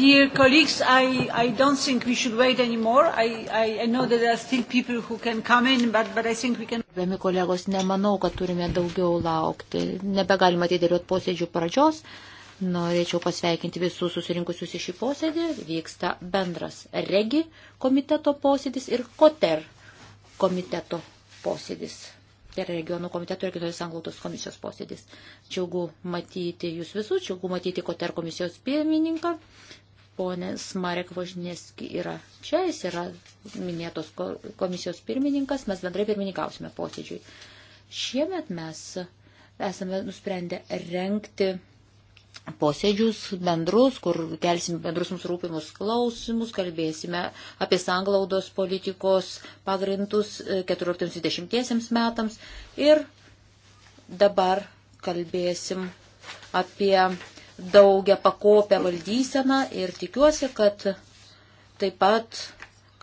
Dear colleagues, I, I don't think we should wait anymore. I, I, I know that there are still people who can come in, but, but I think we can... Gerbiami kolegos, nemanau, kad turime daugiau laukti. Nebegalima atidėliot posėdžių pradžios. Norėčiau pasveikinti visus susirinkusius į šį posėdį. Vyksta bendras regi komiteto posėdis ir koter komiteto posėdis. Tai yra regionų komiteto ir kitos anglautos komisijos posėdis. Čiaugu matyti jūs visus, čiaugu matyti koter komisijos pirmininką, ponės Marek Vožineski yra čia, jis yra minėtos komisijos pirmininkas, mes bendrai pirmininkausime posėdžiui. Šiemet mes esame nusprendę renkti posėdžius bendrus, kur kelsime bendrus mums rūpimus klausimus, kalbėsime apie sanglaudos politikos pagrindus 14-20 e, metams ir dabar kalbėsim apie daugia pakopę valdyseną ir tikiuosi, kad taip pat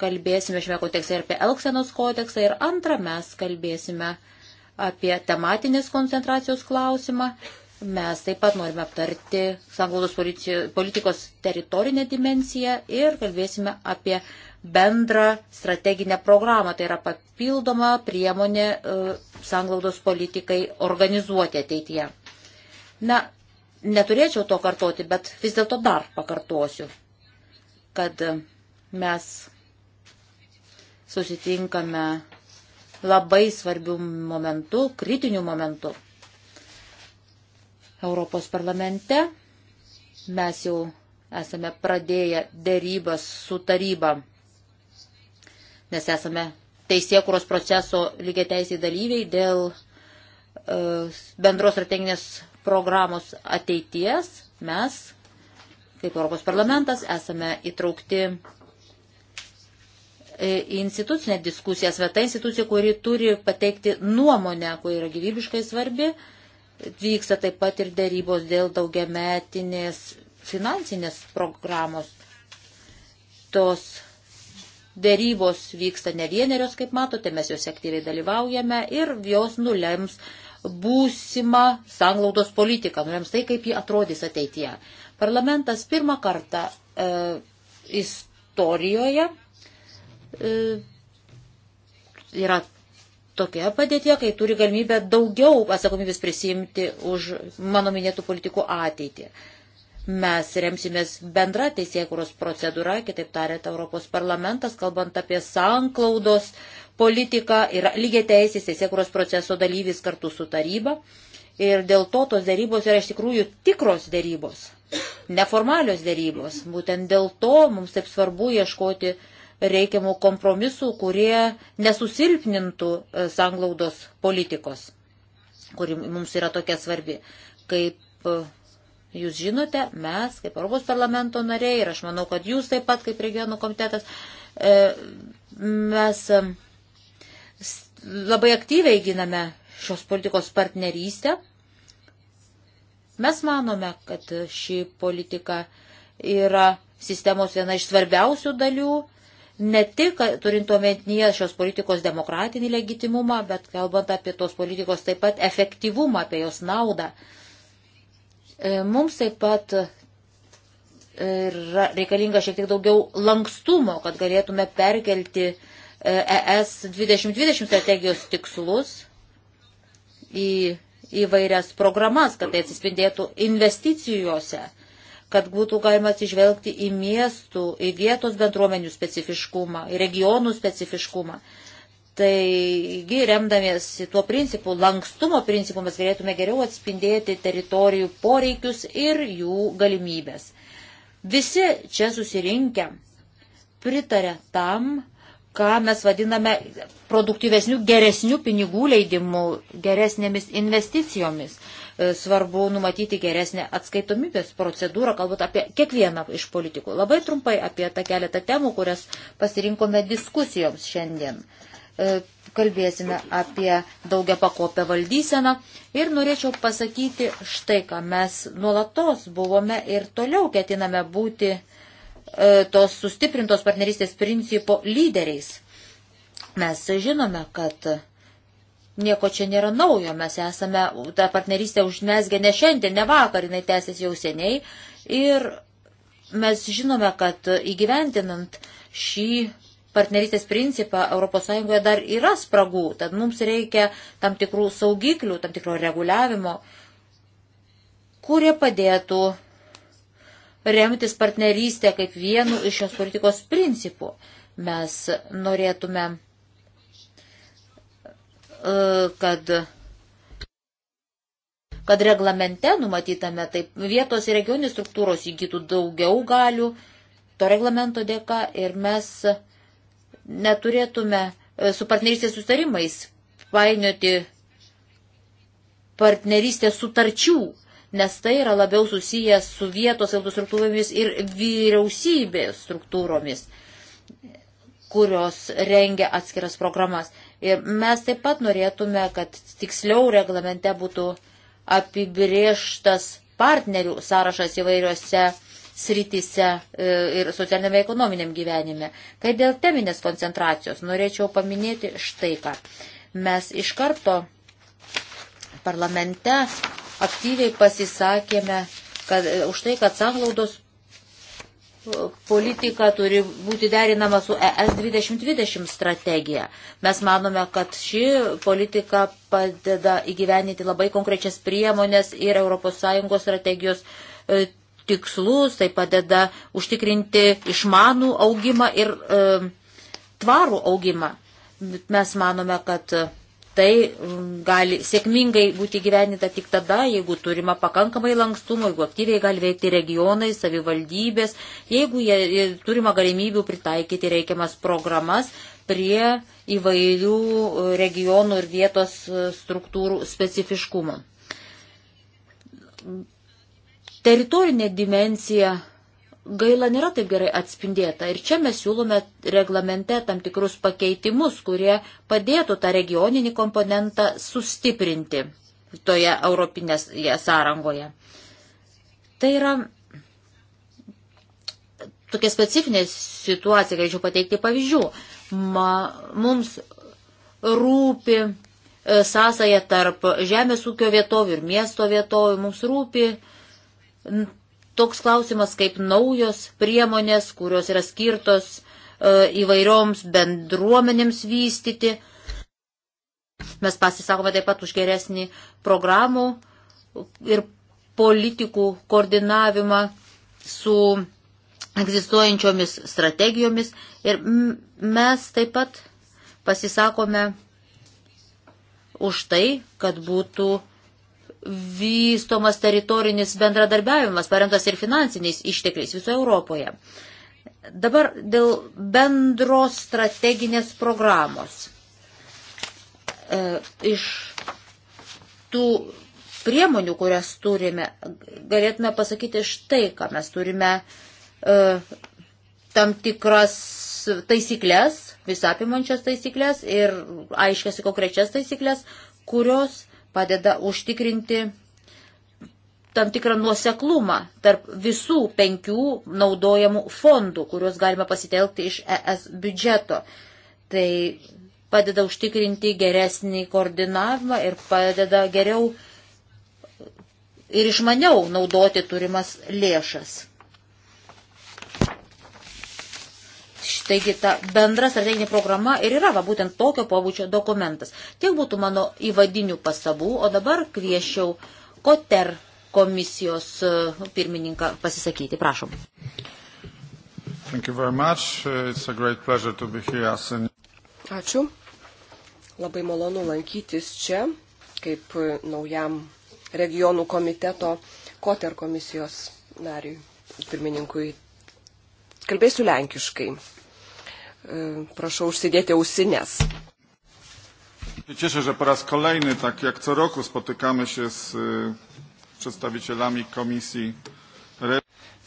kalbėsime šiame kontekste ir apie Elksenos kodeksą ir antrą mes kalbėsime apie tematinės koncentracijos klausimą. Mes taip pat norime aptarti sanglaudos politikos teritorinę dimenciją ir kalbėsime apie bendrą strateginę programą. Tai yra papildoma priemonė e, sanglaudos politikai organizuoti ateityje. Na, neturėčiau to kartoti, bet vis dėlto dar pakartosiu, kad mes susitinkame labai svarbių momentų, kritinių momentų. Europos parlamente mes jau esame pradėję dėrybas su taryba, nes esame teisėkuros proceso lygiai teisiai dalyviai dėl e, bendros strateginės programos ateities mes, kaip Europos parlamentas, esame įtraukti e, į institucinę diskusiją, sveta institucija, kuri turi pateikti nuomonę, kuri yra gyvybiškai svarbi. Vyksta taip pat ir dėrybos dėl daugiametinės finansinės programos. Tos dėrybos vyksta ne vienerios, kaip matote, mes jos aktyviai dalyvaujame ir jos nulems būsimą sanglaudos politiką, nulems tai, kaip ji atrodys ateityje. Parlamentas pirmą kartą e, istorijoje e, yra tokioje padėtėje, kai turi galimybę daugiau atsakomybės prisimti už mano minėtų politikų ateitį. E, Mes remsimės bendra teisėkuros procedūra, kitaip tariant, Europos parlamentas, kalbant apie sanklaudos politiką ir lygiai teisės teisėkuros proceso dalyvis kartu su taryba. Ir dėl to tos dėrybos yra iš tikrųjų tikros dėrybos, neformalios dėrybos. Būtent dėl to mums taip svarbu ieškoti reikiamų kompromisų, kurie nesusilpnintų e, sanglaudos politikos, kuri mums yra tokia svarbi. Kaip e, Jūs žinote, mes kaip Europos parlamento nariai ir aš manau, kad jūs taip pat kaip regionų komitetas, e, mes e, labai aktyviai giname šios politikos partnerystę. Mes manome, kad ši politika yra sistemos viena iš svarbiausių dalių, ne tik turint omenyje šios politikos demokratinį legitimumą, bet kalbant apie tos politikos taip pat efektyvumą, apie jos naudą. Uh, E, mums taip pat e, reikalinga šiek tiek daugiau lankstumo, kad galėtume perkelti ES e 2020 strategijos tikslus į įvairias programas, kad tai atsispindėtų investicijose, kad būtų galima atsižvelgti į miestų, į vietos bendruomenių specifiškumą, į regionų specifiškumą. Taigi, remdamiesi tuo principu, lankstumo principu, mes galėtume geriau atspindėti teritorijų poreikius ir jų galimybės. Visi čia susirinkę pritarė tam, ką mes vadiname produktyvesnių, geresnių pinigų leidimų, geresnėmis investicijomis. E, svarbu numatyti geresnę atskaitomybės procedūrą, kalbant apie kiekvieną iš politikų. Labai trumpai apie tą keletą temų, kurias pasirinkome diskusijoms šiandien. Uh, E, kalbėsime apie daugia pakopę valdyseną ir norėčiau pasakyti štai, ką mes nuolatos buvome ir toliau ketiname būti e, tos sustiprintos partnerystės principo lyderiais. Mes žinome, kad nieko čia nėra naujo, mes esame tą partnerystę užmesgę ne šiandien, ne vakar, jinai tęsiasi jau seniai ir mes žinome, kad įgyventinant šį partnerystės principą ES dar yra spragų, tad mums reikia tam tikrų saugiklių, tam tikro reguliavimo, kurie padėtų remtis partnerystę kaip vienu iš šios politikos principų. Mes norėtume, e, kad, kad reglamente numatytame taip vietos ir regioninės struktūros įgytų daugiau galių to reglamento dėka ir mes neturėtume e, su partnerystės sustarimais painioti partnerystės sutarčių, nes tai yra labiau susijęs su vietos valdų struktūromis ir vyriausybės struktūromis, kurios rengia atskiras programas. Ir mes taip pat norėtume, kad tiksliau reglamente būtų apibrieštas partnerių sąrašas įvairiose sritise e, ir socialiniame ekonominiam gyvenime. Kai dėl teminės koncentracijos norėčiau paminėti štai ką. Mes iš karto parlamente aktyviai pasisakėme kad, e, už tai, kad sanglaudos e, politika turi būti derinama su ES 2020 strategija. Mes manome, kad ši politika padeda įgyveninti labai konkrečias priemonės ir ES strategijos tikslus, tai padeda užtikrinti išmanų augimą ir e, tvarų augimą. Mes manome, kad tai gali sėkmingai būti gyvenita tik tada, jeigu turima pakankamai lankstumo, jeigu aktyviai gali veikti regionai, savivaldybės, jeigu jie, turima galimybių pritaikyti reikiamas programas prie įvairių e, regionų ir vietos e, struktūrų specifiškumo Teritorinė dimencija gaila nėra taip gerai atspindėta ir čia mes siūlome reglamente tam tikrus pakeitimus, kurie padėtų tą regioninį komponentą sustiprinti toje europinėje sąrangoje. Tai yra tokia specifinė situacija, galėčiau pateikti pavyzdžių. Ma, mums rūpi e, sąsaja tarp žemės ūkio vietovių ir miesto vietovių, mums rūpi e, toks klausimas kaip naujos priemonės, kurios yra skirtos e, įvairioms bendruomenėms vystyti. Mes pasisakome taip pat už geresnį programų ir politikų koordinavimą su egzistuojančiomis strategijomis ir mes taip pat pasisakome už tai, kad būtų vystomas teritorinis bendradarbiavimas, paremtas ir finansiniais ištekliais visoje Europoje. Dabar dėl bendros strateginės programos. E, iš tų priemonių, kurias turime, galėtume pasakyti štai, ką mes turime e, tam tikras taisyklės, visapimančias taisyklės ir aiškiasi konkrečias taisyklės, kurios padeda užtikrinti tam tikrą nuoseklumą tarp visų penkių naudojamų fondų, kuriuos galima pasitelkti iš ES biudžeto. Tai padeda užtikrinti geresnį koordinavimą ir padeda geriau ir išmaniau naudoti turimas lėšas. Taigi ta bendra strateginė programa ir yra va, būtent tokio pobūdžio dokumentas. Tiek būtų mano įvadinių pastabų, o dabar kviešiau Koter komisijos e, pirmininką pasisakyti. Prašom. E, Ačiū. Labai malonu lankytis čia kaip e, naujam regionų komiteto Koter komisijos nariui, pirmininkui. Kalbėsiu lenkiškai. E, prašau užsidėti ausinės. Cieszę, że po raz kolejny, tak jak co roku, spotykamy się z e, przedstawicielami komisji.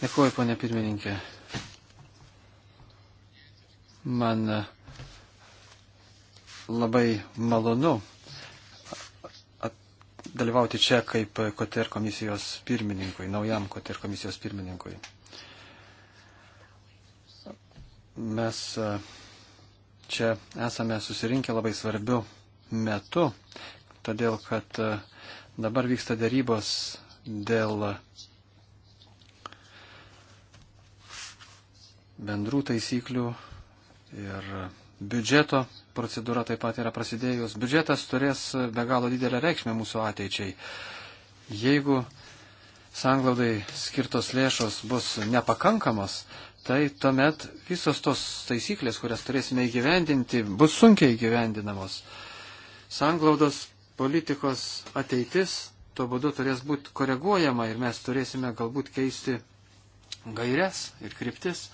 Dėkuoju, ponia pirmininkė. Man e, labai malonu dalyvauti čia kaip Koter komisijos pirmininkui, naujam Koter komisijos pirmininkui. Mes e, čia esame susirinkę labai svarbiu metu, todėl kad e, dabar vyksta dėrybos dėl bendrų taisyklių ir biudžeto procedūra taip pat yra prasidėjus. Biudžetas turės be galo didelę reikšmę mūsų ateičiai. Jeigu sanglaudai skirtos lėšos bus nepakankamos, tai tuomet visos tos taisyklės, kurias turėsime įgyvendinti, bus sunkiai įgyvendinamos. Sanglaudos politikos ateitis tuo būdu turės būti koreguojama ir mes turėsime galbūt keisti gairias ir kryptis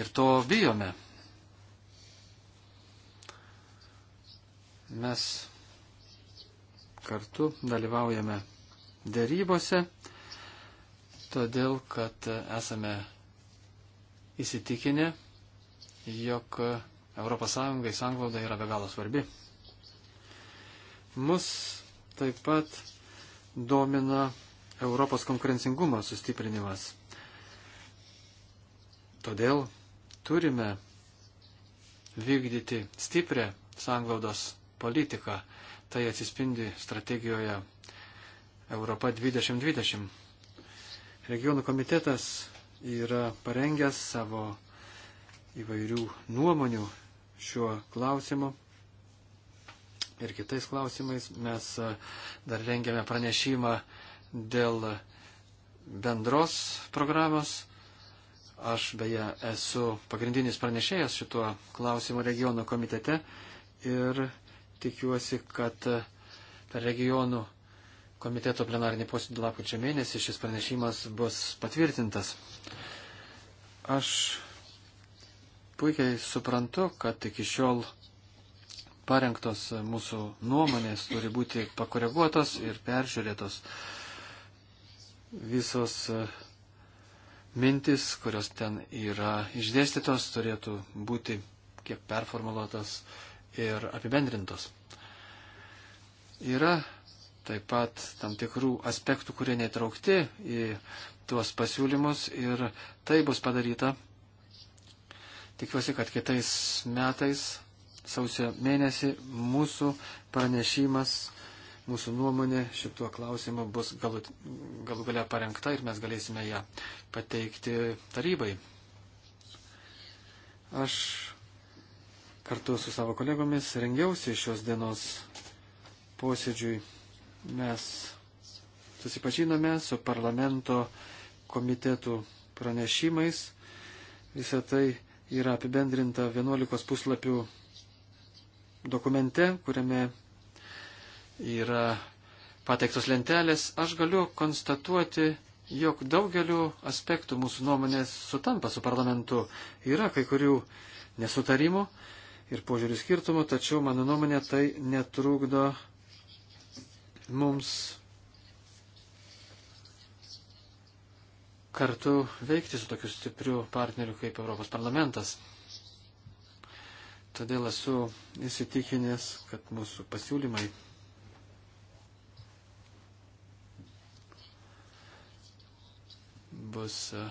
ir to bijome. Mes kartu dalyvaujame dėrybose, todėl kad esame įsitikinę, jog ES sanglauda yra be galo svarbi. Mus taip pat domina Europos konkurencingumo sustiprinimas. Todėl turime vykdyti stiprią sanglaudos politiką. Tai atsispindi strategijoje Europa 2020. Regionų komitetas yra parengęs savo įvairių nuomonių šiuo klausimu. Ir kitais klausimais mes e, dar rengiame pranešimą dėl bendros programos. Aš beje esu pagrindinis pranešėjas šituo klausimu regiono komitete ir tikiuosi, kad e, per regionų komiteto plenarinį posėdį lapkričio mėnesį šis pranešimas bus patvirtintas. Aš puikiai suprantu, kad iki šiol parengtos mūsų nuomonės turi būti pakoreguotos ir peržiūrėtos. Visos e, mintis, kurios ten yra išdėstytos, turėtų būti kiek performuluotos ir apibendrintos. Yra taip pat tam tikrų aspektų, kurie netraukti į tuos pasiūlymus ir tai bus padaryta. Tikiuosi, kad kitais metais, sausio mėnesį, mūsų pranešimas, mūsų nuomonė šituo klausimu bus galų, galų gale parengta ir mes galėsime ją pateikti tarybai. Aš kartu su savo kolegomis rengiausi šios dienos posėdžiui Mes susipažinome su parlamento komitetų pranešimais. Visą tai yra apibendrinta 11 puslapių dokumente, kuriame yra pateiktos lentelės. Aš galiu konstatuoti, jog daugeliu aspektų mūsų nuomonės sutampa su parlamentu. Yra kai kurių nesutarimų ir požiūrių skirtumų, tačiau mano nuomonė tai netrukdo mums kartu veikti su tokiu stipriu partneriu kaip Europos parlamentas. Todėl esu įsitikinęs, kad mūsų pasiūlymai bus e,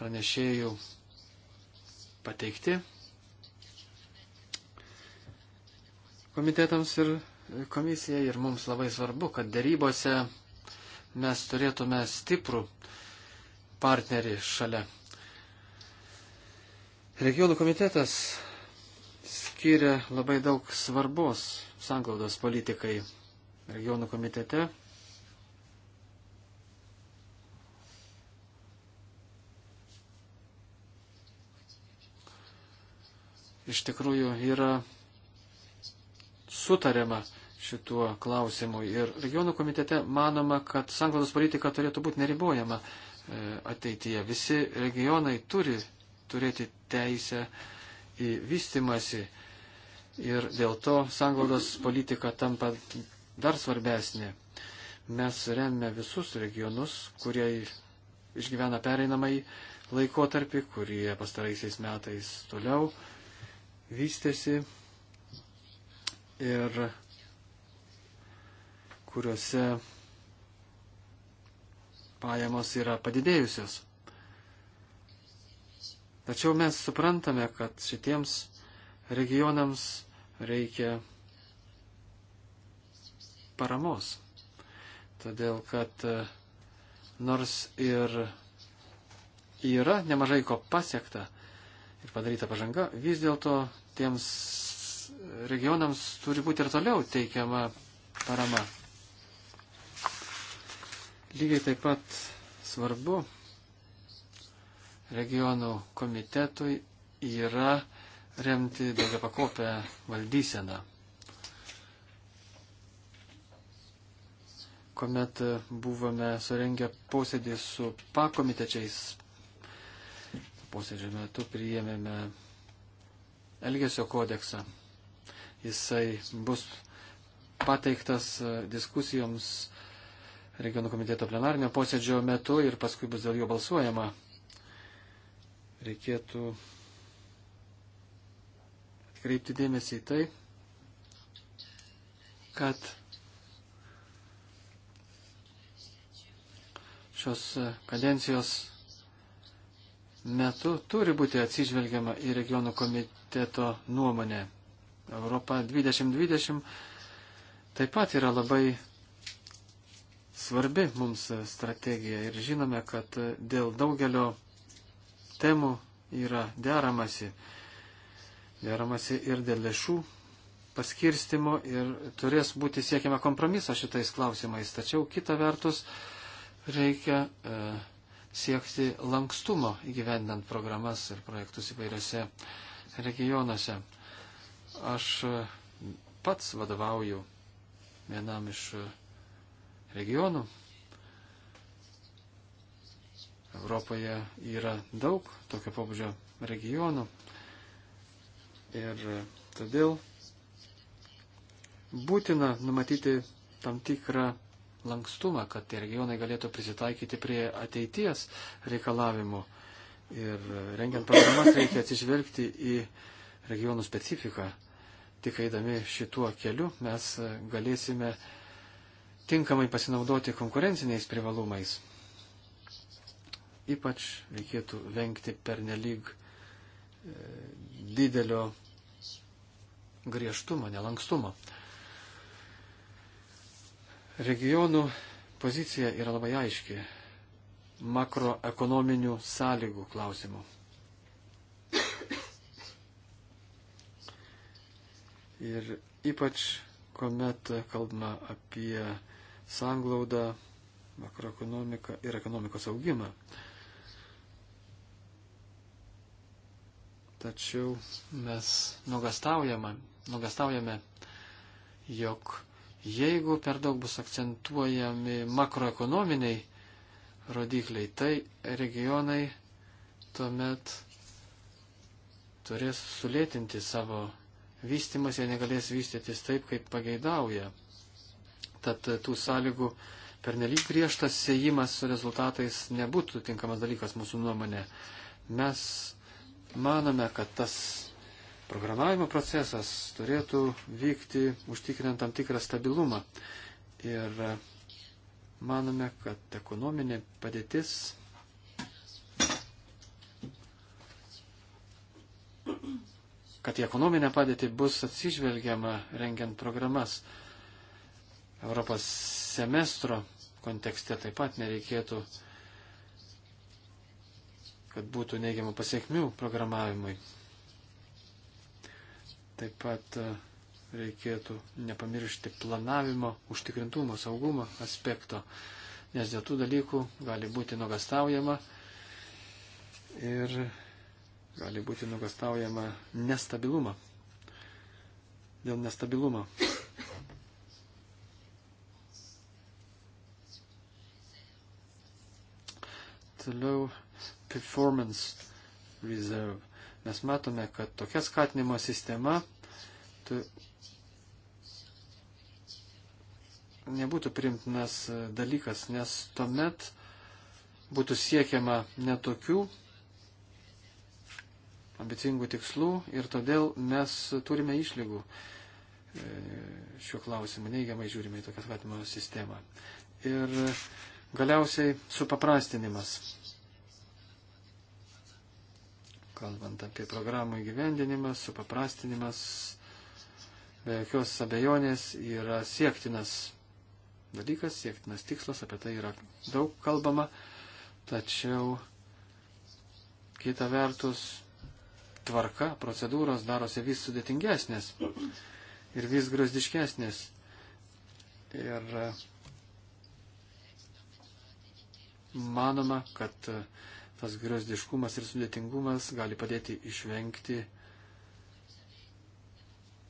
pranešėjų pateikti komitetams ir komisijai ir mums labai svarbu, kad darybose mes turėtume stiprų partnerį šalia. Regionų komitetas skiria labai daug svarbos sanglaudos politikai regionų komitete. Iš tikrųjų yra sutarėma šituo klausimu. Ir regionų komitete manoma, kad sanglaudos politika turėtų būti neribojama e, ateityje. Visi regionai turi turėti teisę į vystimasi ir dėl to sanglaudos politika tampa dar svarbesnė. Mes remme visus regionus, kurie išgyvena pereinamai laikotarpį, kurie pastaraisiais metais toliau vystėsi ir kuriuose pajamos yra padidėjusios. Tačiau mes suprantame, kad šitiems regionams reikia paramos. Todėl, kad e, nors ir yra nemažai ko pasiekta ir padaryta pažanga, vis dėlto tiems regionams turi būti ir toliau teikiama parama. Lygiai taip pat svarbu regionų komitetui yra remti daugia pakopę valdyseną. Komet buvome surengę posėdį su pakomitečiais, posėdžio metu priėmėme Elgesio kodeksą jisai bus pateiktas e, diskusijoms regionų komiteto plenarinio posėdžio metu ir paskui bus dėl jo balsuojama. Reikėtų atkreipti dėmesį į tai, kad šios e, kadencijos metu turi būti atsižvelgiama į regionų komiteto nuomonę. Europa 2020 taip pat yra labai svarbi mums strategija ir žinome, kad dėl daugelio temų yra deramasi. Deramasi ir dėl lėšų paskirstimo ir turės būti siekiama kompromiso šitais klausimais. Tačiau kita vertus reikia e, siekti lankstumo įgyvendant programas ir projektus įvairiose regionuose. Aš e, pats vadovauju vienam iš e, regionų. Europoje yra daug tokio pobūdžio regionų. Ir e, todėl būtina numatyti tam tikrą lankstumą, kad tie regionai galėtų prisitaikyti prie ateities reikalavimų. Ir rengiant programas reikia atsižvelgti į regionų specifiką. Tik eidami šituo keliu mes galėsime tinkamai pasinaudoti konkurenciniais privalumais. Ypač reikėtų vengti pernelyg e, didelio griežtumo, nelankstumo. Regionų pozicija yra labai aiški makroekonominių sąlygų klausimų. Ir ypač, kuomet kalbama apie sanglaudą, makroekonomiką ir ekonomikos augimą. Tačiau mes nuogastaujame, nuogastaujame, jog jeigu per daug bus akcentuojami makroekonominiai rodikliai, tai regionai tuomet turės sulėtinti savo vystimas, jie negalės vystytis taip, kaip pageidauja. Tad e, tų sąlygų pernelyg griežtas siejimas su rezultatais nebūtų tinkamas dalykas mūsų nuomonė. Mes manome, kad tas programavimo procesas turėtų vykti užtikrinant tam tikrą stabilumą. Ir e, manome, kad ekonominė padėtis kad į ekonominę padėtį bus atsižvelgiama rengiant programas. Europos semestro kontekste taip pat nereikėtų, kad būtų neigiamų pasiekmių programavimui. Taip pat e, reikėtų nepamiršti planavimo, užtikrintumo, saugumo aspekto, nes dėl tų dalykų gali būti nuogastaujama ir gali būti nugastaujama nestabilumą. Dėl nestabilumo. Toliau performance reserve. Mes matome, kad tokia skatinimo sistema tu, nebūtų primtinas dalykas, nes tuomet būtų siekiama netokių ambicingų tikslų ir todėl mes turime išlygų e, šiuo klausimu, neigiamai žiūrime į tokią skatinimo sistemą. Ir galiausiai supaprastinimas. Kalbant apie programų įgyvendinimą, supaprastinimas be jokios abejonės yra siektinas dalykas, siektinas tikslas, apie tai yra daug kalbama, tačiau kita vertus tvarka, procedūros darosi vis sudėtingesnės ir vis grozdiškesnės. Ir e, manoma, kad e, tas grozdiškumas ir sudėtingumas gali padėti išvengti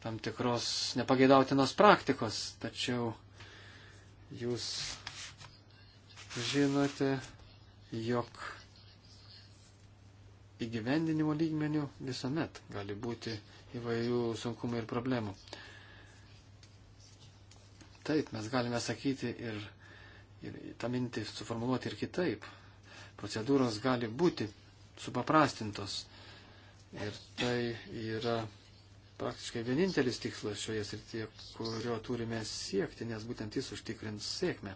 tam tikros nepageidautinos praktikos. Tačiau jūs žinote, jog įgyvendinimo lygmenių visuomet gali būti įvairių sunkumų ir problemų. Taip, mes galime sakyti ir, ir tą mintį suformuoluoti ir kitaip. Procedūros gali būti supaprastintos. Ir tai yra praktiškai vienintelis tikslas šioje srityje, kurio turime siekti, nes būtent jis užtikrins sėkmę.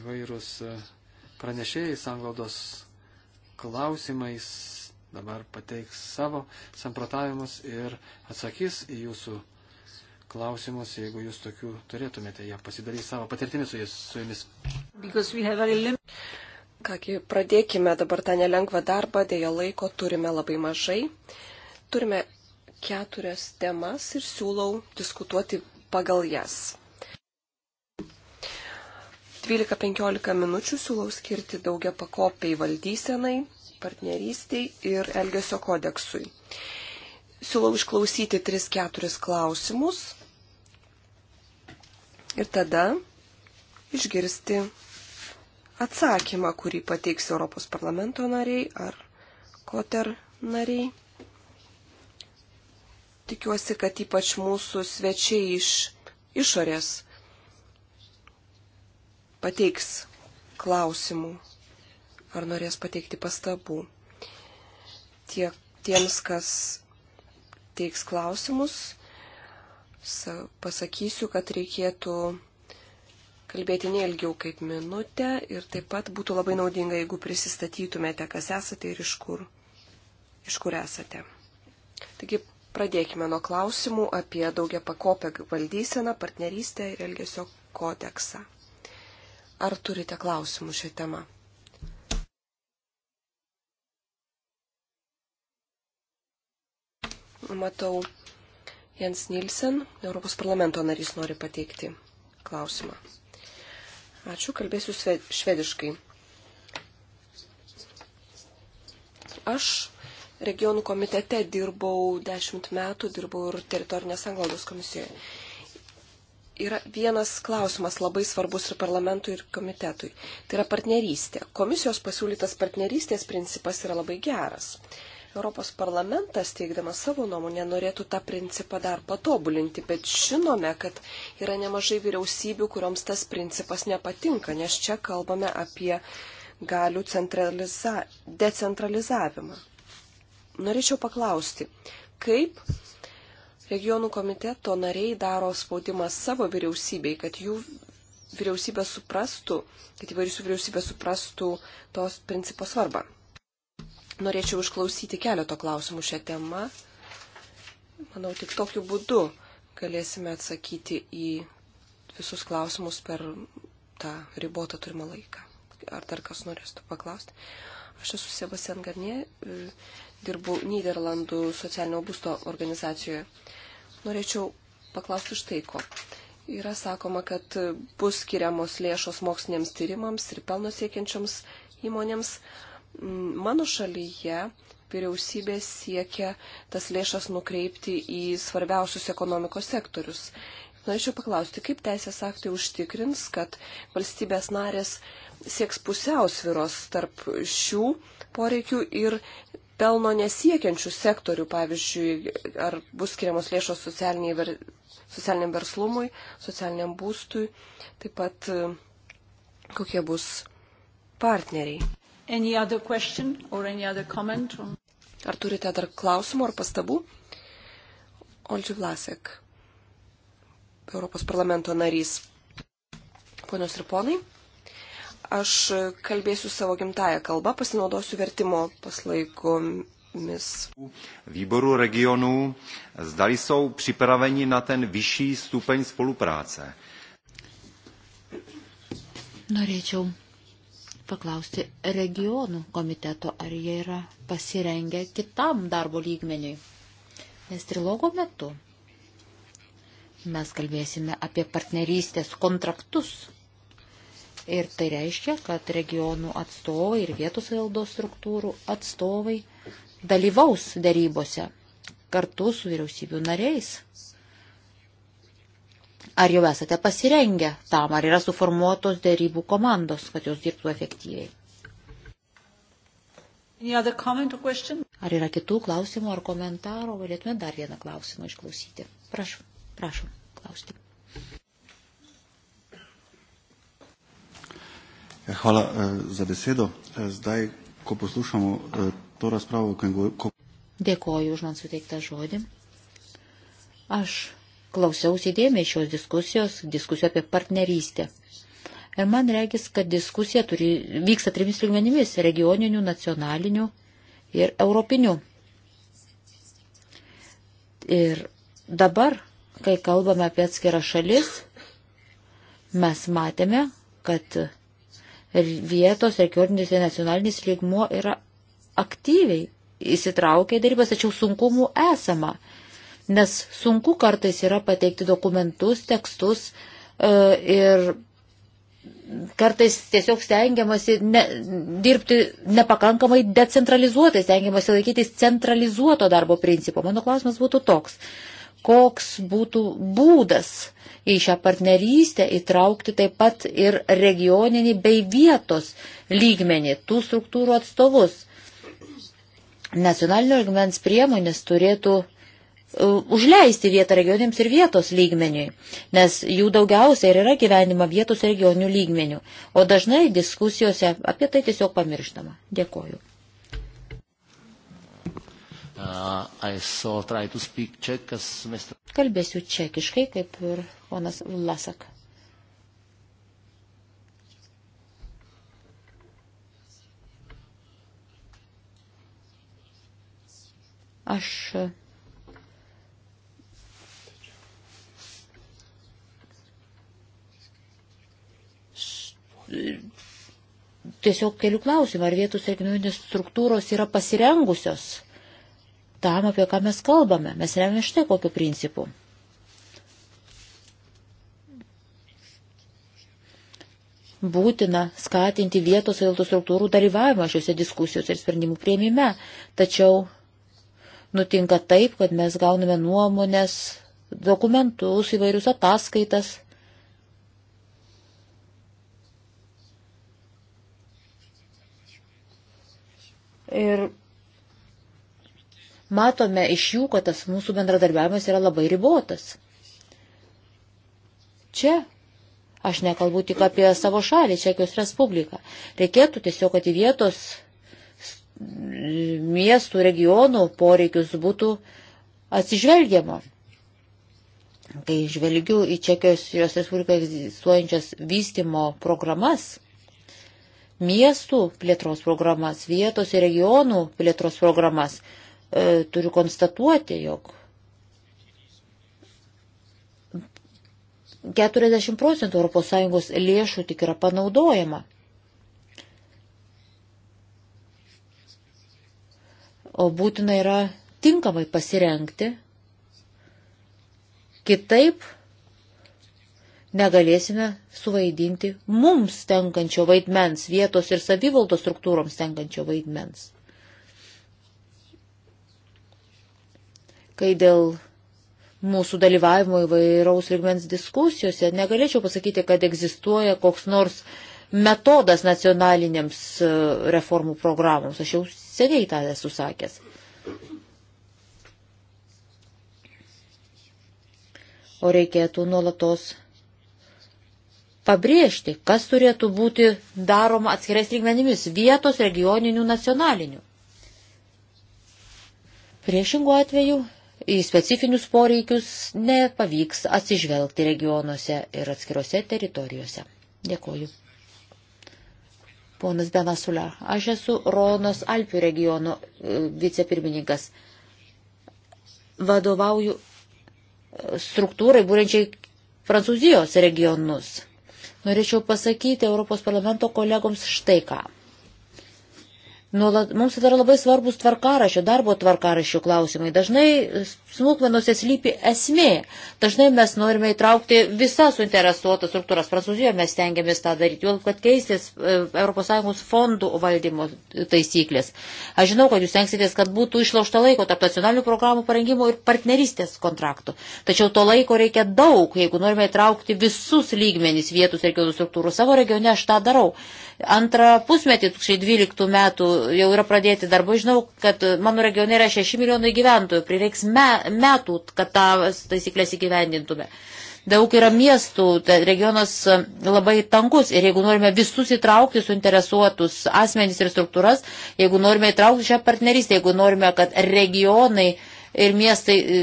Įvairūs e, pranešėjai sanglaudos klausimais, dabar pateiks savo samprotavimus ir atsakys į jūsų klausimus, jeigu jūs tokių turėtumėte, jie pasidarys savo patirtimį su, jais, su jumis. Kągi, pradėkime dabar tą nelengvą darbą, dėja laiko turime labai mažai. Turime keturias temas ir siūlau diskutuoti pagal jas. 12-15 minučių siūlau skirti daugia pakopiai valdysenai, partnerystiai ir Elgesio kodeksui. Siūlau išklausyti 3-4 klausimus ir tada išgirsti atsakymą, kurį pateiks Europos parlamento nariai ar koter nariai. Tikiuosi, kad ypač mūsų svečiai iš išorės pateiks klausimų ar norės pateikti pastabų. Tie, tiems, kas teiks klausimus, pasakysiu, kad reikėtų kalbėti neilgiau kaip minutę ir taip pat būtų labai naudinga, jeigu prisistatytumėte, kas esate ir iš kur, iš kur esate. Taigi pradėkime nuo klausimų apie daugia pakopę valdyseną, partnerystę ir elgesio kodeksą. Ar turite klausimų šią temą? Matau, Jens Nilsen, Europos parlamento narys, nori pateikti klausimą. Ačiū, kalbėsiu švediškai. Aš regionų komitete dirbau dešimt metų, dirbau ir teritorinės anglados komisijoje yra vienas klausimas labai svarbus ir parlamentui, ir komitetui. Tai yra partnerystė. Komisijos pasiūlytas partnerystės principas yra labai geras. Europos parlamentas, teikdamas savo nuomonę, norėtų tą principą dar patobulinti, bet žinome, kad yra nemažai vyriausybių, kuriuoms tas principas nepatinka, nes čia kalbame apie galių decentralizavimą. Norėčiau paklausti, kaip Regionų komiteto nariai daro spaudimą savo vyriausybei, kad jų vyriausybė suprastų, kad įvairių vyriausybė suprastų tos principo svarbą. Norėčiau išklausyti keleto klausimų šią temą. Manau, tik tokiu būdu galėsime atsakyti į visus klausimus per tą ribotą turimą laiką ar dar kas norėstų paklausti. Aš esu Sebastian Garnie, e, dirbau Niderlandų socialinio būsto organizacijoje. Norėčiau paklausti štai ko. Yra sakoma, kad bus skiriamos lėšos moksliniams tyrimams ir pelno siekiančioms įmonėms. Mm, mano šalyje vyriausybė siekia tas lėšas nukreipti į svarbiausius ekonomikos sektorius. Norėčiau paklausti, kaip teisės aktai užtikrins, kad valstybės narės sieks pusiausviros tarp šių poreikių ir pelno nesiekiančių sektorių, pavyzdžiui, ar bus skiriamos lėšos ver, socialiniam verslumui, socialiniam būstui, taip pat e, kokie bus partneriai. Ar turite dar klausimų ar pastabų? Olži Vlasek, Europos parlamento narys. Ponios ir ponai. Aš kalbėsiu savo gimtają kalbą, pasinaudosiu vertimo paslaikomis. Výboru regionů zdali jsou připraveni na ten vyšší stupeň spolupráce. Norėčiau paklausti regionų komiteto, ar jie yra pasirengę kitam darbo lygmeniui. Nes trilogo metu mes kalbėsime apie partnerystės kontraktus Ir tai reiškia, kad regionų atstovai ir vietos valdos struktūrų atstovai dalyvaus darybose kartu su vyriausybių nariais. Ar jau esate pasirengę tam, ar yra suformuotos darybų komandos, kad jos dirbtų efektyviai? Ar yra kitų klausimų ar komentarų? Galėtume dar vieną klausimą išklausyti. Prašom, prašom, klausti. Hvala e, za besedo. E, zdaj, ko poslušamo e, to razpravo, ko... Dėkoju už man suteiktą žodį. Aš klausiausi dėmiai šios diskusijos, diskusijos apie partnerystę. Ir man reikis, kad diskusija turi, vyksta trimis lygmenimis - regioniniu, nacionaliniu ir europiniu. Ir dabar, kai kalbame apie atskirą šalis, mes matėme, kad vietos, regioninis ir nacionalinis lygmuo yra aktyviai įsitraukę į darybas, tačiau sunkumų esama, nes sunku kartais yra pateikti dokumentus, tekstus e, ir kartais tiesiog stengiamasi ne, dirbti nepakankamai decentralizuotai, stengiamasi laikytis centralizuoto darbo principo. Mano klausimas būtų toks, koks būtų būdas, į šią partnerystę įtraukti taip pat ir regioninį bei vietos lygmenį, tų struktūrų atstovus. Nacionalinio lygmens priemonės turėtų e, užleisti vietą regionėms ir vietos lygmeniui, nes jų daugiausia ir yra gyvenima vietos regionių lygmenių, o dažnai diskusijose apie tai tiesiog pamirštama. Dėkoju. Uh, saw, Czech, Mr... Kalbėsiu čekiškai, kaip ir ponas Vlasak. Aš uh, tiesiog keliu klausimą, ar vietos regioninės struktūros yra pasirengusios tam, apie ką mes kalbame. Mes remiame štai kokiu principu. Būtina skatinti vietos saviltų struktūrų dalyvavimą šiuose diskusijose ir sprendimų prieimime, tačiau nutinka taip, kad mes gauname nuomonės, dokumentus, įvairius ataskaitas. Ir matome iš jų, kad tas mūsų bendradarbiavimas yra labai ribotas. Čia aš nekalbu tik apie savo šalį, Čekijos Respubliką. Reikėtų tiesiog, kad į vietos miestų, regionų poreikius būtų atsižvelgiama. Kai žvelgiu į Čekijos Respubliką egzistuojančias vystimo programas, miestų plėtros programas, vietos ir regionų plėtros programas, e, turiu konstatuoti, jog 40 procentų ES lėšų tik yra panaudojama. O būtina yra tinkamai pasirenkti, kitaip negalėsime suvaidinti mums tenkančio vaidmens, vietos ir savivaldos struktūroms tenkančio vaidmens. kai dėl mūsų dalyvavimo įvairaus ligmens diskusijose negalėčiau pasakyti, kad egzistuoja koks nors metodas nacionaliniams e, reformų programoms. Aš jau seniai tą esu sakęs. O reikėtų nuolatos pabrėžti, kas turėtų būti daroma atskirais lygmenimis - vietos, regioninių, nacionalinių. Priešingų atveju į specifinius poreikius nepavyks atsižvelgti regionuose ir atskirose teritorijose. Dėkoju. Ponas Benasula, aš esu Ronos Alpių regiono e, vicepirmininkas. Vadovauju e, struktūrai būrenčiai Prancūzijos regionus. Norėčiau pasakyti Europos parlamento kolegoms štai ką. Nuolat, mums tai yra labai svarbus tvarkarašio, darbo tvarkarašio klausimai. Dažnai smulkmenuose slypi esmė. Dažnai mes norime įtraukti visas suinteresuotas struktūras. Prancūzijoje mes tengiamės tą daryti, jau kad keistis e, ES fondų valdymo taisyklės. Aš žinau, kad jūs tenksitės, kad būtų išlaužta laiko tarp nacionalinių programų parengimo ir partneristės kontraktų. Tačiau to laiko reikia daug, jeigu norime įtraukti visus lygmenys vietos regionų struktūrų. Savo regione aš tą darau. Antrą pusmetį 2012 metų jau yra pradėti darbai. Žinau, kad mano regione yra 6 milijonai gyventojų, prireiks me, metų, kad tą taisyklės įgyvendintume. Daug yra miestų, regionas labai tankus ir jeigu norime visus įtraukti suinteresuotus asmenys ir struktūras, jeigu norime įtraukti šią partnerystę, jeigu norime, kad regionai ir miestai e,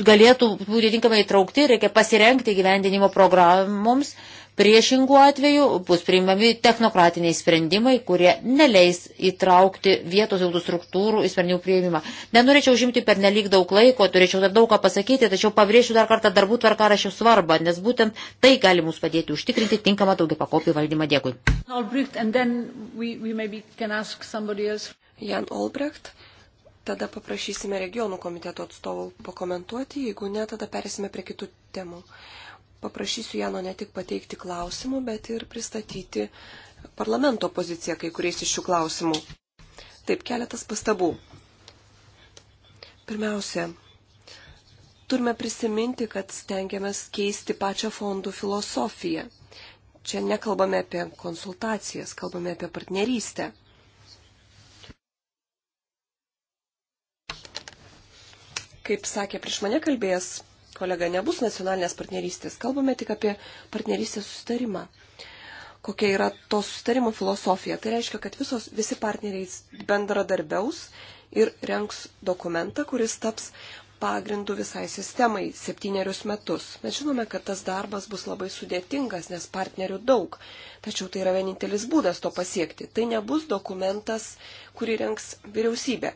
galėtų būti tinkamai įtraukti, reikia pasirengti gyvendinimo programoms Priešingų atveju bus priimami technokratiniai sprendimai, kurie neleis įtraukti vietos jautų struktūrų į sprendimų prieimimą. Nenorėčiau užimti per nelik daug laiko, turėčiau dar daug ką pasakyti, tačiau pabrėšiu dar kartą darbų tvarkarašio svarbą, nes būtent tai gali mums padėti užtikrinti tinkamą daugia pakopį valdymą. Dėkui. Jan Olbrecht. Tada paprašysime regionų komiteto atstovų pakomentuoti, jeigu ne, tada perėsime prie kitų temų paprašysiu Jano ne tik pateikti klausimų, bet ir pristatyti parlamento poziciją kai kuriais iš šių klausimų. Taip, keletas pastabų. Pirmiausia, turime prisiminti, kad stengiamės keisti pačią fondų filosofiją. Čia nekalbame apie konsultacijas, kalbame apie partnerystę. Kaip sakė prieš mane kalbėjęs kolega, nebus nacionalinės partnerystės. Kalbame tik apie partnerystės sustarimą. Kokia yra to sustarimo filosofija? Tai reiškia, kad visos, visi partneriai bendradarbiaus ir renks dokumentą, kuris taps pagrindų visai sistemai septynerius metus. Mes žinome, kad tas darbas bus labai sudėtingas, nes partnerių daug, tačiau tai yra vienintelis būdas to pasiekti. Tai nebus dokumentas, kurį renks vyriausybė.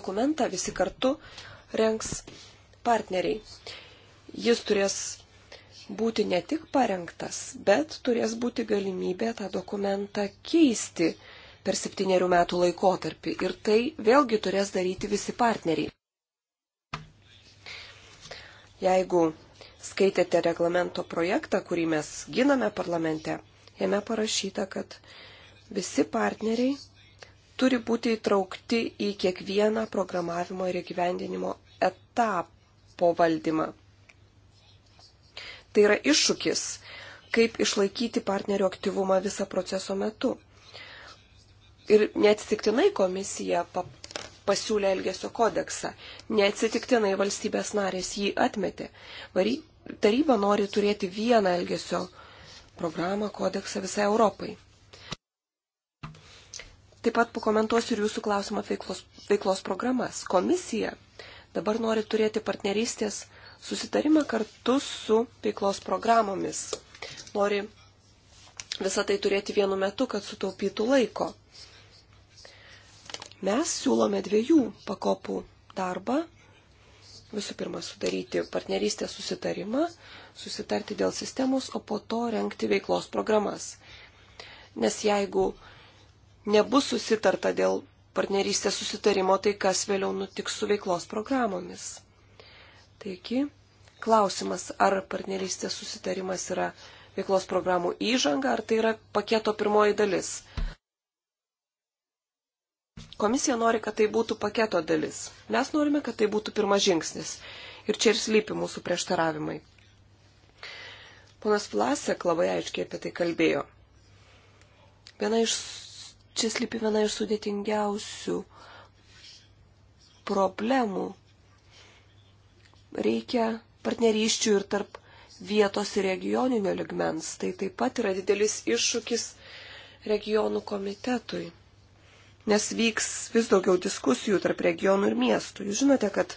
Dokumentą visi kartu renks partneriai. Jis turės būti ne tik parengtas, bet turės būti galimybė tą dokumentą keisti per septyniarių metų laikotarpį. Ir tai vėlgi turės daryti visi partneriai. Jeigu skaitėte reglamento projektą, kurį mes giname parlamente, jame parašyta, kad visi partneriai turi būti įtraukti į kiekvieną programavimo ir įgyvendinimo etapą po valdymą. Tai yra iššūkis, kaip išlaikyti partnerio aktyvumą visą proceso metu. Ir neatsitiktinai komisija pasiūlė Elgesio kodeksą, neatsitiktinai valstybės narės jį atmetė. Vary, taryba nori turėti vieną Elgesio programą, kodeksą visai Europai. Taip pat pakomentuosiu ir jūsų klausimą veiklos, veiklos programas. Komisija dabar nori turėti partnerystės susitarimą kartu su veiklos programomis. Nori visą tai turėti vienu metu, kad sutaupytų laiko. Mes siūlome dviejų pakopų darbą. Visų pirma, sudaryti partnerystės susitarimą, susitarti dėl sistemos, o po to renkti veiklos programas. Nes jeigu nebus susitarta dėl partnerystės susitarimo, tai kas vėliau nutiks su veiklos programomis. Taigi, klausimas, ar partnerystės susitarimas yra veiklos programų įžanga, ar tai yra paketo pirmoji dalis. Komisija nori, kad tai būtų paketo dalis. Mes norime, kad tai būtų pirmas žingsnis. Ir čia ir slypi mūsų prieštaravimai. Ponas Vlasek labai aiškiai apie tai kalbėjo. Viena iš čia slypi viena iš sudėtingiausių problemų. Reikia partnerysčių ir tarp vietos ir regioninio ligmens. Tai taip pat yra didelis iššūkis regionų komitetui, nes vyks vis daugiau diskusijų tarp regionų ir miestų. Jūs žinote, kad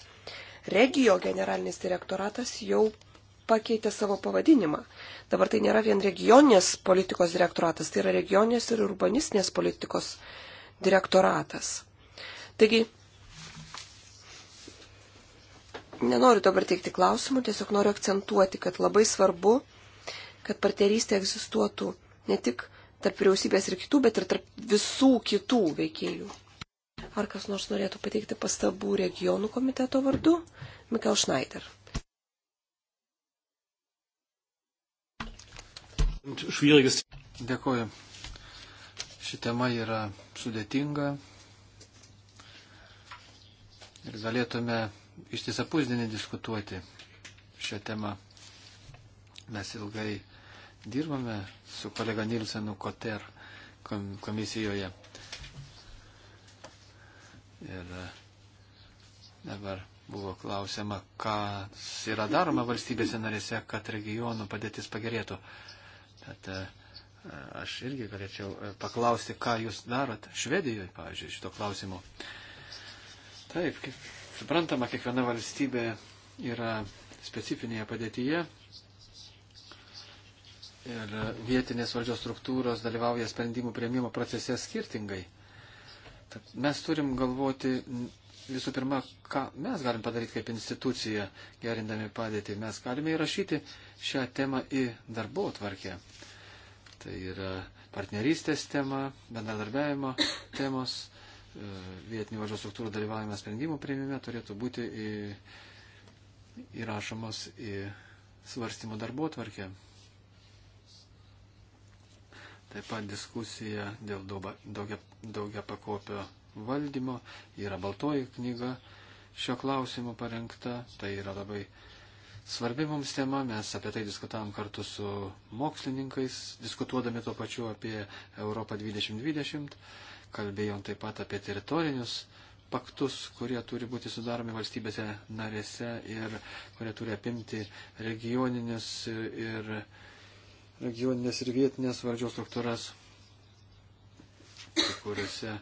regio generalinis direktoratas jau pakeitė savo pavadinimą. Dabar tai nėra vien regioninės politikos direktoratas, tai yra regioninės ir urbanistinės politikos direktoratas. Taigi, nenoriu dabar teikti klausimų, tiesiog noriu akcentuoti, kad labai svarbu, kad partnerystė egzistuotų ne tik tarp vyriausybės ir kitų, bet ir tarp visų kitų veikėjų. Ar kas nors norėtų pateikti pastabų regionų komiteto vardu? Mikael Schneider. Dėkuoju. Ši tema yra sudėtinga ir galėtume ištisą pusdienį diskutuoti šią temą. Mes ilgai dirbame su kolega Nilsenu Koter komisijoje. Ir e, dabar buvo klausima, kas yra daroma valstybėse narėse, kad regionų padėtis pagerėtų. At, e, aš irgi galėčiau e, paklausti, ką jūs darot Švedijoje, pavyzdžiui, šito klausimu. Taip, kaip suprantama, kiekviena valstybė yra specifinėje padėtyje ir vietinės valdžios struktūros dalyvauja sprendimų prieimimo procese skirtingai. Tad mes turim galvoti visų pirma, ką mes galim padaryti kaip institucija, gerindami padėtį. Mes galime įrašyti šią temą į darbo tvarkę. Tai yra partnerystės tema, bendradarbiavimo temos, e, vietinių valdžios struktūrų dalyvavimas sprendimų prieimime turėtų būti į, įrašomos į svarstymų darbo tvarkę. Taip pat diskusija dėl daugia, daugia pakopio valdymo, yra baltoji knyga šio klausimu parengta, tai yra labai svarbi mums tema, mes apie tai diskutavom kartu su mokslininkais, diskutuodami tuo pačiu apie Europą 2020, kalbėjom taip pat apie teritorinius paktus, kurie turi būti sudaromi valstybėse narėse ir kurie turi apimti regioninės ir, regioninės ir vietinės valdžios struktūras, kuriuose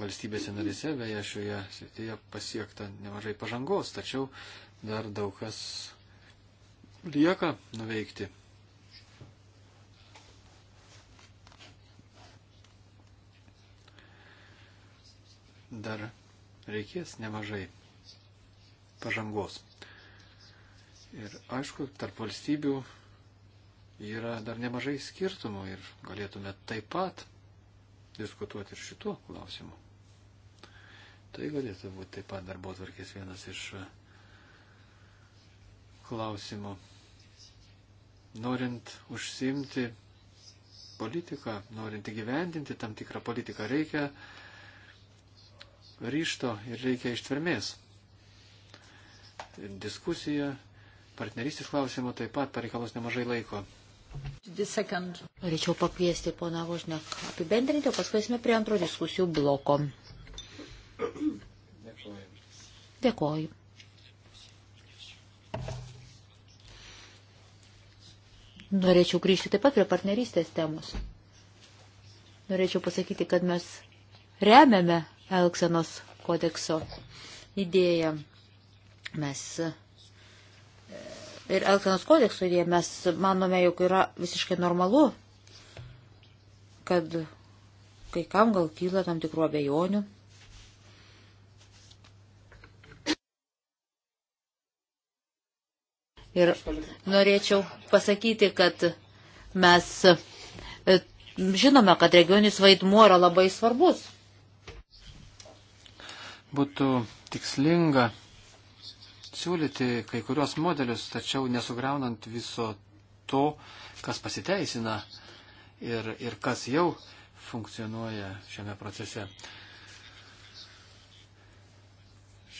valstybėse narise, beje, šioje srityje pasiekta nemažai pažangos, tačiau dar daug kas lieka nuveikti. Dar reikės nemažai pažangos. Ir aišku, tarp valstybių yra dar nemažai skirtumų ir galėtume taip pat diskutuoti ir šituo klausimu. Tai galėtų būti taip pat darbo tvarkės vienas iš e, klausimų. Norint užsimti politiką, norint įgyvendinti tam tikrą politiką, reikia ryšto ir reikia ištvermės. Diskusija, partnerystės klausimo taip pat pareikalos nemažai laiko. Norėčiau pakviesti poną Vožnek apibendrinti, o paskui esame prie antro diskusijų bloko. Dėkoju. Norėčiau grįžti taip pat prie partnerystės temos. Norėčiau pasakyti, kad mes remiame Elksenos kodekso idėją. Mes e, ir Elksenos kodekso idėją mes manome, jog yra visiškai normalu, kad kai kam gal kyla tam tikrų abejonių Ir norėčiau pasakyti, kad mes e, žinome, kad regioninis vaidmuo yra labai svarbus. Būtų tikslinga siūlyti kai kurios modelius, tačiau nesugraunant viso to, kas pasiteisina ir, ir kas jau funkcionuoja šiame procese.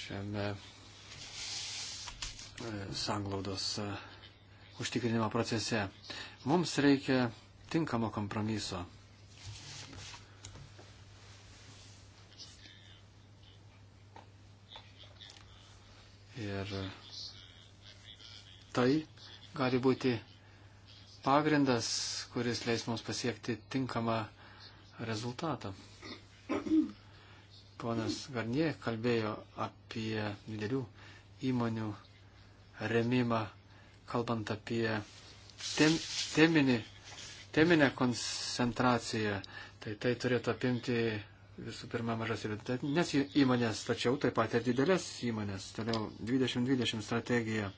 Šiame sanglaudos e, užtikrinimo procese. Mums reikia tinkamo kompromiso. Ir tai gali būti pagrindas, kuris leis mums pasiekti tinkamą rezultatą. Ponas Garnie kalbėjo apie didelių įmonių remimą, kalbant apie tem, teminį, teminę koncentraciją, tai tai turėtų apimti visų pirma mažas ir vidutinės įmonės, tačiau taip pat ir didelės įmonės. Toliau 2020 strategija.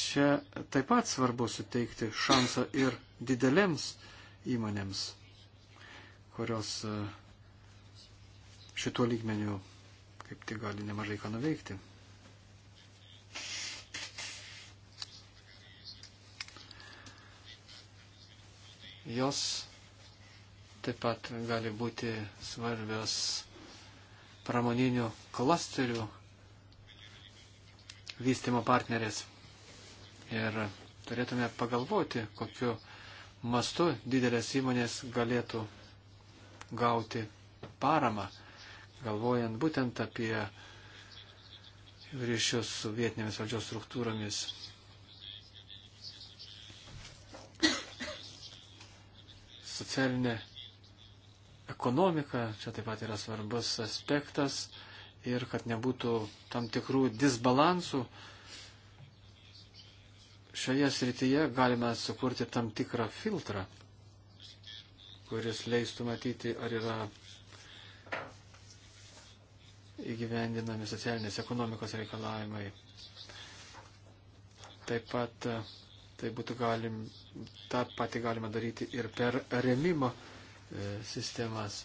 Čia taip pat svarbu suteikti šansą ir didelėms įmonėms, kurios e, šituo lygmeniu kaip tik gali nemažai ką nuveikti. Jos taip pat gali būti svarbios pramoninių klasterių vystimo partnerės. Ir turėtume pagalvoti, kokiu mastu didelės įmonės galėtų gauti paramą, galvojant būtent apie ryšius su vietinėmis valdžios struktūromis socialinė ekonomika čia taip pat yra svarbus aspektas ir kad nebūtų tam tikrų disbalansų. Šioje srityje galime sukurti tam tikrą filtrą, kuris leistų matyti, ar yra įgyvendinami socialinės ekonomikos reikalavimai. Taip pat Tai būtų galim, tą patį galima daryti ir per remimo e, sistemas.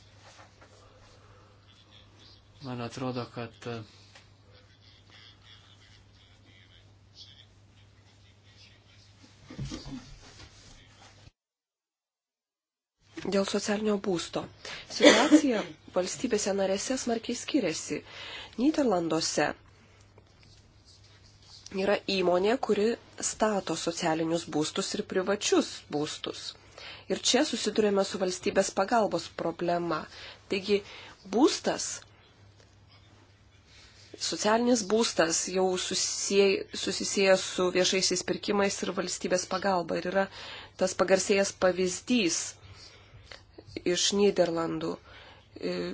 Man atrodo, kad e, dėl socialinio būsto. Situacija valstybėse narėse smarkiai skiriasi. Niderlanduose yra įmonė, kuri stato socialinius būstus ir privačius būstus. Ir čia susidurėme su valstybės pagalbos problema. Taigi būstas, socialinis būstas jau susisėjęs su viešaisiais pirkimais ir valstybės pagalba. Ir yra tas pagarsėjęs pavyzdys iš Niderlandų. E,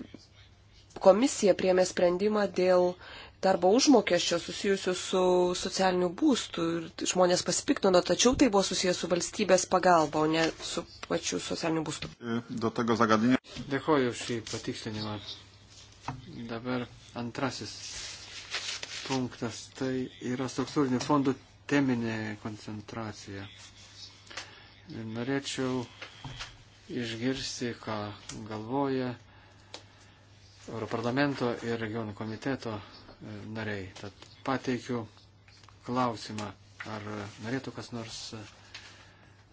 komisija priemė sprendimą dėl uh, darbo užmokesčio susijusių su socialiniu būstu ir žmonės pasipiktino, tačiau tai buvo susijęs su valstybės pagalba, o ne su pačiu socialiniu būstu. Dėkoju už šį patikslinimą. Dabar antrasis punktas - tai yra struktūrinių fondų teminė koncentracija. Norėčiau išgirsti, ką galvoja Europarlamento ir regionų komiteto nariai. Tad pateikiu klausimą, ar norėtų kas nors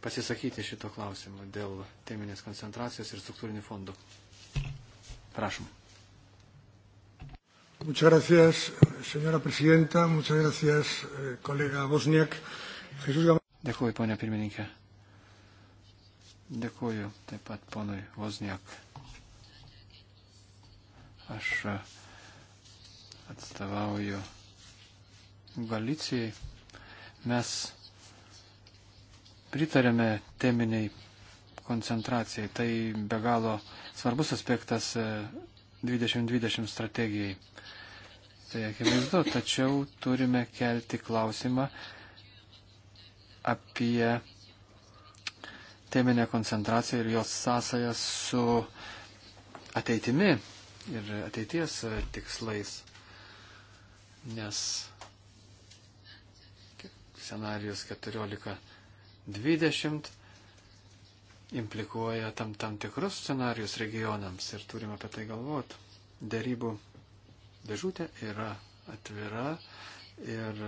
pasisakyti šito klausimu dėl teminės koncentracijos ir struktūrinių fondų. Prašom. Muchas gracias, señora presidenta. Muchas gracias, kolega eh, Bosniak. Jesus Gamal. Dėkuoju, ponia pirmininkė. Dėkuoju taip pat ponui Vozniak. Aš uh, atstovauju Galicijai. Mes pritarėme teminiai koncentracijai. Tai be galo svarbus aspektas 2020 e, strategijai. Tai akivaizdu, tačiau turime kelti klausimą apie teminę koncentraciją ir jos sąsajas su ateitimi ir ateities e, tikslais nes scenarius 14.20 implikuoja tam, tam tikrus scenarius regionams ir turime apie tai galvoti. Dėrybų dėžutė yra atvira ir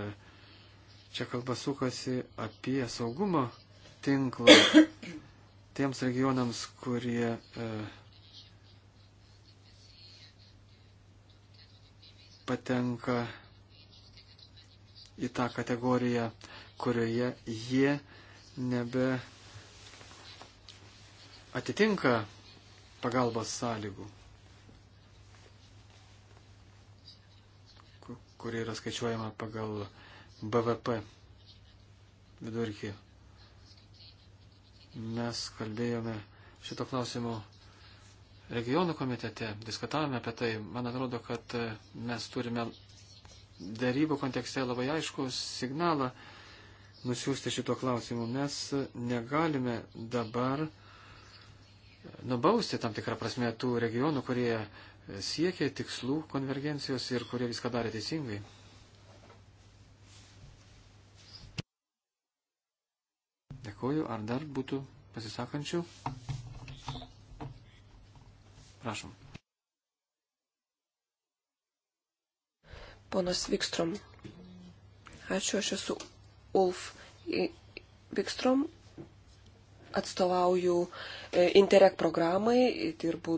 čia kalba sukasi apie saugumo tinklą tiems regionams, kurie e, patenka į tą kategoriją, kurioje jie nebe atitinka pagalbos sąlygų, kuri yra skaičiuojama pagal BVP vidurkį. Mes kalbėjome šito klausimu regionų komitete, diskutavome apie tai. Man atrodo, kad e, mes turime darybų kontekste labai aišku signalą nusiųsti šito klausimu. Mes negalime dabar nubausti tam tikrą prasme tų regionų, kurie siekia tikslų konvergencijos ir kurie viską darė teisingai. Dėkuoju, ar dar būtų pasisakančių? Prašom. ponas Vikstrom. Ačiū, aš esu Ulf Vikstrom, atstovauju e, Interreg programai, dirbu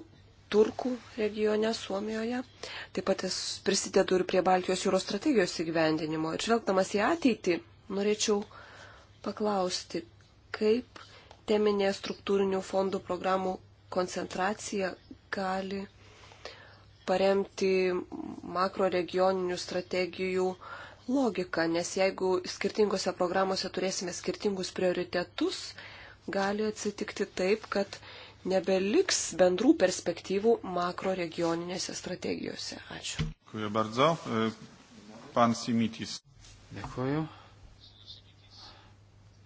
Turkų regione Suomijoje. Taip pat prisidedu ir prie Baltijos jūros strategijos įgyvendinimo. Ir žvelgdamas į ateitį, norėčiau paklausti, kaip teminė struktūrinių fondų programų koncentracija gali paremti makroregioninių strategijų logiką, nes jeigu skirtingose programuose turėsime skirtingus prioritetus, gali atsitikti taip, kad nebeliks bendrų perspektyvų makroregioninėse strategijose. Ačiū. Dziękuję bardzo. E, pan Simitis. Dėkuoju.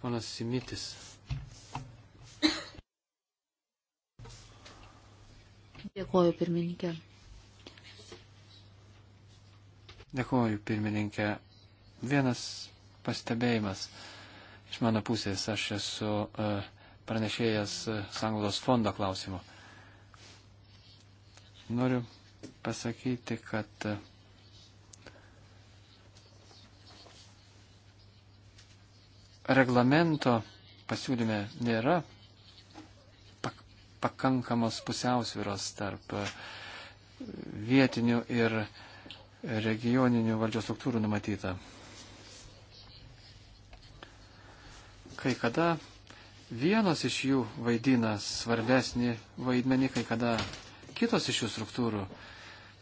Panas Simitis. Dėkuoju, pirmininkė. Dėkuoju, pirmininkė. Vienas pastebėjimas iš mano pusės. Aš esu e, pranešėjęs e, Sanglos fondo klausimu. Noriu pasakyti, kad e, reglamento pasiūlyme nėra pakankamos pusiausviros tarp vietinių ir regioninių valdžios struktūrų numatyta. Kai kada vienos iš jų vaidina svarbesnį vaidmenį, kai kada kitos iš jų struktūrų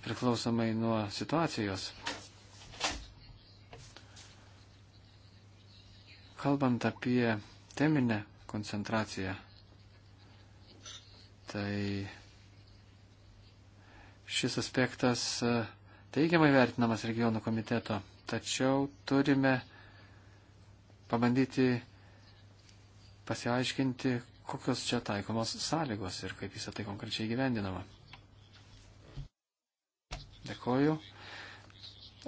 priklausomai nuo situacijos. Kalbant apie teminę koncentraciją, tai šis aspektas uh, teigiamai vertinamas regionų komiteto, tačiau turime pabandyti pasiaiškinti, kokios čia taikomos sąlygos ir kaip visą tai konkrečiai gyvendinama. Dėkoju.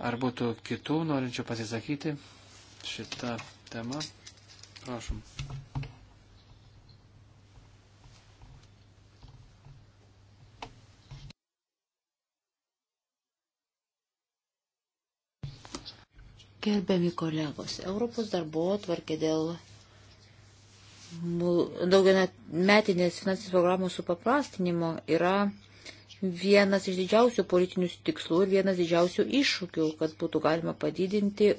Ar būtų kitų norinčių pasisakyti šitą temą? Prašom. Gerbiami kolegos, Europos darbo atvarkė dėl daugiau metinės finansinės programos supaprastinimo yra vienas iš didžiausių politinių tikslų ir vienas didžiausių iššūkių, kad būtų galima padidinti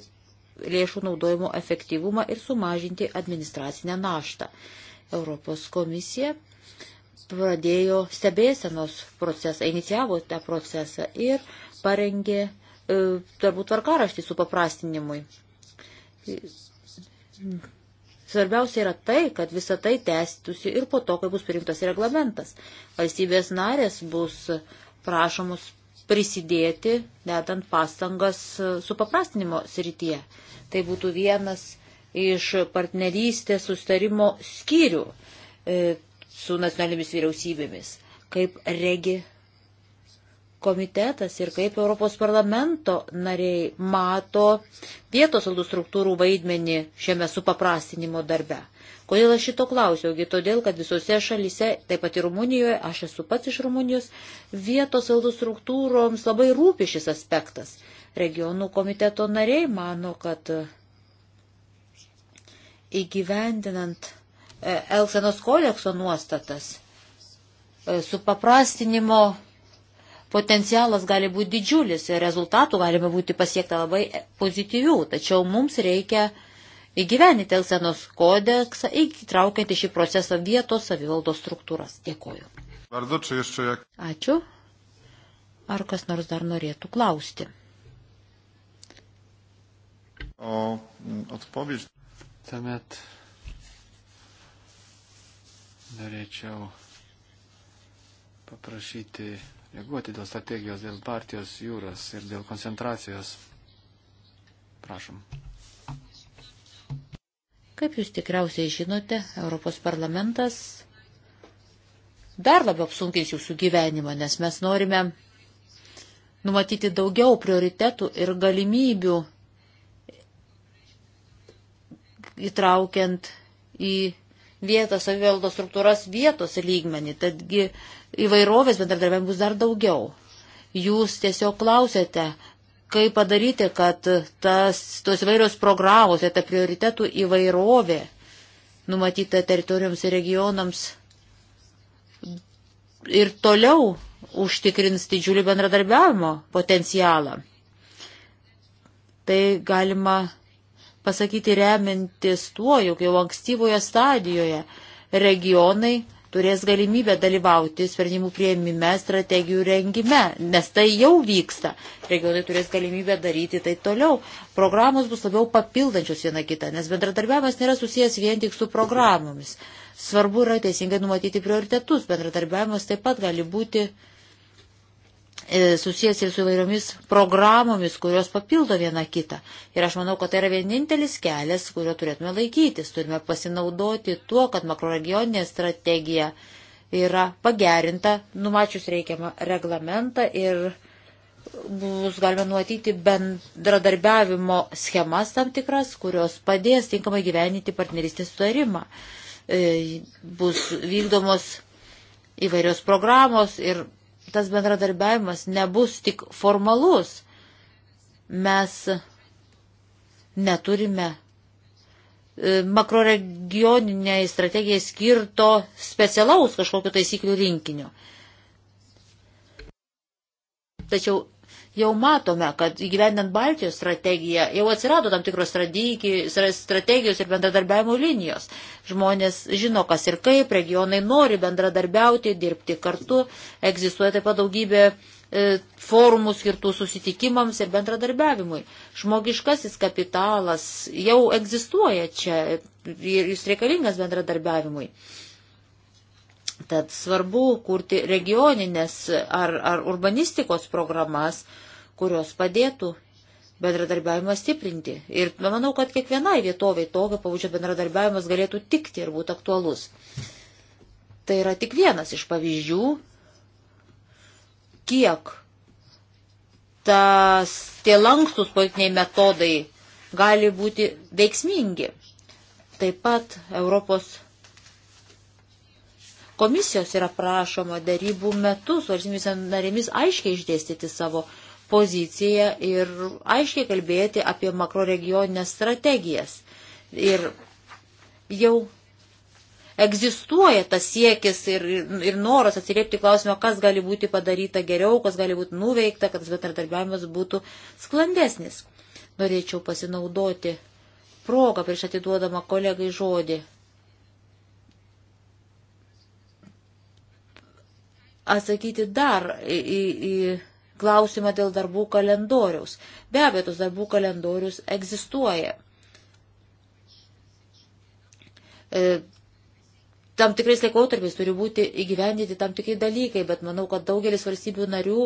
lėšų naudojimo efektyvumą ir sumažinti administracinę naštą. Europos komisija pradėjo stebėsenos procesą, inicijavo tą procesą ir parengė E, darbų tvarkaraštį su paprastinimui. Svarbiausia yra tai, kad visa tai tęstusi ir po to, kai bus priimtas reglamentas. Valstybės narės bus prašomus prisidėti, dedant pastangas su paprastinimo srityje. Tai būtų vienas iš partnerystės sustarimo skyrių e, su nacionalinėmis vyriausybėmis. Kaip regi komitetas ir kaip Europos parlamento nariai mato vietos valdų struktūrų vaidmenį šiame supaprastinimo darbe. Kodėl aš šito klausiaugi? Todėl, kad visose šalise, taip pat ir Rumunijoje, aš esu pats iš Rumunijos, vietos valdų struktūroms labai rūpi šis aspektas. Regionų komiteto nariai mano, kad įgyvendinant e, Elksenos kodekso nuostatas, e, supaprastinimo potencialas gali būti didžiulis ir rezultatų galime būti pasiekta labai pozityvių, tačiau mums reikia įgyveninti Elsenos kodeksą, įtraukiant į šį procesą vietos savivaldos struktūras. Dėkoju. Vardu, čia iš čia. Ačiū. Ar kas nors dar norėtų klausti? O atpovėdž. Mm, Tuomet norėčiau paprašyti reaguoti dėl strategijos, dėl partijos jūros ir dėl koncentracijos. Prašom. Kaip jūs tikriausiai žinote, Europos parlamentas dar labiau apsunkins jūsų gyvenimą, nes mes norime numatyti daugiau prioritetų ir galimybių įtraukiant į vietą savivaldos struktūras vietos lygmenį. Tadgi įvairovės bendradarbiavimų bus dar daugiau. Jūs tiesiog klausėte, kaip padaryti, kad tas, tos įvairios programos ir tai ta prioritetų įvairovė numatyta teritorijoms ir regionams ir toliau užtikrins didžiulį bendradarbiavimo potencialą. Tai galima pasakyti remintis tuo, jog jau ankstyvoje stadijoje regionai turės galimybę dalyvauti sprendimų prieimime, strategijų rengime, nes tai jau vyksta. Regionai turės galimybę daryti tai toliau. Programos bus labiau papildančios viena kitą, nes bendradarbiavimas nėra susijęs vien tik su programomis. Svarbu yra teisingai numatyti prioritetus. Bendradarbiavimas taip pat gali būti uh, E, susijęs ir su įvairiomis programomis, kurios papildo vieną kitą. Ir aš manau, kad tai yra vienintelis kelias, kurio turėtume laikytis. Turime pasinaudoti tuo, kad makroregioninė strategija yra pagerinta, numačius reikiamą reglamentą ir bus galima nuotyti bendradarbiavimo schemas tam tikras, kurios padės tinkamai gyveninti partnerystės sutarimą. E, bus vykdomos įvairios programos ir tas bendradarbiavimas nebus tik formalus. Mes neturime e, makroregioniniai strategijai skirto specialaus kažkokio taisyklių rinkinio. Tačiau jau matome, kad įgyvendant Baltijos strategiją jau atsirado tam tikros strategijos ir bendradarbiavimo linijos. Žmonės žino, kas ir kaip, regionai nori bendradarbiauti, dirbti kartu, egzistuoja taip pat daugybė e, formų skirtų susitikimams ir bendradarbiavimui. Žmogiškasis kapitalas jau egzistuoja čia ir jis reikalingas bendradarbiavimui. Tad svarbu kurti regioninės ar, ar urbanistikos programas, kurios padėtų bendradarbiavimą stiprinti. Ir manau, kad kiekvienai vietoviai tokio pavyzdžio bendradarbiavimas galėtų tikti ir būti aktualus. Tai yra tik vienas iš pavyzdžių, kiek tas, tie lankstus politiniai metodai gali būti veiksmingi. Taip pat Europos komisijos yra prašoma darybų metu su valstybėmis narėmis aiškiai išdėstyti savo poziciją ir aiškiai kalbėti apie makroregioninės strategijas. Ir jau egzistuoja tas siekis ir, ir noras atsiliepti klausimą, kas gali būti padaryta geriau, kas gali būti nuveikta, kad tas bendradarbiavimas būtų sklandesnis. Norėčiau pasinaudoti progą prieš atiduodama kolegai žodį. Atsakyti dar į, į, į klausimą dėl darbų kalendoriaus. Be abejo, tos darbų kalendorius egzistuoja. E, tam tikrais laikotarpiais turi būti įgyvendyti tam tikrai dalykai, bet manau, kad daugelis valstybių narių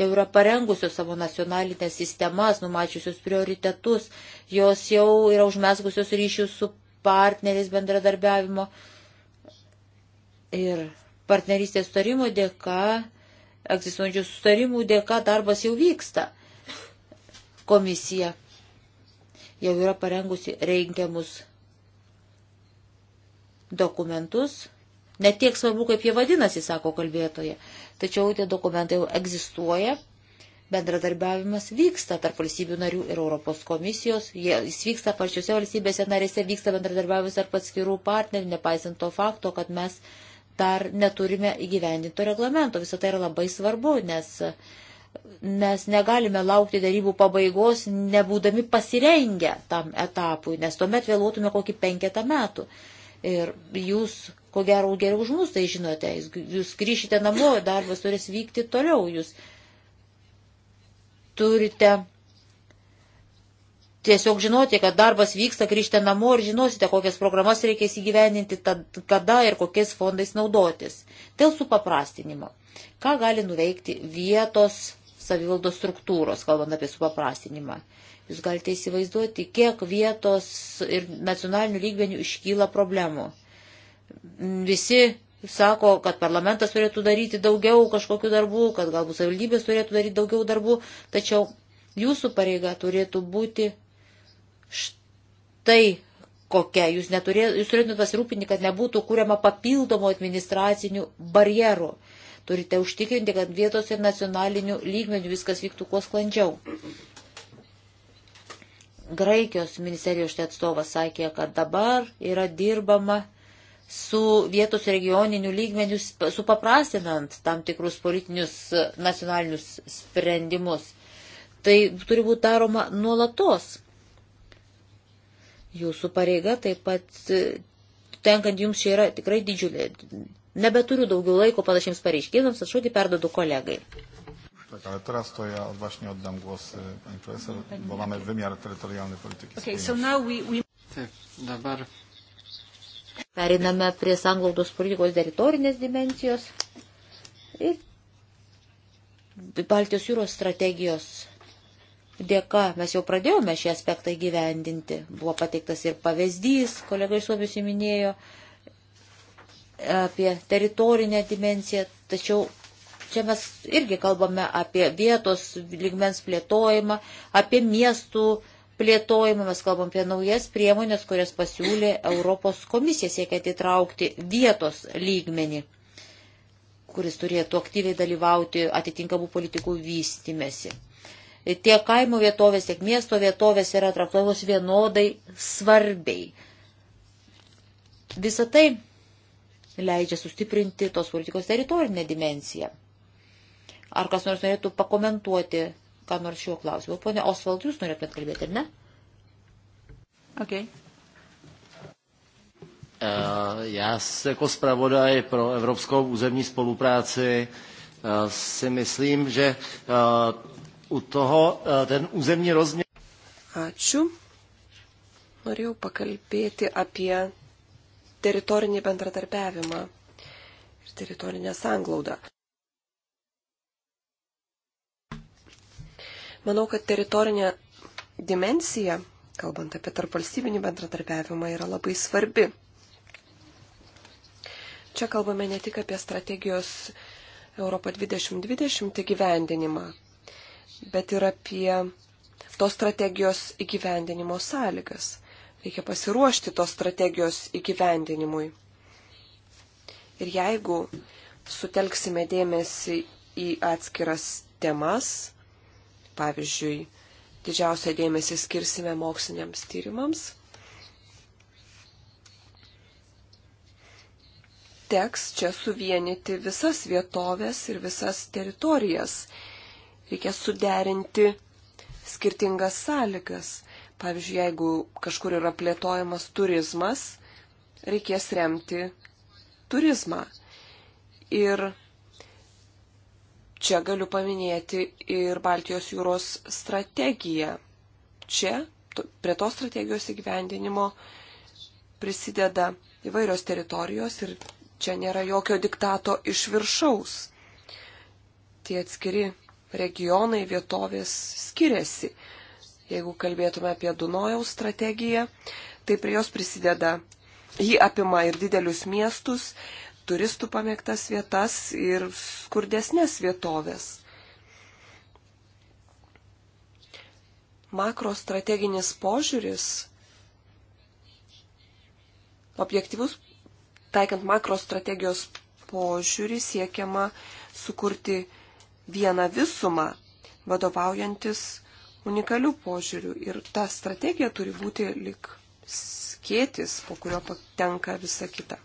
jau yra parengusios savo nacionalinės sistemas, numačiusios prioritetus, jos jau yra užmesgusios ryšius su partneriais bendradarbiavimo ir partnerystės tarimo dėka egzistuojančių sustarimų dėka darbas jau vyksta. Komisija jau yra parengusi reikiamus dokumentus. Net tiek svarbu, kaip jie vadinasi, sako kalbėtoje. Tačiau tie dokumentai jau egzistuoja, bendradarbiavimas vyksta tarp valstybių narių ir Europos komisijos, jis vyksta pačiose valstybėse narėse, vyksta bendradarbiavimas tarp atskirų partnerių, nepaisant to fakto, kad mes uh, dar neturime įgyvendinto reglamento. Visą tai yra labai svarbu, nes mes negalime laukti darybų pabaigos, nebūdami pasirengę tam etapui, nes tuomet vėluotume kokį penketą metų. Ir jūs, ko gero, geriau už mus tai žinote, jūs grįšite namo, darbas turės vykti toliau, jūs turite tiesiog žinoti, kad darbas vyksta, grįžtę namo ir žinosite, kokias programas reikės įgyveninti, tad, kada ir kokiais fondais naudotis. Dėl supaprastinimo. Ką gali nuveikti vietos savivaldos struktūros, kalbant apie supaprastinimą? Jūs galite įsivaizduoti, kiek vietos ir nacionalinių lygmenių iškyla problemų. Visi sako, kad parlamentas turėtų daryti daugiau kažkokių darbų, kad galbūt savivaldybės turėtų daryti daugiau darbų, tačiau jūsų pareiga turėtų būti Štai kokia. Jūs, neturė, jūs turėtumėte pasirūpinti, kad nebūtų kuriama papildomų administracinių barjerų. Turite užtikrinti, kad vietos ir nacionalinių lygmenių viskas vyktų kuo sklandžiau. Graikijos ministerijos štai atstovas sakė, kad dabar yra dirbama su vietos regioniniu lygmeniu, supaprastinant tam tikrus politinius nacionalinius sprendimus. Tai turi būti daroma nuolatos. Jūsų pareiga taip pat e, tenkant jums čia yra tikrai didžiulė. Nebeturiu daugiau laiko panašiems pareiškimams, aš žodį perdodu kolegai. Tak, ale teraz to ja właśnie oddam głos e, pani profesor, bo mamy wymiar terytorialny polityki. Okay, so now we, we... Taip, dabar Periname prie sanglaudos politikos teritorinės dimensijos ir Baltijos jūros strategijos dėka mes jau pradėjome šį aspektą įgyvendinti. Buvo pateiktas ir pavyzdys, kolega iš Suomijos įminėjo, apie teritorinę dimenciją, tačiau čia mes irgi kalbame apie vietos ligmens plėtojimą, apie miestų plėtojimą, mes kalbam apie naujas priemonės, kurias pasiūlė Europos komisija siekiant įtraukti vietos lygmenį kuris turėtų aktyviai dalyvauti atitinkamų politikų vystimėsi tiek kaimo vietovės, tiek miesto vietovės yra traktuojamos vienodai svarbiai. Visą tai leidžia sustiprinti tos politikos teritorinę dimenciją. Ar kas nors norėtų pakomentuoti, ką nors šiuo klausimu? Pone Osvald, jūs norėtumėt kalbėti, ar ne? Okay. E, já jako zpravodaj pro evropskou územní spolupráci e, si myslím, že e, u toho e, ten územní rozměr. Ačiū. Norėjau pakalbėti apie teritorinį bendradarbiavimą ir teritorinę sanglaudą. Manau, kad teritorinė dimensija, kalbant apie tarpvalstybinį bendradarbiavimą, yra labai svarbi. Čia kalbame ne tik apie strategijos Europą 2020 įgyvendinimą, bet ir apie tos strategijos įgyvendinimo sąlygas. Reikia pasiruošti tos strategijos įgyvendinimui. Ir jeigu sutelksime dėmesį į atskiras temas, pavyzdžiui, didžiausią dėmesį skirsime moksliniams tyrimams, teks čia suvienyti visas vietovės ir visas teritorijas reikia suderinti skirtingas sąlygas. Pavyzdžiui, jeigu kažkur yra plėtojamas turizmas, reikės remti turizmą. Ir čia galiu paminėti ir Baltijos jūros strategiją. Čia prie tos strategijos įgyvendinimo prisideda įvairios teritorijos ir čia nėra jokio diktato iš viršaus. Tie atskiri regionai, vietovės skiriasi. Jeigu kalbėtume apie Dunojaus strategiją, tai prie jos prisideda, ji apima ir didelius miestus, turistų pamėgtas vietas ir skurdesnės vietovės. Makrostrateginis požiūris, objektivus, taikant makrostrategijos požiūrį siekiama sukurti vieną visumą, vadovaujantis unikalių požiūrių. Ir ta strategija turi būti lik skėtis, po kurio patenka visa kita.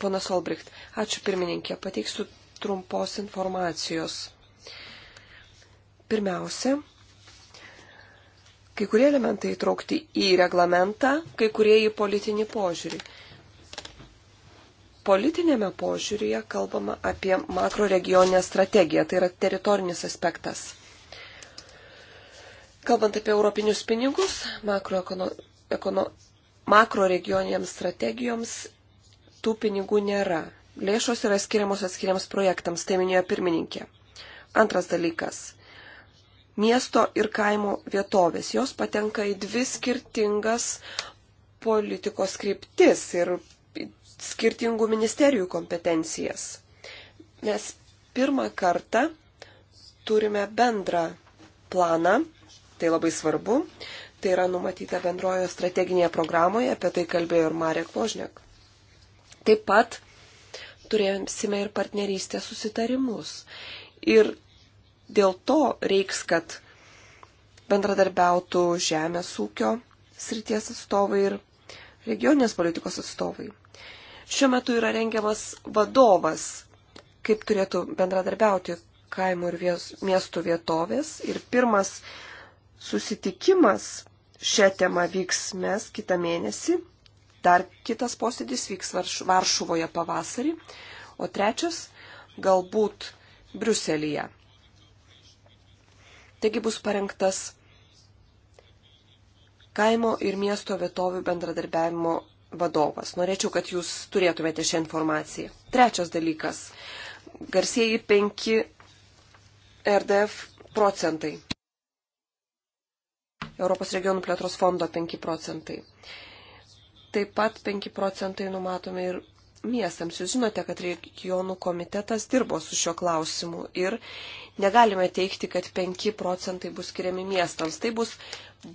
Ponas Olbricht, ačiū pirmininkė, pateiksiu trumpos informacijos. Pirmiausia, kai kurie elementai įtraukti į reglamentą, kai kurie į politinį požiūrį politinėme požiūrėje kalbama apie makro regioninę strategiją, tai yra teritorinis aspektas. Kalbant apie europinius pinigus, makro, ekono, ekono, makro regioniniams strategijoms tų pinigų nėra. Lėšos yra skiriamos atskiriams projektams, tai minėjo pirmininkė. Antras dalykas. Miesto ir kaimo vietovės. Jos patenka į dvi skirtingas politikos kryptis ir skirtingų ministerijų kompetencijas. Mes pirmą kartą turime bendrą planą, tai labai svarbu, tai yra numatyta bendrojo strateginėje programoje, apie tai kalbėjo ir Marek Vožnek. Taip pat turėsime ir partnerystės susitarimus. Ir dėl to reiks, kad bendradarbiautų žemės ūkio srities atstovai ir regioninės politikos atstovai. Šiuo metu yra rengiamas vadovas, kaip turėtų bendradarbiauti kaimų ir vies, miestų vietovės. Ir pirmas susitikimas šią temą vyks mes kitą mėnesį. Dar kitas posėdis vyks Varšuvoje pavasarį. O trečias galbūt Briuselyje. Taigi bus parengtas kaimo ir miesto vietovių bendradarbiavimo vadovas. Norėčiau, kad jūs turėtumėte šią informaciją. Trečias dalykas. Garsieji 5 RDF procentai. Europos regionų plėtros fondo 5 procentai. Taip pat 5 procentai numatomi ir miestams. Jūs žinote, kad regionų komitetas dirbo su šiuo klausimu ir negalime teikti, kad 5 procentai bus skiriami miestams. Tai bus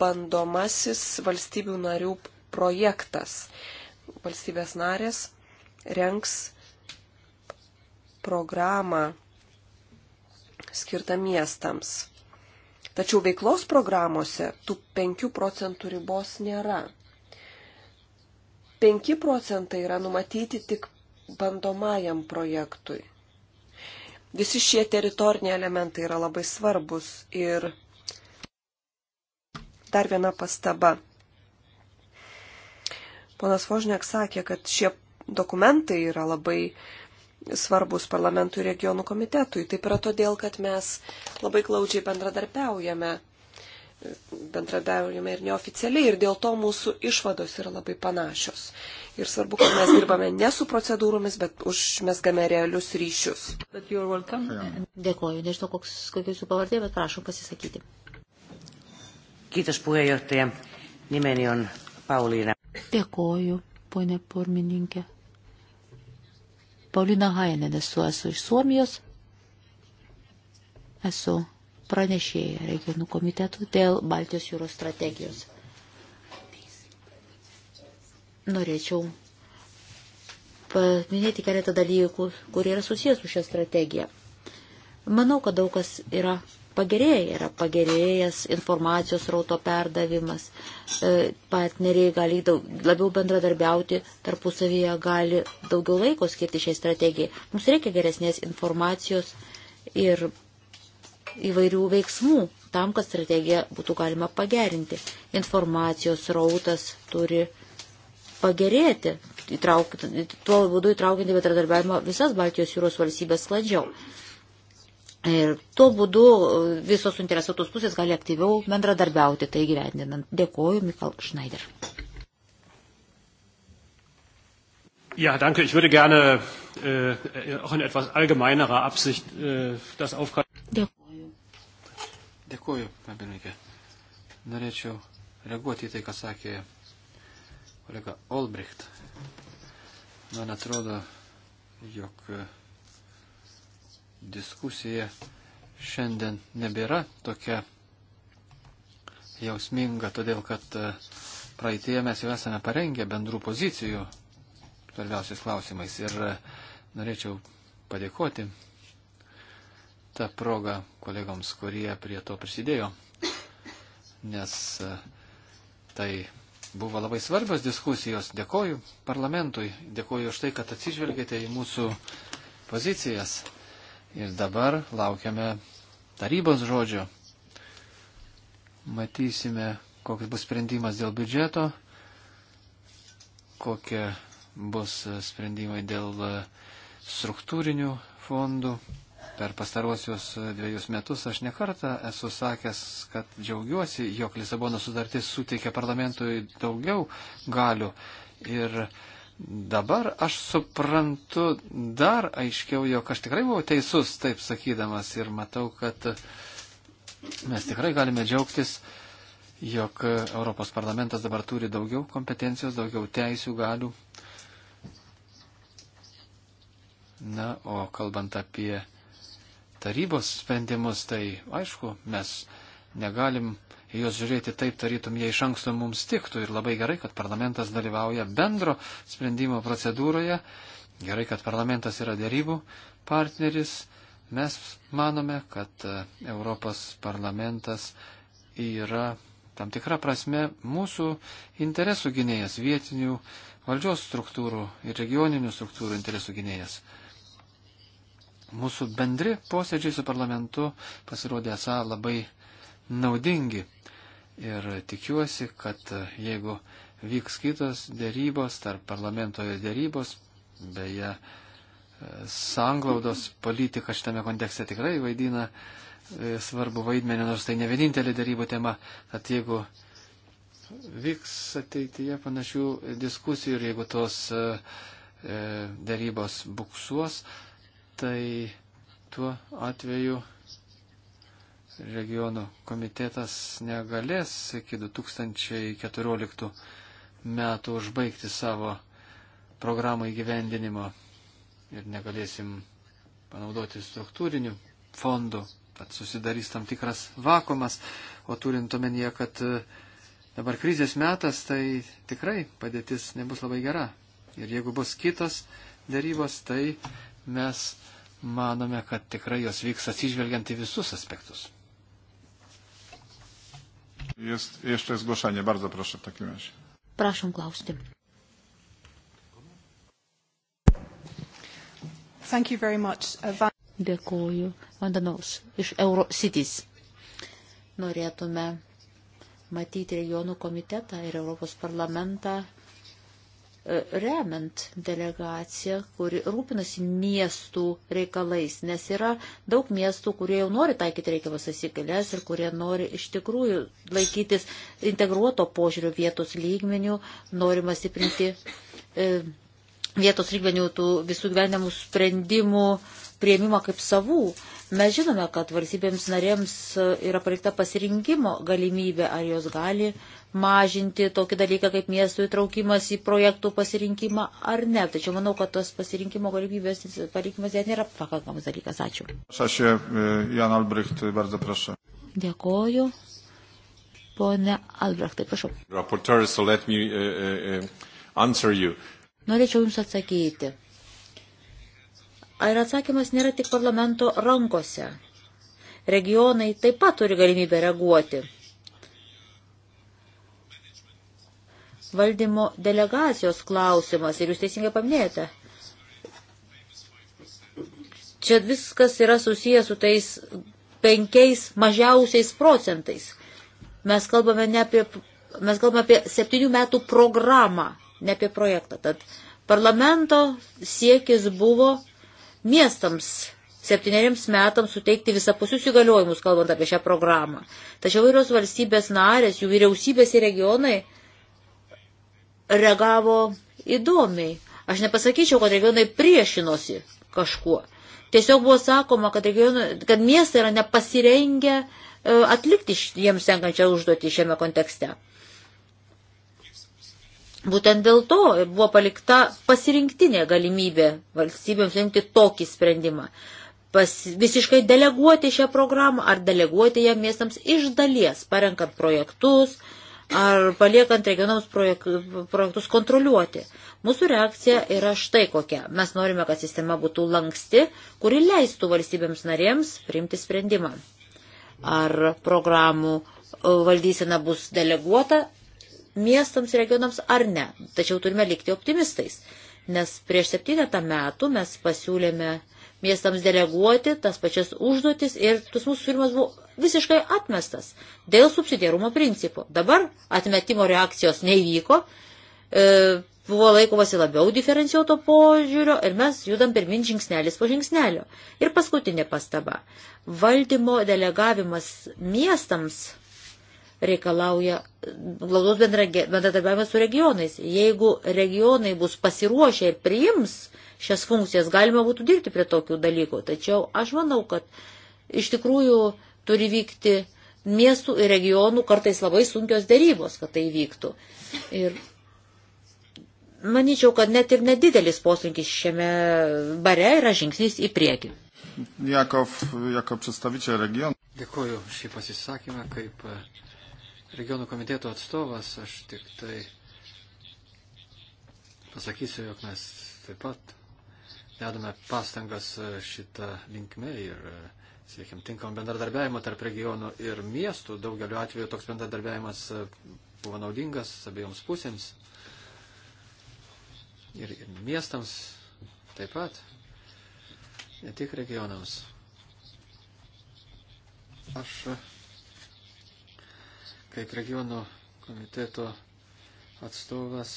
bandomasis valstybių narių projektas. Valstybės narės renks programą skirtą miestams. Tačiau veiklos programuose tų 5 procentų ribos nėra. 5 procentai yra numatyti tik bandomajam projektui. Visi šie teritoriniai elementai yra labai svarbus ir dar viena pastaba. Ponas Vožniak sakė, kad šie dokumentai yra labai svarbus parlamentų regionų komitetui. Taip yra todėl, kad mes labai glaudžiai bendradarbiaujame, bendradarbiaujame ir neoficialiai, ir dėl to mūsų išvados yra labai panašios. Ir svarbu, kad mes dirbame ne su procedūromis, bet užmesgame realius ryšius. Dėkuoju, nežinau, koks, kokia jūsų pavardė, bet prašom pasisakyti. Kiitos puheenjohtaja. Nimeni on Pauliina Dėkoju, ponė pormininkė. Paulina Hainenė su esu iš Suomijos. Esu pranešėja regionų komitetų dėl Baltijos jūros strategijos. Norėčiau paminėti keletą dalykų, kurie yra susijęs su šią strategiją. Manau, kad daug kas yra pagerėja, yra pagerėjęs informacijos rauto perdavimas, e, partneriai gali daug, labiau bendradarbiauti, tarpusavyje gali daugiau laiko skirti šiai strategijai. Mums reikia geresnės informacijos ir įvairių veiksmų tam, kad strategiją būtų galima pagerinti. Informacijos rautas turi pagerėti, tuo būdu įtraukinti bendradarbiavimo visas Baltijos jūros valstybės sklandžiau. Ir tuo būdu e, visos suinteresuotos pusės gali aktyviau bendradarbiauti tai gyvendinant. Dėkoju, Mikal Schneider. Ja, danke. Ich würde gerne äh, auch in etwas allgemeinerer Absicht äh, das aufgreifen. Dėkoju. Dėkoju, Pabininkė. Norėčiau reaguoti į tai, ką sakė kolega Olbricht. Man atrodo, jog. Äh, diskusija šiandien nebėra tokia jausminga, todėl kad e, praeitėje mes jau esame parengę bendrų pozicijų svarbiausiais klausimais ir e, norėčiau padėkoti tą progą kolegoms, kurie prie to prisidėjo, nes e, tai buvo labai svarbios diskusijos. Dėkoju parlamentui, dėkoju už tai, kad atsižvelgėte į mūsų pozicijas. Ir dabar laukiame tarybos žodžio. Matysime, koks bus sprendimas dėl biudžeto, kokie bus sprendimai dėl struktūrinių fondų. Per pastaruosius dviejus metus aš nekartą esu sakęs, kad džiaugiuosi, jog Lisabono sudartis suteikia parlamentui daugiau galių ir Dabar aš suprantu dar aiškiau, jog aš tikrai buvau teisus, taip sakydamas, ir matau, kad mes tikrai galime džiaugtis, jog Europos parlamentas dabar turi daugiau kompetencijos, daugiau teisių galių. Na, o kalbant apie tarybos sprendimus, tai aišku, mes negalim uh, į juos žiūrėti taip, tarytum jie iš anksto mums tiktų. Ir labai gerai, kad parlamentas dalyvauja bendro sprendimo procedūroje. Gerai, kad parlamentas yra dėrybų partneris. Mes manome, kad e, Europos parlamentas yra tam tikra prasme mūsų interesų gynėjas, vietinių valdžios struktūrų ir regioninių struktūrų interesų gynėjas. Mūsų bendri posėdžiai su parlamentu pasirodė esą labai naudingi. Ir tikiuosi, kad e, jeigu vyks kitos dėrybos, tarp parlamentoje dėrybos, beje, e, sanglaudos politika šitame kontekste tikrai vaidina e, svarbu vaidmenį, nors tai ne vienintelė dėrybų tema, kad jeigu vyks ateityje panašių diskusijų ir jeigu tos dėrybos buksuos, tai tuo atveju regionų komitetas negalės iki 2014 metų užbaigti savo programų įgyvendinimo ir negalėsim panaudoti struktūrinių fondų, tad susidarys tam tikras vakumas, o turint omenyje, kad e, dabar krizės metas, tai tikrai padėtis nebus labai gera. Ir jeigu bus kitos darybos, tai mes manome, kad tikrai jos vyks atsižvelgiant į visus aspektus. Jest jeszcze zgłoszenie. Bardzo proszę w takim razie. Prašom klausti. Thank you very much. Uh, Dėkuoju. Vandanaus iš Eurocities. Norėtume matyti regionų komitetą ir Europos parlamentą remiant delegaciją, kuri rūpinasi miestų reikalais, nes yra daug miestų, kurie jau nori taikyti reikiamas taisyklės ir kurie nori iš tikrųjų laikytis integruoto požiūrio vietos lygmenių, norima stiprinti e, vietos lygmenių tų visų gyvenimų sprendimų prieimimą kaip savų. Mes žinome, kad valstybėms narėms yra palikta pasirinkimo galimybė, ar jos gali mažinti tokį dalyką kaip miestų įtraukimas į projektų pasirinkimą ar ne. Tačiau manau, kad tos pasirinkimo galimybės palikimas jie nėra pakankamas dalykas. Ačiū. Aš e, Jan Albrecht, bardzo prašau. Dėkoju. Pone Albrechtai, prašau. Raporteur, so let me uh, uh, answer you. Norėčiau Jums atsakyti. Ar atsakymas nėra tik parlamento rankose? Regionai taip pat turi galimybę reaguoti valdymo delegacijos klausimas ir jūs teisingai paminėjote. Čia viskas yra susijęs su tais penkiais mažiausiais procentais. Mes kalbame, ne apie, mes kalbame apie septynių metų programą, ne apie projektą. Tad parlamento siekis buvo miestams septyneriems metams suteikti visapusius įgaliojimus, kalbant apie šią programą. Tačiau įvairios valstybės narės, jų vyriausybės ir regionai reagavo įdomiai. Aš nepasakyčiau, kad regionai priešinosi kažkuo. Tiesiog buvo sakoma, kad, regionai, kad miestai yra nepasirengę e, atlikti jiems tenkančią užduotį šiame kontekste. Būtent dėl to buvo palikta pasirinktinė galimybė valstybėms rinkti tokį sprendimą. Pas, visiškai deleguoti šią programą ar deleguoti ją miestams iš dalies, parenkant projektus, uh, ar paliekant regionams projektus kontroliuoti. Mūsų reakcija yra štai kokia. Mes norime, kad sistema būtų lanksti, kuri leistų valstybėms narėms priimti sprendimą. Ar programų e, valdysena bus deleguota miestams ir regionams ar ne. Tačiau turime likti optimistais, nes prieš septynetą metų mes pasiūlėme miestams deleguoti tas pačias užduotis ir tas mūsų siūlymas buvo visiškai atmestas dėl subsidiarumo principo. Dabar atmetimo reakcijos neįvyko, e, buvo laikomasi labiau diferencijuoto požiūrio ir mes judam pirmin žingsnelis po žingsnelio. Ir paskutinė pastaba. Valdymo delegavimas miestams reikalauja glaudos bendradarbiavimas su regionais. Jeigu regionai bus pasiruošę ir priims, uh, šias funkcijas. Galima būtų dirbti prie tokių dalykų, tačiau aš manau, kad iš tikrųjų turi vykti miestų ir regionų kartais labai sunkios dėrybos, kad tai vyktų. Ir manyčiau, kad net ir nedidelis poslinkis šiame bare yra žingsnis į priekį. Jakov, jako przedstawiciel regionu. Dėkuoju šį pasisakymą kaip regionų komiteto atstovas. Aš tik tai pasakysiu, jog mes taip pat dedame pastangas e, šitą linkmę ir e, siekiam tinkamą bendradarbiavimą tarp regionų ir miestų. Daugeliu atveju toks bendradarbiavimas e, buvo naudingas abiejoms pusėms ir, ir miestams taip pat, ne tik regionams. Aš kaip regionų komiteto atstovas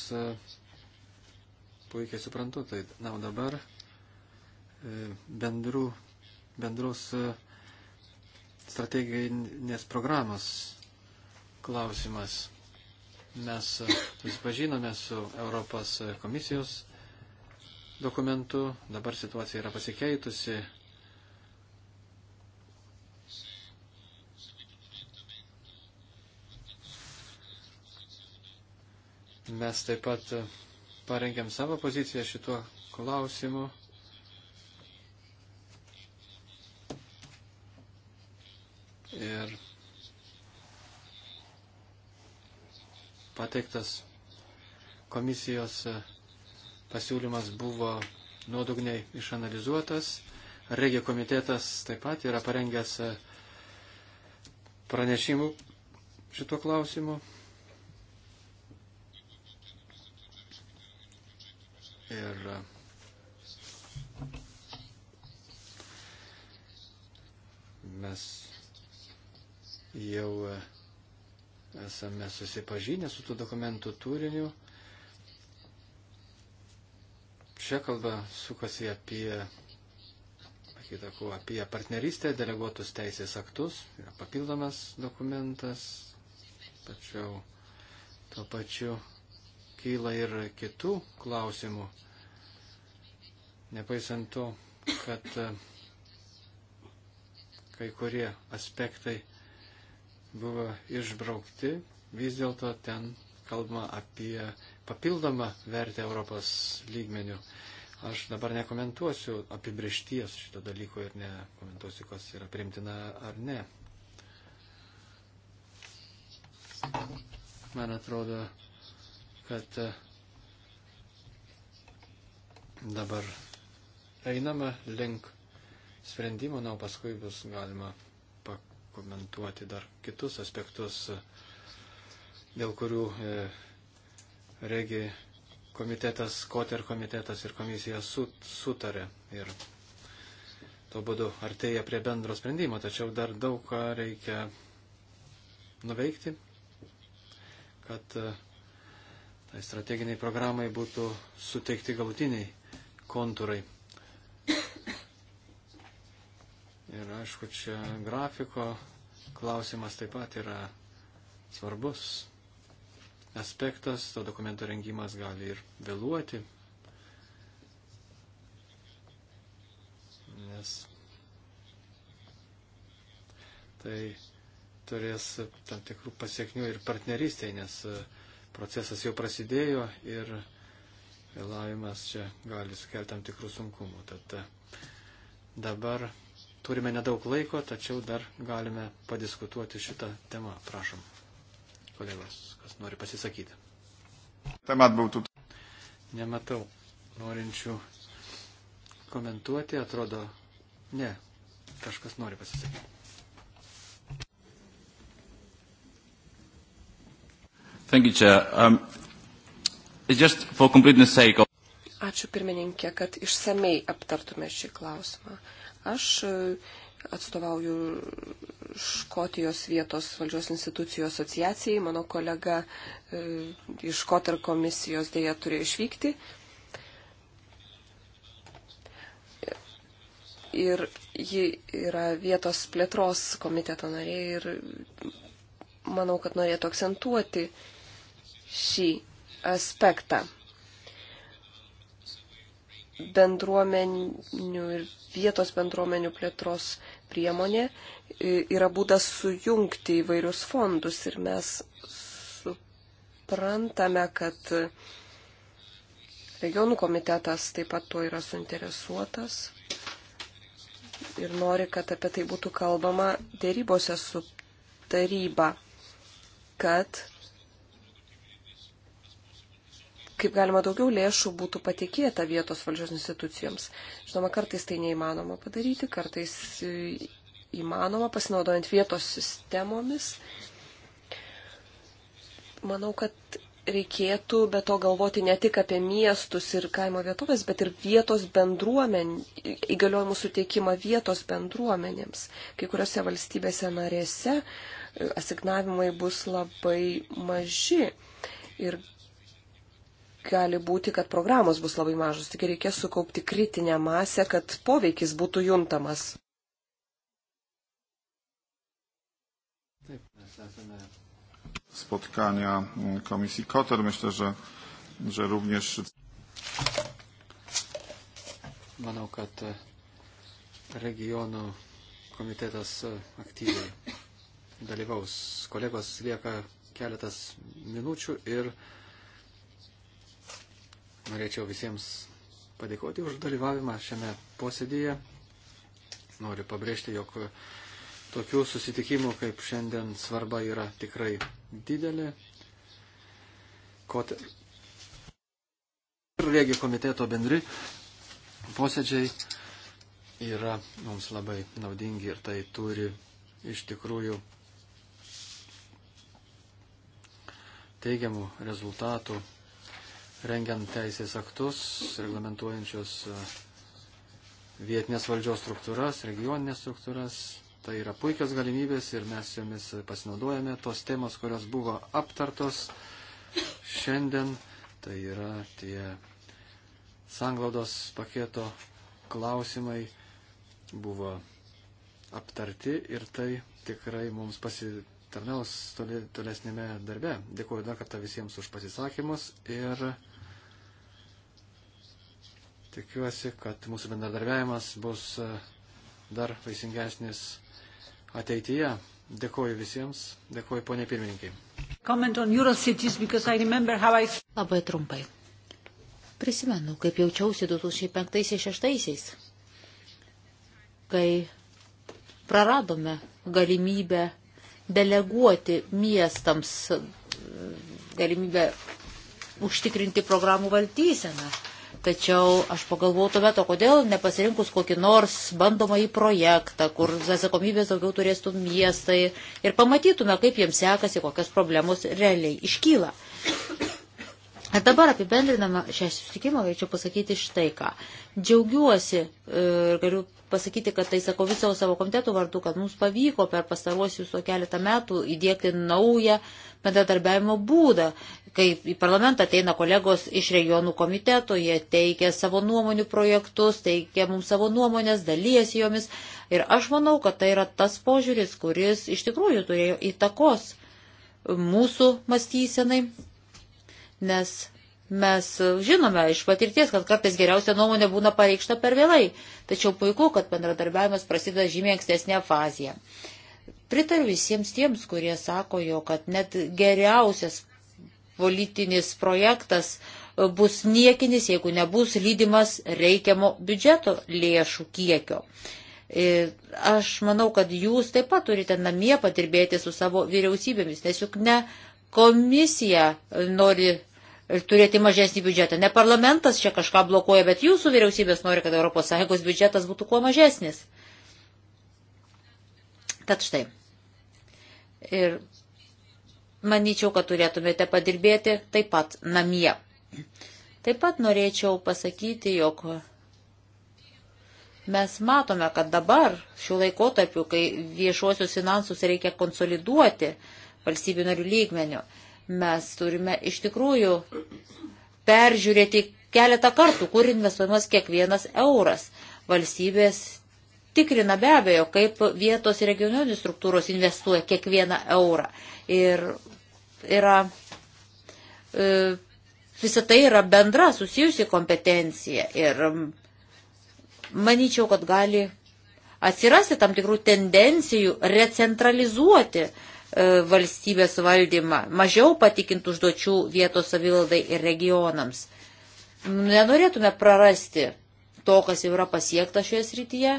puikiai suprantu tai. Na, o dabar E, bendrų, bendros e, strateginės programos klausimas. Mes e, susipažinome su Europos komisijos dokumentu, dabar situacija yra pasikeitusi. Mes taip pat parengėm savo poziciją šituo klausimu. ir pateiktas komisijos pasiūlymas buvo nuodugniai išanalizuotas. Regio komitetas taip pat yra parengęs pranešimų šituo klausimu. Ir mes jau esame susipažinę su tų dokumentų turiniu. Čia kalba sukasi apie, kitako, apie partnerystę, deleguotus teisės aktus, yra papildomas dokumentas, tačiau tuo pačiu kyla ir kitų klausimų. Nepaisant to, kad kai kurie aspektai buvo išbraukti, vis dėlto ten kalbama apie papildomą vertę Europos lygmenių. Aš dabar nekomentuosiu apibriešties šito dalyko ir nekomentuosiu, kas yra primtina ar ne. Man atrodo, kad e, dabar einama link sprendimo, na, paskui bus galima pakomentuoti dar kitus aspektus, dėl kurių e, regi komitetas, koter komitetas ir komisija sut, sutarė ir to būdu artėja prie bendro sprendimo, tačiau dar daug ką reikia nuveikti, kad e, tai strateginiai programai būtų suteikti galutiniai kontūrai. Ir aišku, čia grafiko klausimas taip pat yra svarbus aspektas, to dokumento rengimas gali ir vėluoti, nes tai turės tam tikrų pasiekmių ir partnerystėje, nes procesas jau prasidėjo ir vėlavimas čia gali sukelti tam tikrų sunkumų. Tad dabar Turime nedaug laiko, tačiau dar galime padiskutuoti šitą temą. Prašom, kolegos, kas nori pasisakyti. Temat būtų. Nematau norinčių komentuoti, atrodo, ne, kažkas nori pasisakyti. Thank you, Chair. Um, just for completeness sake. Ačiū pirmininkė, kad išsamei aptartume šį klausimą. Aš e, atstovauju Škotijos vietos valdžios institucijų asociacijai. Mano kolega e, iš Kotar komisijos dėja turėjo išvykti. Ir ji yra vietos plėtros komiteto narė ir manau, kad norėtų akcentuoti šį aspektą bendruomenių ir vietos bendruomenių plėtros priemonė yra būdas sujungti įvairius fondus ir mes suprantame, kad regionų komitetas taip pat tuo yra suinteresuotas ir nori, kad apie tai būtų kalbama dėrybose su taryba, kad kaip galima daugiau lėšų būtų patikėta vietos valdžios institucijoms. Žinoma, kartais tai neįmanoma padaryti, kartais e, įmanoma pasinaudojant vietos sistemomis. Manau, kad reikėtų be to galvoti ne tik apie miestus ir kaimo vietovės, bet ir vietos bendruomenį, įgaliojimų suteikimą vietos bendruomenėms. Kai kuriuose valstybėse narėse e, asignavimai bus labai maži ir gali būti, kad programos bus labai mažos, tik reikės sukaupti kritinę masę, kad poveikis būtų juntamas. Taip, mes esame spotkania komisji Koter. Myślę, że, że również. Manau, kad e, regionų komitetas e, aktyviai dalyvaus. Kolegos lieka keletas minučių ir Norėčiau visiems padėkoti už dalyvavimą šiame posėdėje. Noriu pabrėžti, jog tokių susitikimų kaip šiandien svarba yra tikrai didelė. Kot... Regi komiteto bendri posėdžiai yra mums labai naudingi ir tai turi iš tikrųjų teigiamų rezultatų rengiant teisės aktus, reglamentuojančius e, vietinės valdžios struktūras, regioninės struktūras. Tai yra puikios galimybės ir mes jomis pasinaudojame. Tos temos, kurios buvo aptartos šiandien, tai yra tie sanglaudos paketo klausimai buvo aptarti ir tai tikrai mums pasitikėjo tarnaus toli, tolesnėme darbe. Dėkuoju dar kartą visiems už pasisakymus ir Tikiuosi, kad mūsų bendradarbiavimas bus e, dar vaisingesnis ateityje. Dėkuoju visiems, dėkuoju ponė pirmininkai. I... Labai trumpai. Prisimenu, kaip jaučiausi 2005-2006, kai praradome galimybę deleguoti miestams, e, galimybę užtikrinti programų valdyseną Tačiau aš pagalvojau tuomet, o kodėl nepasirinkus kokį nors bandomą į projektą, kur atsakomybės daugiau turėstų miestai ir pamatytume, kaip jiems sekasi, kokios problemos realiai iškyla. Ar dabar apibendrinama šią susitikimą, galėčiau pasakyti štai ką. Džiaugiuosi e, ir galiu pasakyti, kad tai sakau viso savo komiteto vardu, kad mums pavyko per pastaruosius o keletą metų įdėkti naują bendradarbiavimo būdą. Kai į parlamentą ateina kolegos iš regionų komiteto, jie teikia savo nuomonių projektus, teikia mums savo nuomonės, dalyjasi jomis. Ir aš manau, kad tai yra tas požiūris, kuris iš tikrųjų turėjo įtakos mūsų mąstysenai Nes mes žinome iš patirties, kad kartais geriausia nuomonė būna pareikšta per vėlai. Tačiau puiku, kad bendradarbiavimas prasideda žymiai ankstesnė fazė. Pritariu visiems tiems, kurie sako jo, kad net geriausias politinis projektas bus niekinis, jeigu nebus lydimas reikiamo biudžeto lėšų kiekio. Ir e, aš manau, kad jūs taip pat turite namie patirbėti su savo vyriausybėmis, nes juk ne komisija nori turėti mažesnį biudžetą. Ne parlamentas čia kažką blokuoja, bet jūsų vyriausybės nori, kad ES biudžetas būtų kuo mažesnis. Tad štai. Ir manyčiau, kad turėtumėte padirbėti taip pat namie. Taip pat norėčiau pasakyti, jog mes matome, kad dabar, šių laikotarpių, kai viešuosius finansus reikia konsoliduoti valstybių narių lygmenių, Mes turime iš tikrųjų peržiūrėti keletą kartų, kur investuojamas kiekvienas euras. Valstybės tikrina be abejo, kaip vietos regioninės struktūros investuoja kiekvieną eurą. Ir yra, e, visa tai yra bendra susijusi kompetencija. Ir manyčiau, kad gali atsirasti tam tikrų tendencijų recentralizuoti E, valstybės valdymą, mažiau patikintų užduočių vietos savivaldai ir regionams. Nenorėtume prarasti to, kas jau yra pasiekta šioje srityje,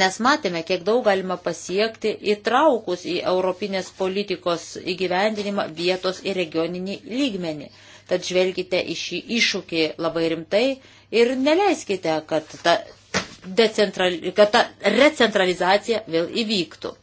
nes matėme, kiek daug galima pasiekti įtraukus į europinės politikos įgyvendinimą vietos ir regioninį lygmenį. Tad žvelgite į šį iššūkį labai rimtai ir neleiskite, kad ta, decentral... kad ta recentralizacija vėl įvyktų.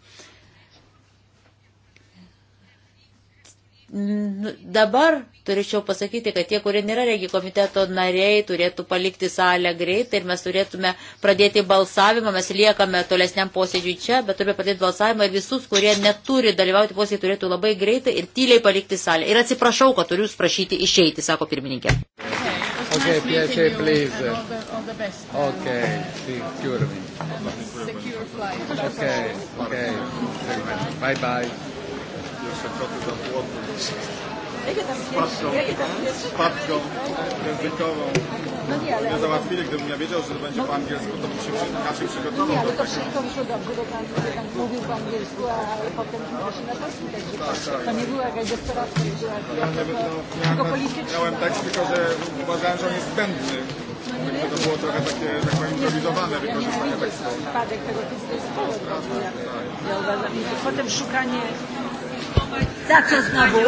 Dabar turėčiau pasakyti, kad tie, kurie nėra regi komiteto nariai, turėtų palikti salę greitai ir mes turėtume pradėti balsavimą, mes liekame tolesniam posėdžiui čia, bet turime pradėti balsavimą ir visus, kurie neturi dalyvauti posėdžiui, turėtų labai greitai ir tyliai palikti salę. Ir atsiprašau, kad turiu jūs prašyti išeiti, sako pirmininkė. Okay, PHA, please. All the, all the best. Okay, secure me. Secure flight. Okay, okay. Bye bye proszę trochę do płotu spadką, spadką językową. No nie, ale... Nie załatwili, gdybym ja wiedział, że to będzie no, po angielsku, to bym się inaczej przygotował. No nie, ale to wszystko wyszło dobrze, bo pan, pan mówił po angielsku, a potem się na polskim także tak, tak. to nie była jakaś desperacka sytuacja, ja, to, to, tylko polityczna. Miałem tekst, tylko że uważałem, że on jest zbędny. No nie to było trochę takie, tak powiem, improwizowane wykorzystanie tekstu. Spadek tego typu jest Ja uważam, że potem szukanie za co znowu?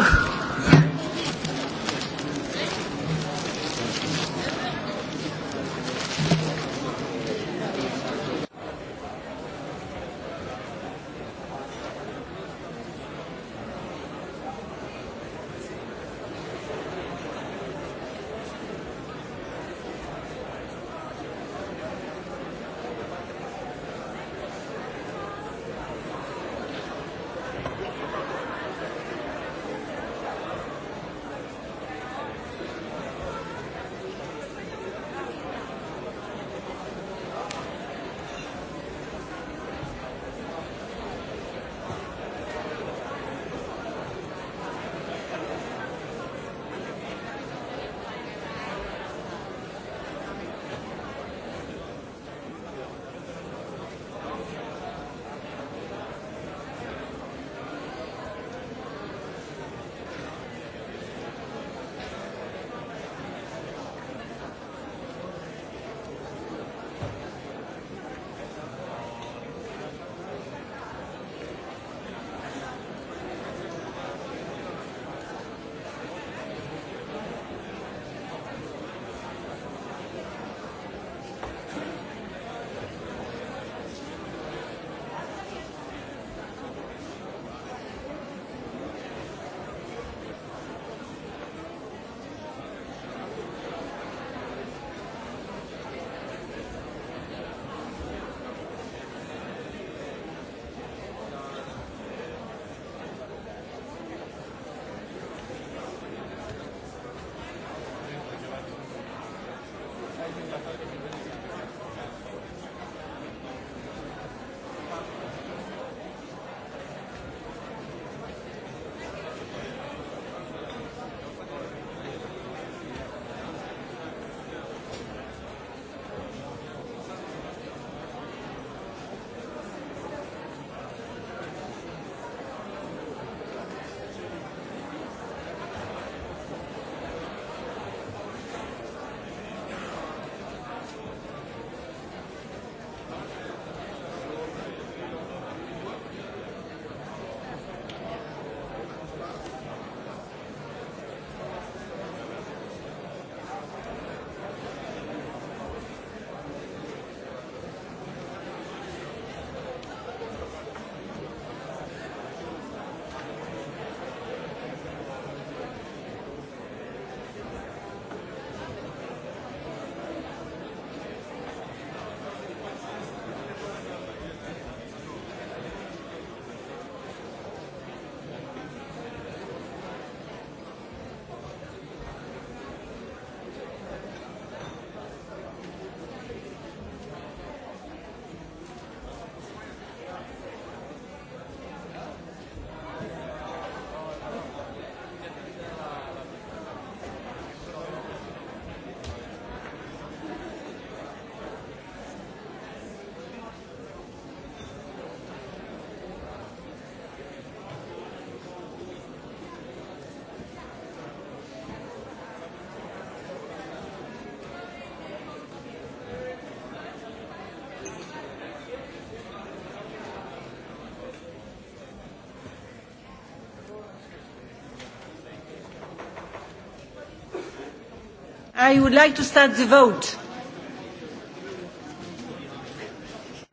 I would like to start the vote.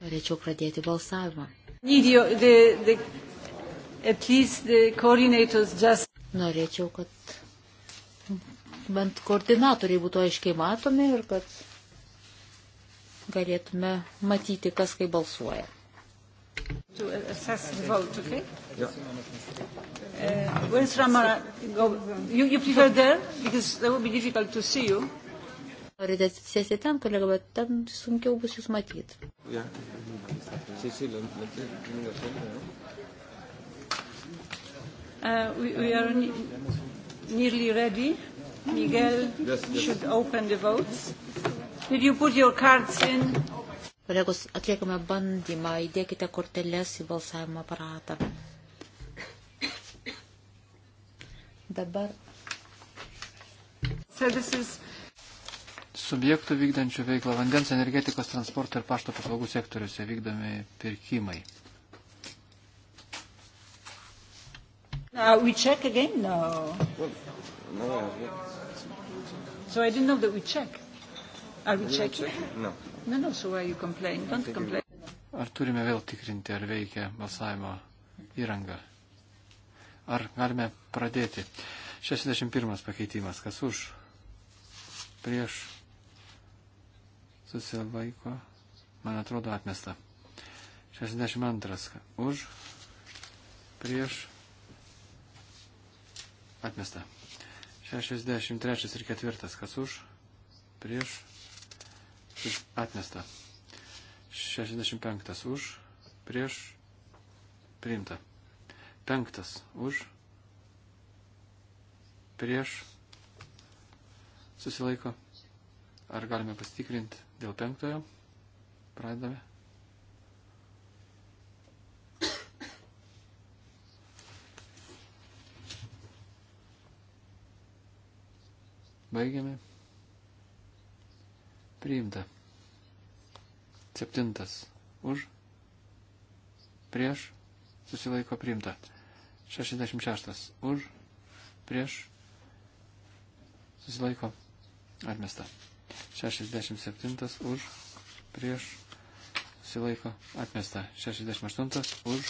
Norėčiau pradėti balsavimą. The, the, just... Norėčiau, kad bent koordinatoriai būtų aiškiai matomi ir kad galėtume matyti, kas kaip balsuoja. To assess the vote, okay? Yeah. Uh, where's Ramara? Go. You, you prefer there? Because that would be difficult to see you. Norite atsisėsti ten, kolega, bet ten sunkiau bus jūs matyti. Yeah. Sí, sí, lo, lo, lo, Uh, we, we are ne nearly ready. Miguel yes, yes. should open the votes. Did you put your cards in? Kolegos, atliekame bandymą, įdėkite korteles į balsavimo aparatą. dabar. Subjektų vykdančių veiklą vandens, energetikos, transporto ir pašto paslaugų sektoriuose vykdomi pirkimai. Uh, we check again? No. Well, no so I didn't know that we check. Are we checking? No. No, no, so why you complain? Don't complain. Ar turime vėl tikrinti, ar veikia balsavimo įranga? Ar galime pradėti? 61 pakeitimas. Kas už? Prieš susilaiko. Man atrodo atmesta. 62. Už. Prieš. Atmesta. 63 ir 4. Kas už? Prieš. Atmesta. 65. Už. Prieš. Priimta. Penktas už, prieš, susilaiko. Ar galime pasitikrinti dėl penktojo? Pradedame. Baigiame. Priimta. Septintas. Už. Prieš. Susilaiko priimta. 66 už, prieš, susilaiko, atmesta. 67 už, prieš, susilaiko, atmesta. 68 už,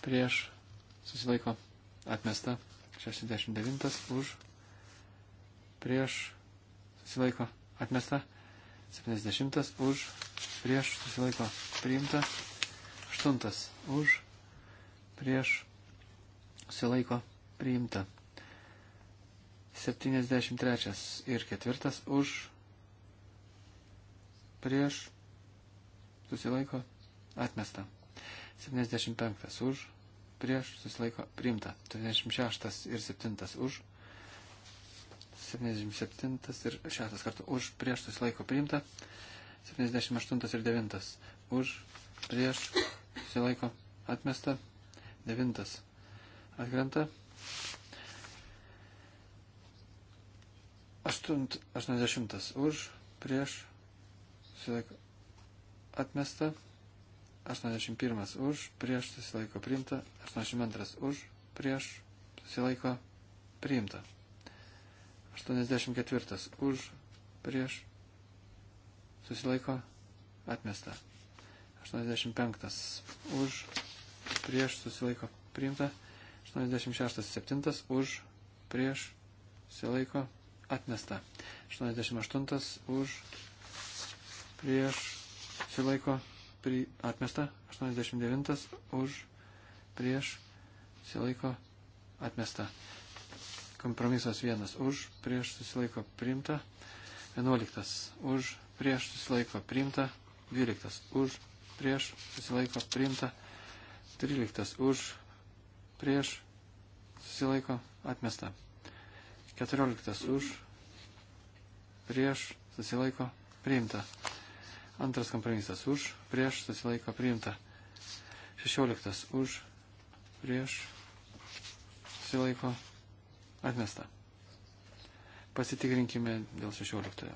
prieš, susilaiko, atmesta. 69 už, prieš, susilaiko, atmesta. 70 už, prieš, susilaiko, priimta. 8 už, prieš susilaiko priimta. 73 ir 4 už prieš susilaiko atmesta. 75 už prieš susilaiko priimta. 76 ir 7 už 77 ir 6 kartų už prieš susilaiko priimta. 78 ir 9 už prieš susilaiko atmesta devintas atkrenta. 80 už, prieš, susilaiko atmesta, 81 už, prieš, susilaiko priimta, 82 už, prieš, susilaiko priimta, 84 už, prieš, susilaiko atmesta, 85 už, prieš susilaiko priimta, 86 7 už prieš susilaiko atmesta, 88 už prieš susilaiko pri, atmesta, 89 už prieš susilaiko atmesta. Kompromisas vienas už prieš susilaiko priimta, 11 už prieš susilaiko priimta, 12 už prieš susilaiko priimta, 13 už, prieš, susilaiko, atmesta. 14 už, prieš, susilaiko, priimta. Antras kompromisas už, prieš, susilaiko, priimta. 16 už, prieš, susilaiko, atmesta. Pasitikrinkime dėl 16. -ojo.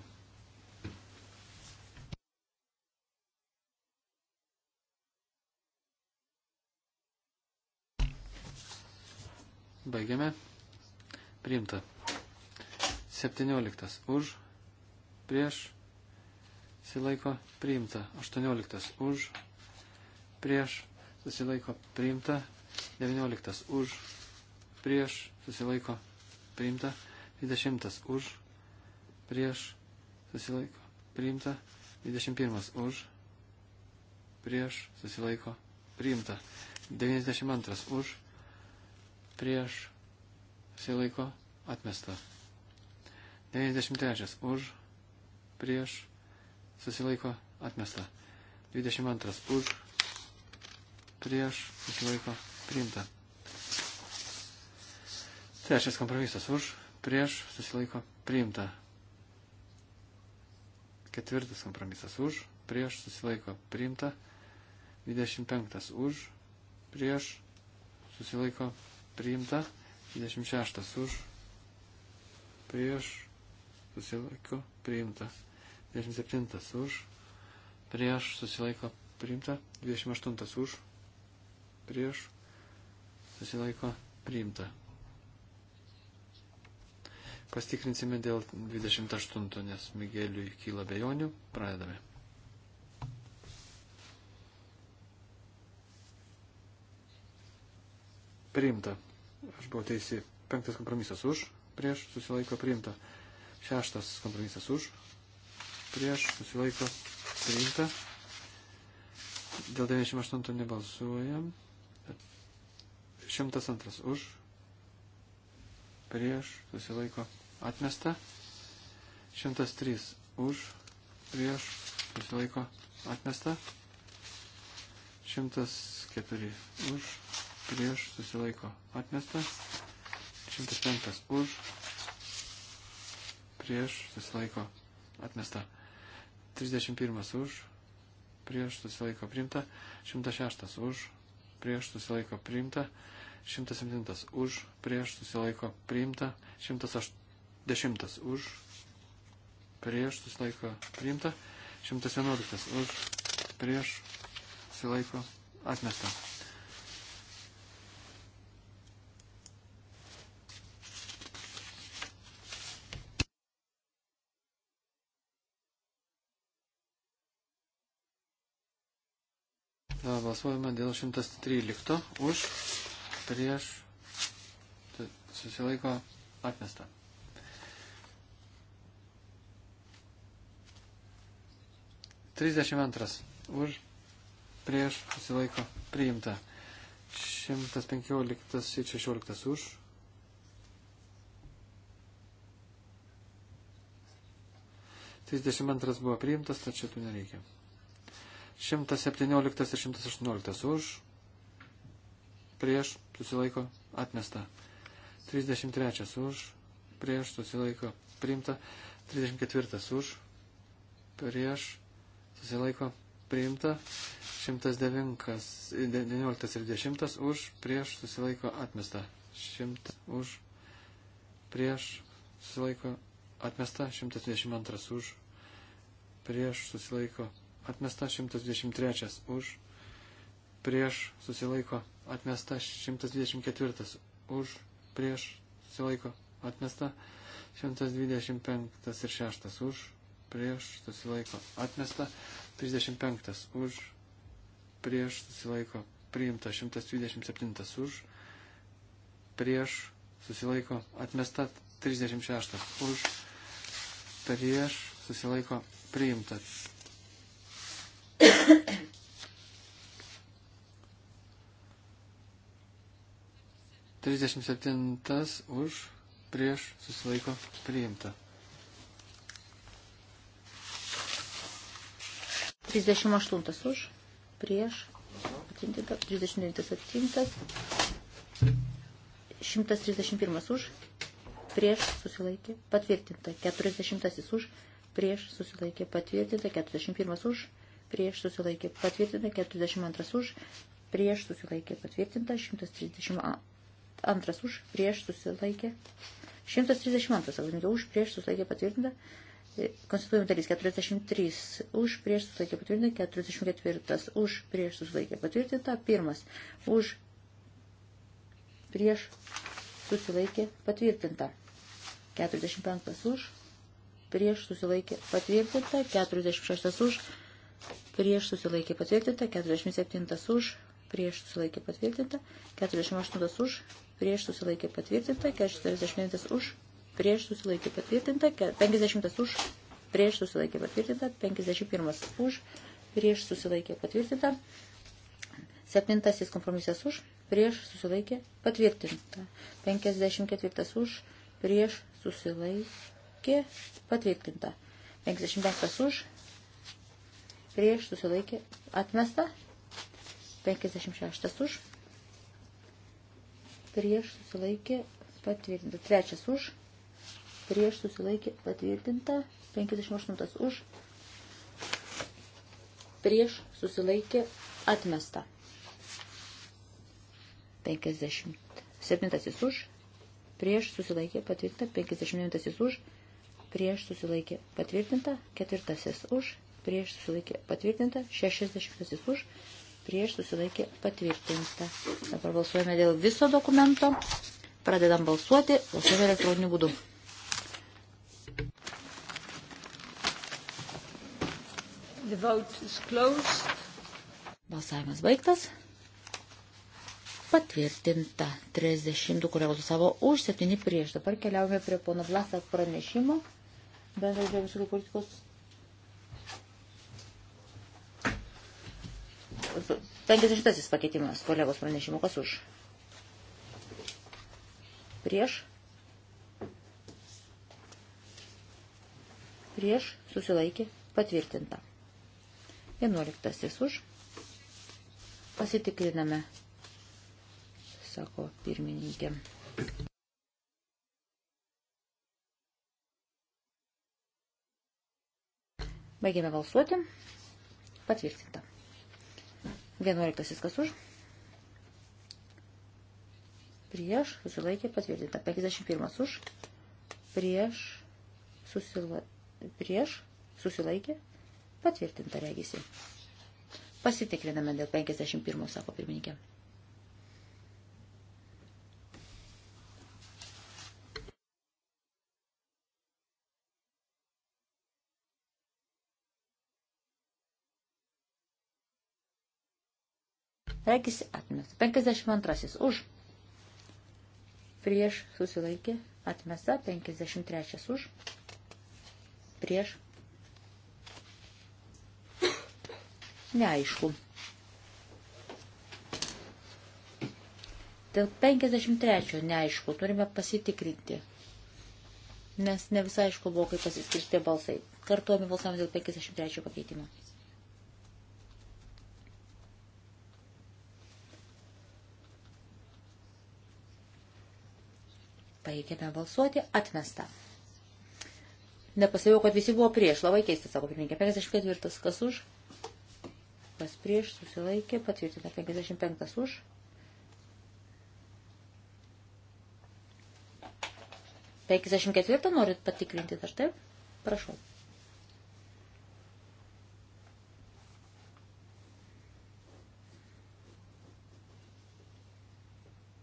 Baigiame. Priimta. 17. Už. Prieš. Silaiko. Priimta. 18. Už. Prieš. Susilaiko. Priimta. 19. Už. Prieš. Susilaiko. Priimta. 20. Už. Prieš. Susilaiko. Priimta. 21. Už. Prieš. Susilaiko. Priimta. 92. Už prieš susilaiko atmesta. 93 už prieš susilaiko atmesta. 22 už prieš susilaiko priimta. Trečias kompromisas už prieš susilaiko priimta. Ketvirtas kompromisas už prieš susilaiko priimta. 25 už prieš susilaiko priimta priimta, 26 už, prieš, susilaiko, priimta, 27 už, prieš, susilaiko, priimta, 28 už, prieš, susilaiko, priimta. Pastikrinsime dėl 28, nes Migeliui kyla bejonių, pradedame. priimta. Aš buvau teisi. Penktas kompromisas už, prieš, susilaiko priimta. Šeštas kompromisas už, prieš, susilaiko priimta. Dėl 98 nebalsuojam. 102 už, prieš, susilaiko atmesta. 103 už, prieš, susilaiko atmesta. 104 už, prieš susilaiko atmestas. 105 už prieš susilaiko atmesta. 31 už prieš susilaiko primta. 106 už prieš susilaiko primta. 107 už prieš susilaiko primta. 110 už prieš susilaiko priimta, 111 už prieš susilaiko atmesta. Balsuojame dėl 113 už, prieš, susilaiko atmesta. Trisdešimt antras už, prieš, susilaiko priimta. 115 ir 16 už. Trisdešimt antras buvo priimtas, tačiau tu nereikia. 117 ir 118 už, prieš, susilaiko, atmesta. 33 už, prieš, susilaiko, priimta. 34 už, prieš, susilaiko, priimta. 109 ir 10 už, prieš, susilaiko, atmesta. 100 už, prieš, susilaiko, atmesta. 122 už, prieš, susilaiko, atmesta atmesta 123 už, prieš susilaiko atmesta 124 už, prieš susilaiko atmesta 125 ir 6 už, prieš susilaiko atmesta 35 už, prieš susilaiko priimta 127 už, prieš susilaiko atmesta 36 už, prieš susilaiko priimta 37 už prieš susilaiko priimta. 38 už prieš. 39 atsimtas. 131 už prieš susilaikė patvirtinta. 40 už prieš susilaikė patvirtinta. 41 už prieš susilaikė patvirtinta, 42 už, prieš susilaikė patvirtinta, 132 už, prieš susilaikė, 132 savaitė už, prieš susilaikė patvirtinta, konstituojama dalis 43 už, prieš susilaikė patvirtinta, 44 už, prieš susilaikė patvirtinta, 1 už, prieš susilaikė patvirtinta, 45 už, prieš susilaikė patvirtinta, 46 už, prieš susilaikė patvirtinta, 47 už, prieš susilaikė patvirtinta, 48 už, prieš susilaikė patvirtinta, 49 už, prieš susilaikė patvirtinta, 50 už, prieš susilaikė patvirtinta, 51 už, prieš susilaikė patvirtinta, 7 kompromisas už, prieš susilaikė patvirtinta, 54 už, prieš susilaikė patvirtinta, 55 už, prieš susilaikė atmesta, 56 už, prieš susilaikė patvirtinta, trečias už, prieš susilaikė patvirtinta, 58 už, prieš susilaikė atmesta, 57 už, prieš susilaikė patvirtinta, 59 už, prieš susilaikė patvirtinta, ketvirtasis už, prieš susilaikė patvirtinta, 60 už, prieš susilaikė patvirtinta. Dabar balsuojame dėl viso dokumento, pradedam balsuoti, balsuojame elektroniniu būdu. The vote is closed. Balsavimas baigtas. Patvirtinta. 32 kolegos savo už, 7 prieš. Dabar keliaujame prie pono Blasak pranešimo bendradarbiavimo politikos 50 pakeitimas kolegos pranešimo, kas už? Prieš? Prieš susilaikė patvirtinta. 11 už. Pasitikriname, sako pirmininkė. Baigėme balsuoti. Patvirtinta. 11 kas už. Prieš susilaikė patvirtinta. 51 už. Prieš, susila... prieš susilaikė patvirtinta regisi. Pasitikriname dėl 51, sako pirmininkė. Regis atmesta. 52 už. Prieš susilaikė atmesta. 53 už. Prieš. Neaišku. Dėl 53 neaišku, turime pasitikrinti, nes ne visai aišku buvo, kaip pasiskirstė balsai. Kartuojame balsavimus dėl 53 pakeitimo. Baigėme balsuoti. Atmesta. Nepasavėjau, kad visi buvo prieš. Labai keista, sako pirmininkė. 54. Kas už? Kas prieš? Susilaikė. Patvirtina 55. Už. Penkiasdešimt ketvirtą norit patikrinti, ar taip? Prašau.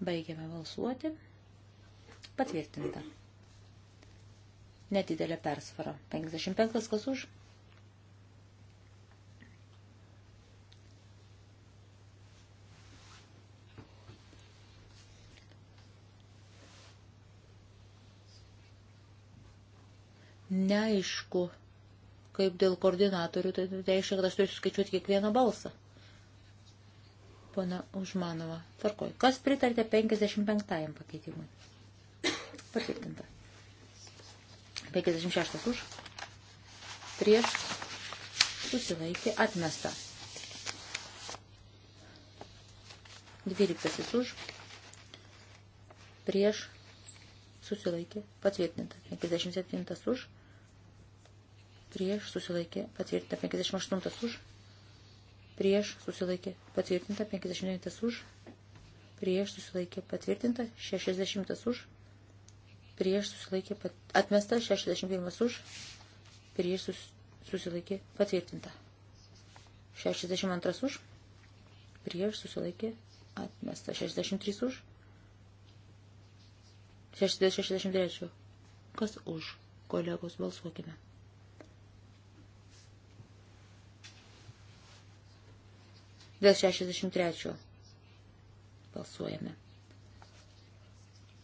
Baigiame balsuoti. Patvirtinta. Nedidelė persvara. 55 kas už. Neaišku, kaip dėl koordinatorių, tai reiškia, kad aš turiu skaičiuoti kiekvieną balsą. Pana Užmanova, tvarkoj. Kas pritartė 55 pakeitimui? Patvirtinta. 56 už. Prieš. Susilaikė. Atmesta. 12 už. Prieš. Susilaikė. Patvirtinta. 57 už. Prieš. Susilaikė. Patvirtinta. 58 už. Prieš. Susilaikė. Patvirtinta. 59 už. Prieš. Susilaikė. Patvirtinta. 60 už prieš susilaikė pat... atmesta, 61 už, prieš sus... susilaikė patvirtinta. 62 už, prieš susilaikė atmesta, 63 už, 63. Kas už, kolegos, balsuokime. Dėl 63. Balsuojame.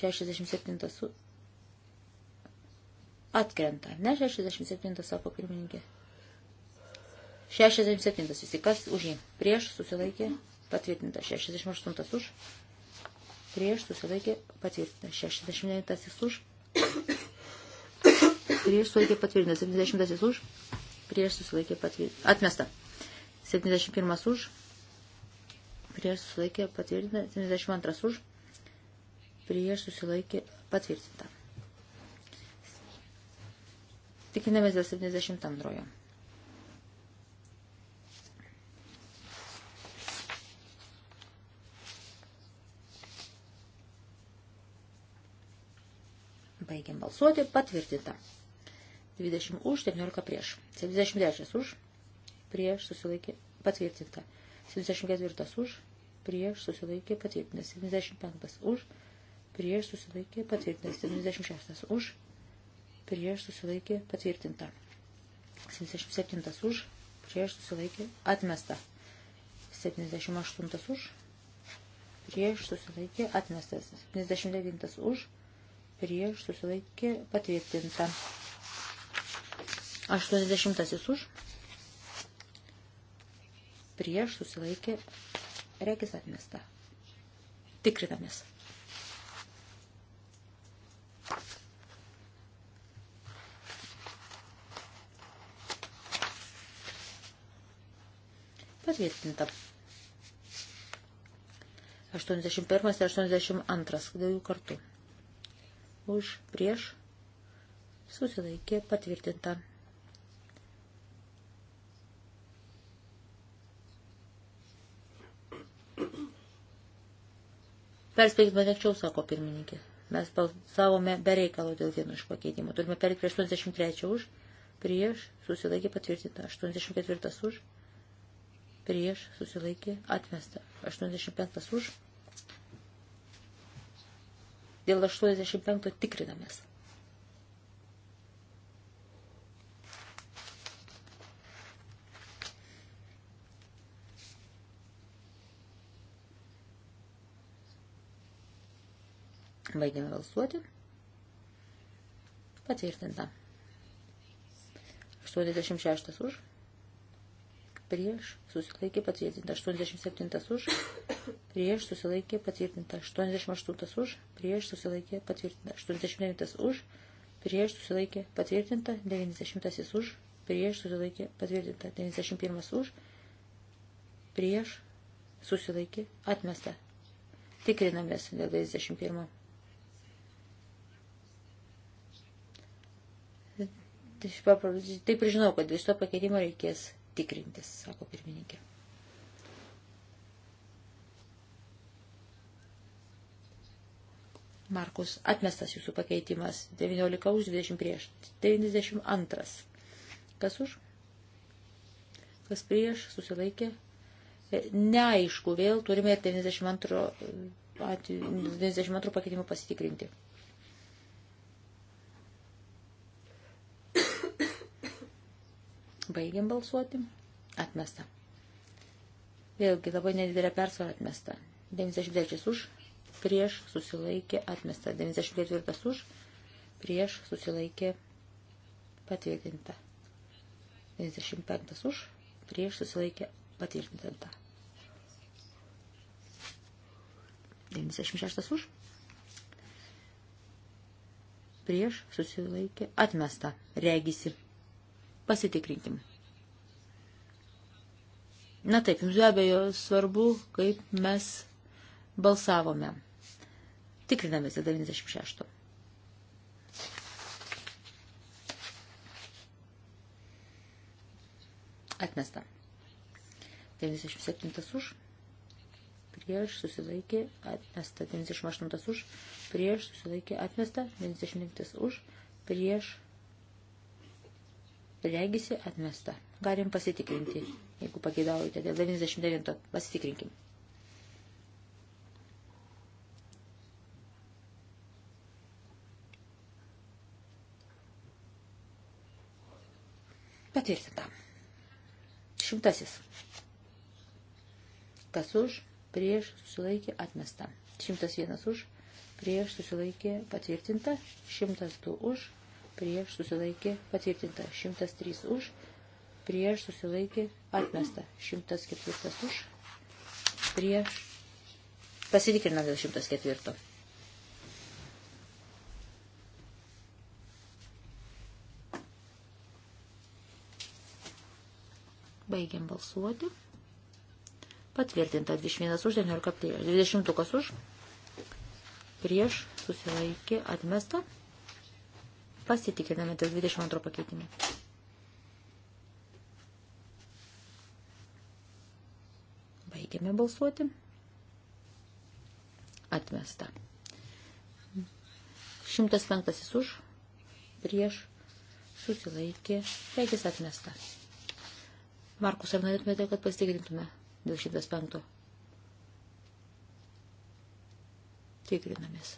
67 atkrenta, ne 67 sako pirmininkė. 67 visi, kas už jį, prieš susilaikė, patvirtinta, 68 už, prieš susilaikė, patvirtinta, 69 už, prieš susilaikė, patvirtinta, 70 už, prieš susilaikė, patvirtinta, atmesta, 71 už, prieš susilaikė, patvirtinta, 72 už, prieš susilaikė patvirtinta. Tikinamės dėl 72. Baigiam balsuoti, patvirtinta. 20 už, 17 prieš. 73 už, prieš susilaikė patvirtinta. 74 už, prieš susilaikė patvirtinta. 75 už, prieš susilaikė patvirtintas. 76 už, prieš susilaikė patvirtinta. 77 už, prieš susilaikė atmesta. 78 už, prieš susilaikė atmestas. 79 už, prieš susilaikė patvirtinta. 80 už, prieš susilaikė regis atmesta. Tikrinamės. patvirtinta. 81 ir 82 dviejų kartų. Už prieš susilaikė patvirtinta. Perspėkit mane anksčiau, sako pirmininkė. Mes balsavome be reikalo dėl vieno iš pakeitimų. Turime perėti prie 83 už, prieš susilaikė patvirtinta. 84 už, prieš susilaikė atmesta. 85 už. Dėl 85 tikrinamės. Baigiame balsuoti. Patvirtinta. 86 už prieš susilaikė patvirtinta 87 už, prieš susilaikė patvirtinta 88 už, prieš susilaikė patvirtinta 89 už, prieš susilaikė patvirtinta 90 už, prieš susilaikė patvirtinta 91 už, prieš susilaikė atmesta. Tikrinamės dėl 91. Taip ir žinau, kad viso pakeitimo reikės tikrintis, sako pirmininkė. Markus, atmestas jūsų pakeitimas. 19 už, 20 prieš. 92. Kas už? Kas prieš? Susilaikė. E, neaišku, vėl turime ir 92, 92 pakeitimą pasitikrinti. Baigiam balsuoti. Atmesta. Vėlgi labai nedidelė persvara atmesta. 93 už, prieš susilaikė atmesta. 94 už, prieš susilaikė patvirtinta. 95 už, prieš susilaikė patvirtinta. 96 už, prieš susilaikė atmesta, regisi. Pasitikrinkim. Na taip, jums be abejo svarbu, kaip mes balsavome. Tikrinamės 96. Atmesta. 97 už. Prieš susilaikė atmesta. 98 už. Prieš susilaikė atmesta. 99 už. Prieš Regisi atmesta. Galim pasitikrinti, jeigu pageidaujate. Dėl 99 pasitikrinkim. Patvirtinta. Šimtasis. Kas už, prieš, susilaikė, atmesta. Šimtas vienas už, prieš, susilaikė, patvirtinta. Šimtas du už, prieš susilaikė patvirtinta, 103 už, prieš susilaikė atmesta, 104 už, prieš pasitikrinam dėl 104. Baigiam balsuoti. Patvirtinta 21 už, 19 prieš. 20 už, prieš susilaikė atmesta. Pasitikriname dėl 22 pakeitimo. Baigiame balsuoti. Atmesta. 105 už, prieš, susilaikė, reikės atmesta. Markus, ar norėtumėte, kad pasitikrintume dėl 105? Tikrinamės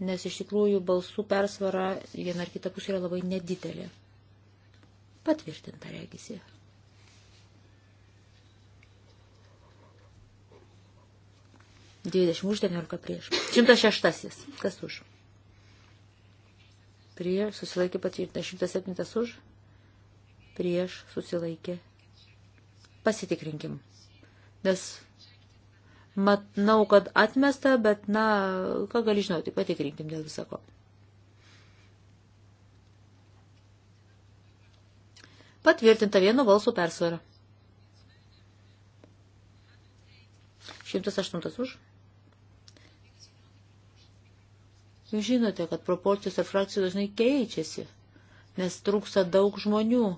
nes iš tikrųjų balsų persvara viena ar kita pusė yra labai nedidelė. Patvirtinta regisi. Dvidešimt už devyniolika prieš. Šimtas šeštasis. Kas už? Prieš susilaikė patvirtinta. Šimtas septintas už. Prieš susilaikė. Pasitikrinkim. Nes Matau, kad atmesta, bet, na, ką gali žinoti, patikrinkim dėl visako. Patvirtinta vieno balsų persvara. 108 už. Jūs žinote, kad proporcijos ir frakcijos dažnai keičiasi, nes trūksta daug žmonių.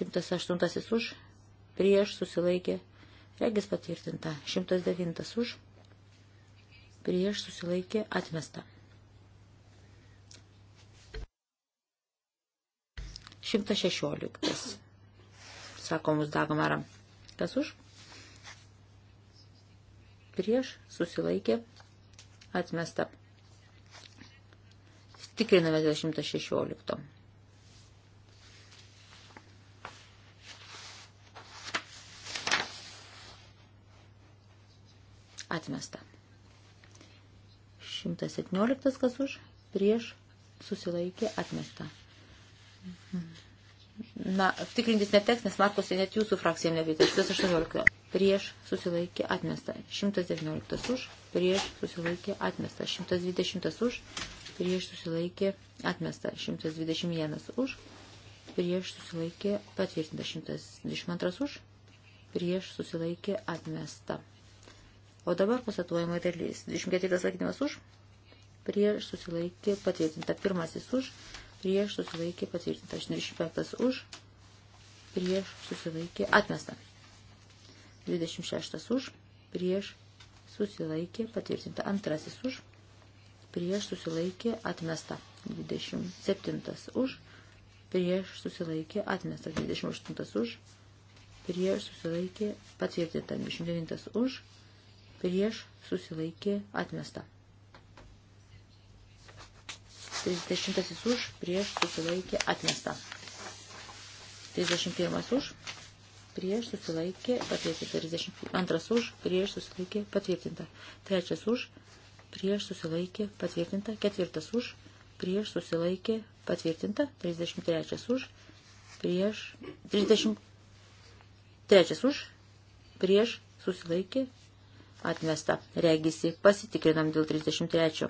108 už prieš susilaikė, regis patvirtinta, 109 už, prieš susilaikė, atmesta. 116. Sako mus Dagmara. Kas už? Prieš susilaikė, atmesta. Tikriname dėl 116. atmesta. 117 kas už, prieš susilaikė atmesta. Na, tikrintis neteks, nes matosi net jūsų frakcija nevyta. 118 prieš susilaikė atmesta. 119 už, prieš susilaikė atmesta. 120 už, prieš susilaikė atmesta. 121 už, prieš susilaikė patvirtinta. 122 už, prieš susilaikė atmesta. O dabar konstatuojama dalis. 24 sakymas už, prieš susilaikė patvirtinta. Pirmasis už, prieš susilaikė patvirtinta. 25 už, prieš susilaikė atmesta. 26 už, prieš susilaikė patvirtinta. Antrasis už, prieš susilaikė atmesta. 27 už, prieš susilaikė atmesta. 28 už, prieš susilaikė patvirtinta. 29 už, prieš susilaikė atmesta. 30 už, prieš susilaikė atmesta. 31 už, prieš susilaikė patvirtinta. 32 už, prieš susilaikė patvirtinta. 3 už, prieš susilaikė patvirtinta. 4 už, prieš susilaikė patvirtinta. 33 už, prieš 33 už, prieš susilaikė atmesta, regisi, pasitikrinam dėl 33.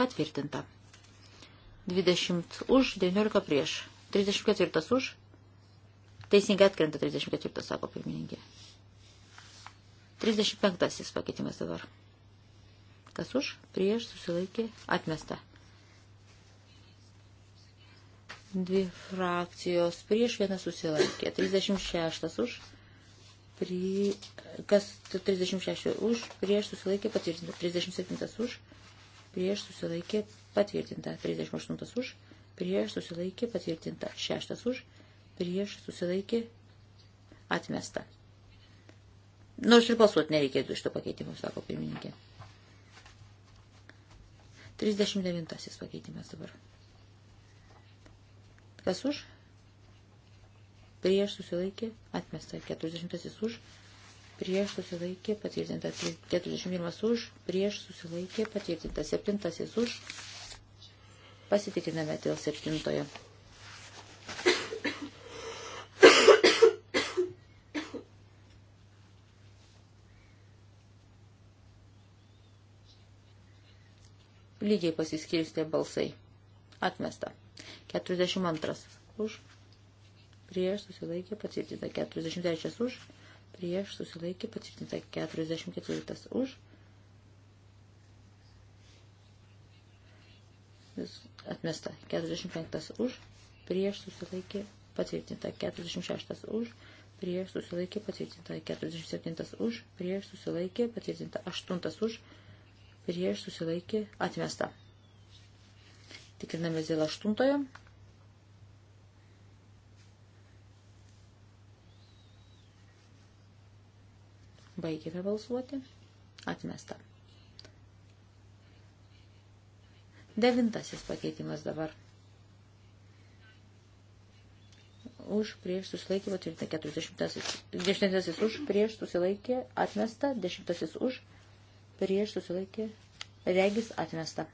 Patvirtinta. 20 už, 19 prieš. 34 už. Teisingai atkrenta 34, sako pirmininkė. 35 pakeitimas dabar. Kas už, prieš, susilaikė, atmesta. Dvi frakcijos prieš vieną susilaikė. 36 už. Pri, kas 36 už, prieš susilaikė patvirtinta. 37 už, prieš susilaikė patvirtinta. 38 už, prieš susilaikė patvirtinta. 6 už, prieš susilaikė atmesta. Nors nu, ir balsuoti nereikėtų iš to pakeitimo, sako pirmininkė. 39 pakeitimas dabar. Kas už? Prieš susilaikė atmesta. 40 už. Prieš susilaikė patvirtinta. 41 už. Prieš susilaikė patvirtinta. 7 už. Pasitikriname dėl 7. Lygiai pasiskirstė balsai. Atmesta. 42 už. Prieš susilaikė patvirtinta. 43 už. Prieš susilaikė patvirtinta. 44 už. Atmesta. 45 už. Prieš susilaikė patvirtinta. 46 už prieš susilaikė patvirtinta 47 už, prieš susilaikė patvirtinta 8 už, prieš susilaikė atmesta Tikrinamės dėl aštuntojo. Baigėme balsuoti. Atmesta. Devintasis pakeitimas dabar. Už prieš susilaikymą tvirtina 40. Dešimtasis už prieš susilaikė atmesta. Dešimtasis už prieš susilaikė regis atmesta.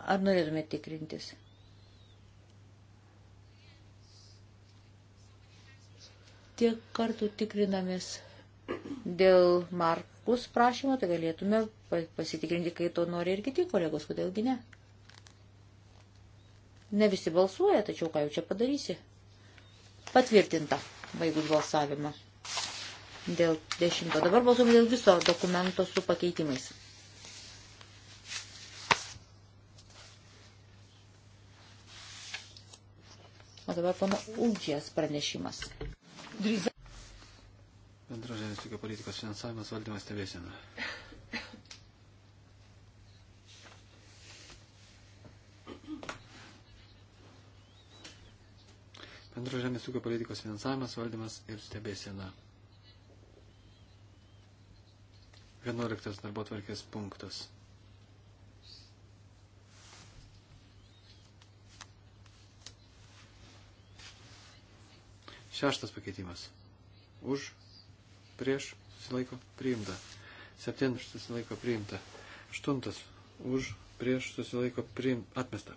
Ar norėtumėte tikrintis? Tiek kartų tikrinamės dėl Markus prašymo, tai galėtume pasitikrinti, kai to nori ir kiti kolegos, kodėlgi ne. Ne visi balsuoja, tačiau ką jau čia padarysi? Patvirtinta, baigus balsavimą. Dėl dešimto. Dabar balsuojame dėl viso dokumento su pakeitimais. O dabar pana Ūdžės pranešimas. Bendro žemės ūkio politikos finansavimas valdymas stebėsena. Bendro žemės ūkio politikos finansavimas valdymas ir stebėsena. 11 darbo tvarkės punktas. Šeštas pakeitimas. Už, prieš, susilaiko, priimta. Septintas susilaiko, priimta. Aštuntas. Už, prieš, susilaiko, priimta. Atmesta.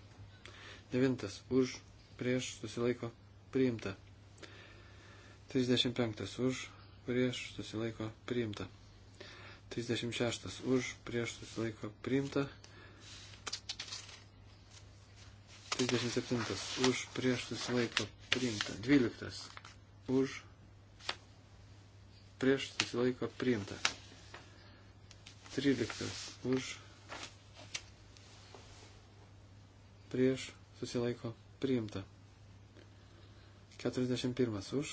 Devintas. Už, prieš, susilaiko, priimta. 35. Už, prieš, susilaiko, priimta. 36. Už, prieš, susilaiko, priimta. 37. Už, prieš, susilaiko, priimta. 12 už, prieš susilaiko priimta. 13 už, prieš susilaiko priimta. 41 už,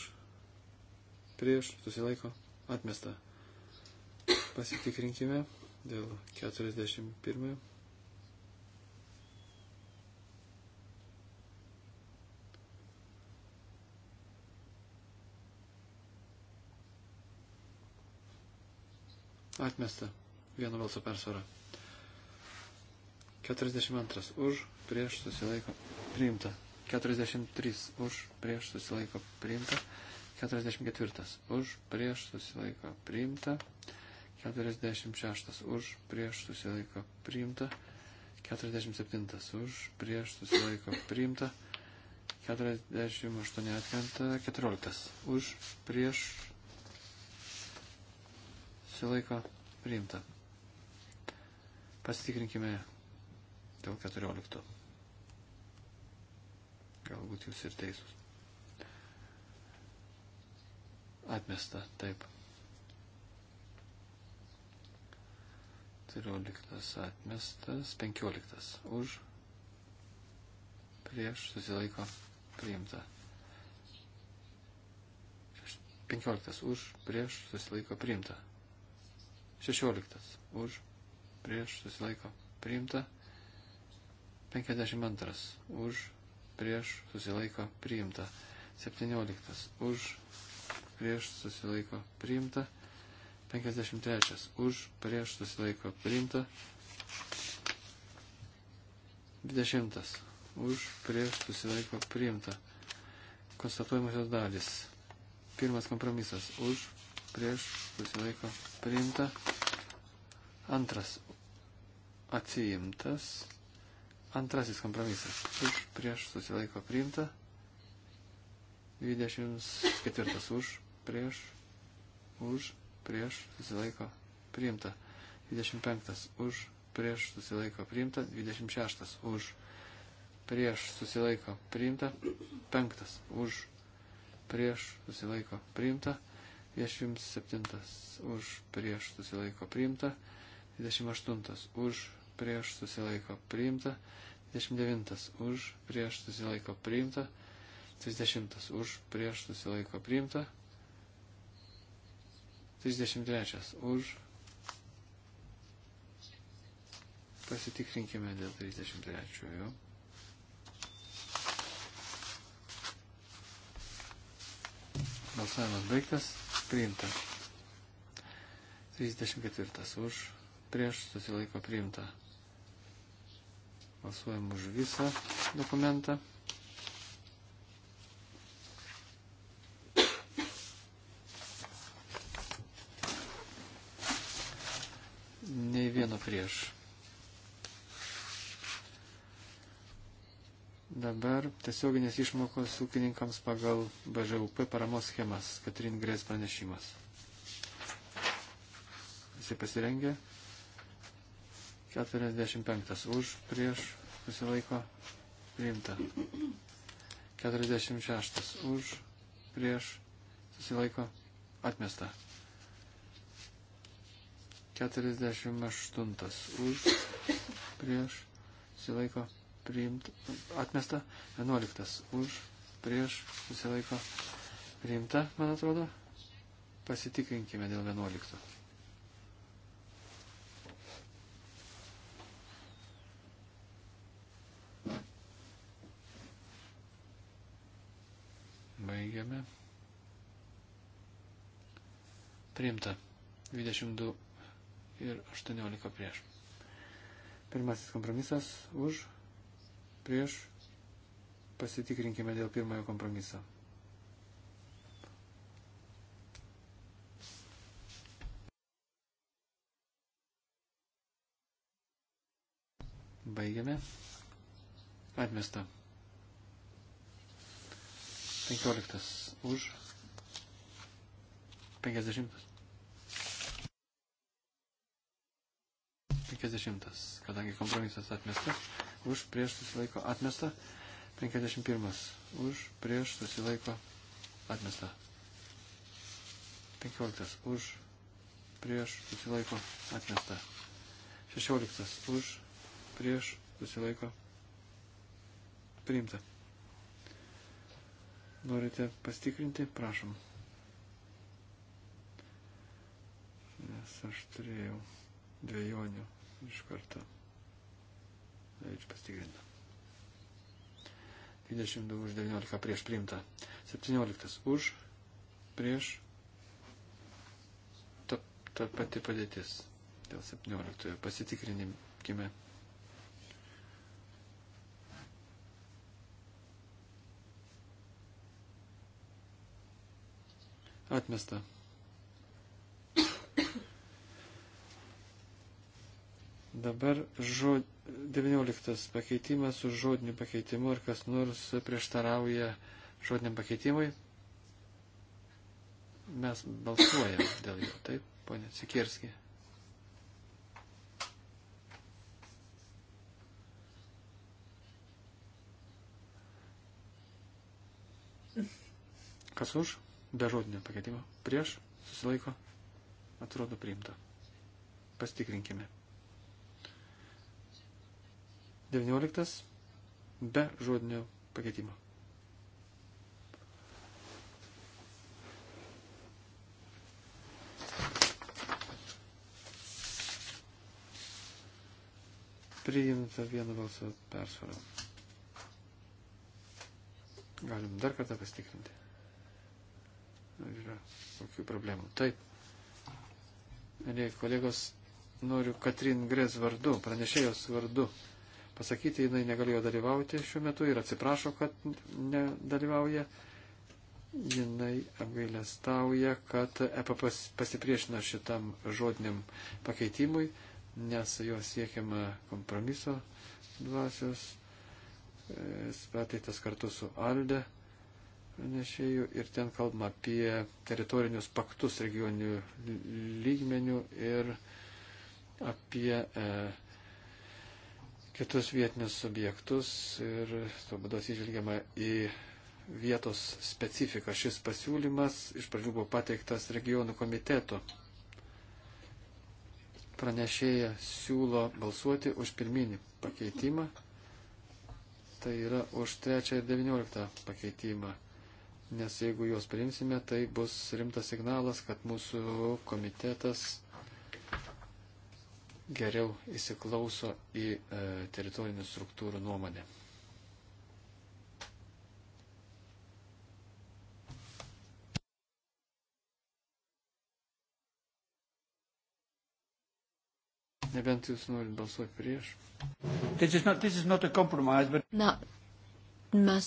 prieš susilaiko atmesta. Pasitikrinkime dėl 41. atmesta vieno balso persvara. 42 už, prieš susilaiko priimta. 43 už, prieš susilaiko priimta. 44 už, prieš susilaiko priimta. 46 už, prieš susilaiko priimta. 47 už, prieš susilaiko priimta. 48 atkrenta. 14 už, prieš susilaiko priimta. Pasitikrinkime dėl 14. Galbūt jūs ir teisūs. Atmesta, taip. 14 atmestas, 15 už, prieš susilaiko priimta. 15 už, prieš susilaiko priimta. 16. Už, prieš, susilaiko, priimta. 52. Už, prieš, susilaiko, priimta. 17. Už, prieš, susilaiko, priimta. 53. Už, prieš, susilaiko, priimta. 20. Už, prieš, susilaiko, priimta. Konstatuojamosios dalis. Pirmas kompromisas. Už, prieš, susilaiko, priimta. Antras atsiimtas. Antrasis kompromisas. Už prieš susilaiko priimta. 24 už prieš. Už prieš susilaiko priimta. 25 už prieš susilaiko priimta. 26 už prieš susilaiko priimta. 5 už prieš susilaiko priimta. 27 už prieš susilaiko priimta. 28 už prieš susilaiko priimta, 29 už prieš susilaiko priimta, 30 už prieš susilaiko priimta, 33 už. Pasitikrinkime dėl 33. Jo. Balsavimas baigtas, priimta. 34 už prieš susilaiko priimta. Balsuojam už visą dokumentą. Nei vieno prieš. Dabar tiesioginės išmokos ūkininkams pagal BŽUP paramos schemas. Katrin Grės pranešimas. Visi pasirengę? 45 už, prieš, susilaiko, priimta. 46 už, prieš, susilaiko, atmesta. 48 už, prieš, susilaiko, priimta, atmesta. 11 už, prieš, susilaiko, priimta, man atrodo. Pasitikrinkime dėl 11. Baigiame. Priimta. 22 ir 18 prieš. Pirmasis kompromisas už, prieš, pasitikrinkime dėl pirmojo kompromiso. Baigiame. Atmesta. 15 už, 50. 50, kadangi kompromisas atmesta, už prieš susilaiko atmesta, 51, už prieš susilaiko atmesta, 15, už prieš susilaiko atmesta, 16, už prieš susilaiko priimta. Norite pastikrinti? Prašom. Nes aš turėjau dviejonių iš karto. Eidžiu pastikrinti. 22 už 19 prieš priimta. 17 už prieš ta, ta pati padėtis. Dėl 17 pasitikrinimkime Atmesta. Dabar žod... 19 pakeitimas su žodiniu pakeitimu, ar kas nors prieštarauja žodiniam pakeitimui. Mes balsuojam dėl jo, taip, ponė Sikirski. Kas už? be žodinio pakeitimo. Prieš susilaiko atrodo priimta. Pastikrinkime. 19 be žodinio pakeitimo. Priimta vieno balso persvara. Galim dar kartą pasitikrinti yra kokių problemų. Taip. Mėlyje kolegos, noriu Katrin Grės vardu, pranešėjos vardu pasakyti, jinai negalėjo dalyvauti šiuo metu ir atsiprašo, kad nedalyvauja. Jinai apgailestauja, kad EPA pasipriešina šitam žodiniam pakeitimui, nes jo siekiama kompromiso dvasios, pateiktas e, kartu su Alde pranešėjų ir ten kalbama apie teritorinius paktus regioninių lygmenių ir apie e, kitus vietinius subjektus ir tuo būdu atsižvelgiama į vietos specifiką. Šis pasiūlymas iš pradžių buvo pateiktas regionų komiteto. Pranešėja siūlo balsuoti už pirminį pakeitimą, tai yra už 3 ir 19 pakeitimą nes jeigu juos priimsime, tai bus rimtas signalas, kad mūsų komitetas geriau įsiklauso į e, teritorinių struktūrų nuomonę. Nebent jūs norit balsuoti prieš. Not, but... Na, mes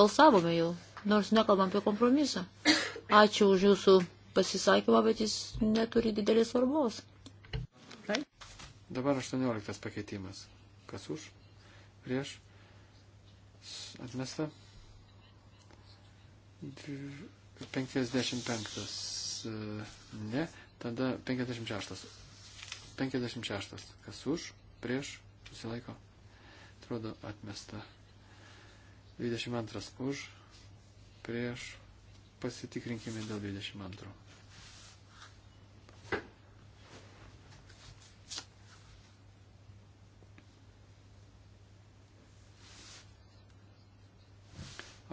balsavome jau nors nekalbam apie kompromisą. Ačiū už jūsų pasisakymą, bet jis neturi didelės svarbos. Dabar 18 pakeitimas. Kas už? Prieš? Atmesta? 55. E, ne. Tada 56. 56. Kas už? Prieš? Susilaiko? Atrodo atmesta. 22. Už? prieš pasitikrinkime dėl 22.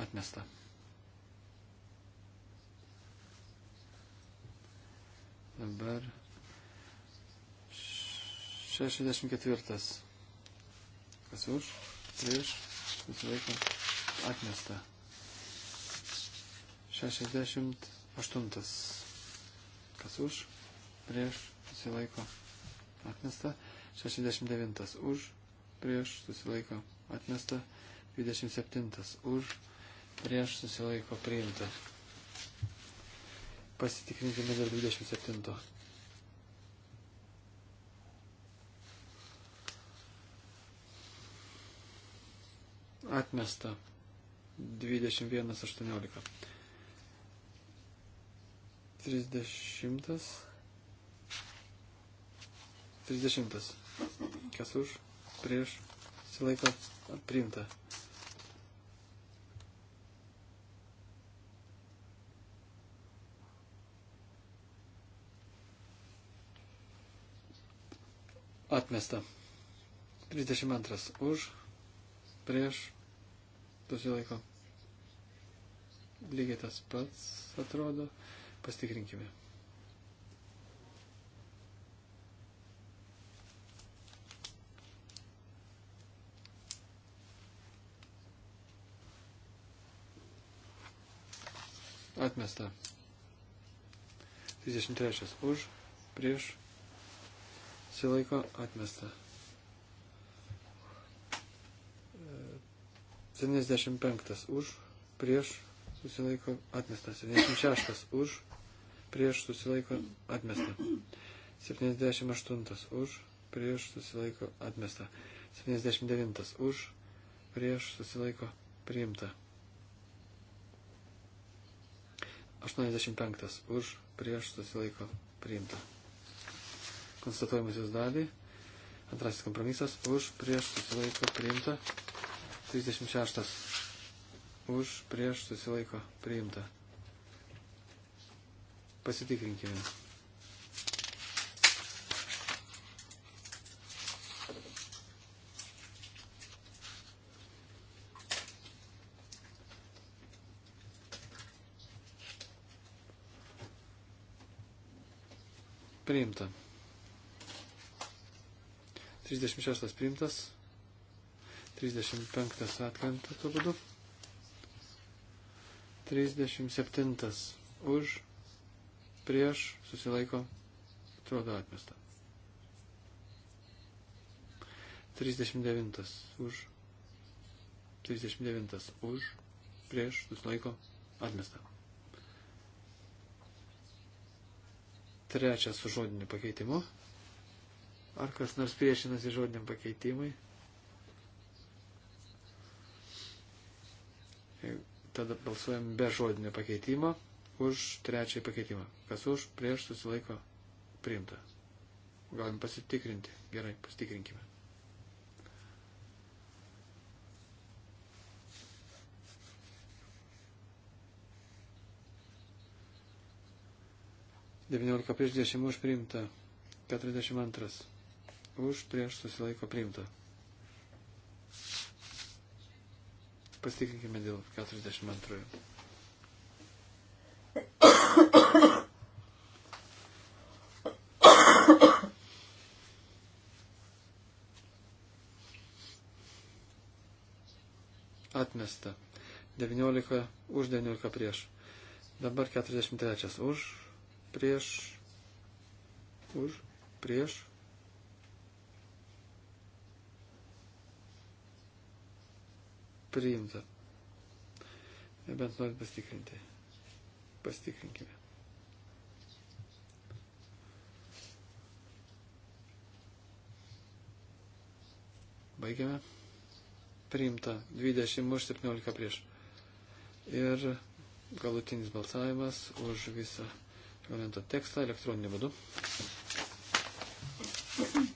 Atmesta. Dabar 64. Kas už? Prieš? Visą laiką atmesta. 68. Kas už, prieš, susilaiko, atmesta. 69. Už, prieš, susilaiko, atmesta. 27. Už, prieš, susilaiko, priimta. Pasitikrinkime dėl 27. Atmesta. 21.18. 30. 30. Kas už, prieš, silaiko, priimta. Atmesta. 32. Už, prieš, susilaiko. Lygiai tas pats atrodo. Pastikrinkime. Atmesta. 33. Už, prieš, silaiko, atmesta. 75. Už, prieš, susilaiko atmestas. 76 už, prieš susilaiko atmesta. 78 už, prieš susilaiko atmesta. 79 už, prieš susilaiko priimta. 85 už, prieš susilaiko priimta. Konstatuojamusios dalį. Antrasis kompromisas už, prieš susilaiko priimta. 36 už prieš susilaiko priimta. Pasitikrinkime. Priimta. 36 priimtas. 35 atkrenta tuo būdu. 37 už, prieš, susilaiko, atrodo atmesta. 39 už, 39 už, prieš, susilaiko, atmesta. Trečias su žodiniu pakeitimu. Ar kas nors priešinasi žodiniam pakeitimui? Jeigu Tada balsuojam be žodinio pakeitimo už trečiąjį pakeitimą. Kas už, prieš susilaiko priimta. Galim pasitikrinti. Gerai, pasitikrinkime. Devyniolika prieš dešimt už priimta. Keturiasdešimt antras. Už prieš susilaiko priimta. Pasitikinkime dėl 42. Atmesta. 19 už 19 prieš. Dabar 43 už, prieš, už, prieš, priimta. Nebent norit pastikrinti. Pastikrinkime. Baigiame. Priimta 20 už 17 prieš. Ir galutinis balsavimas už visą reglamento tekstą elektroniniu būdu. Thank you.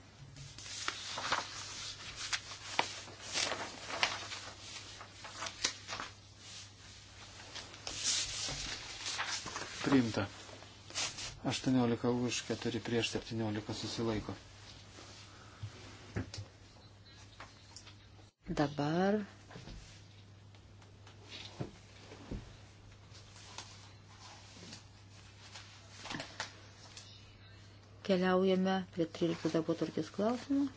18 už 4 prieš 17 susilaiko. Dabar keliaujame prie 13 darbo tvarkės klausimų.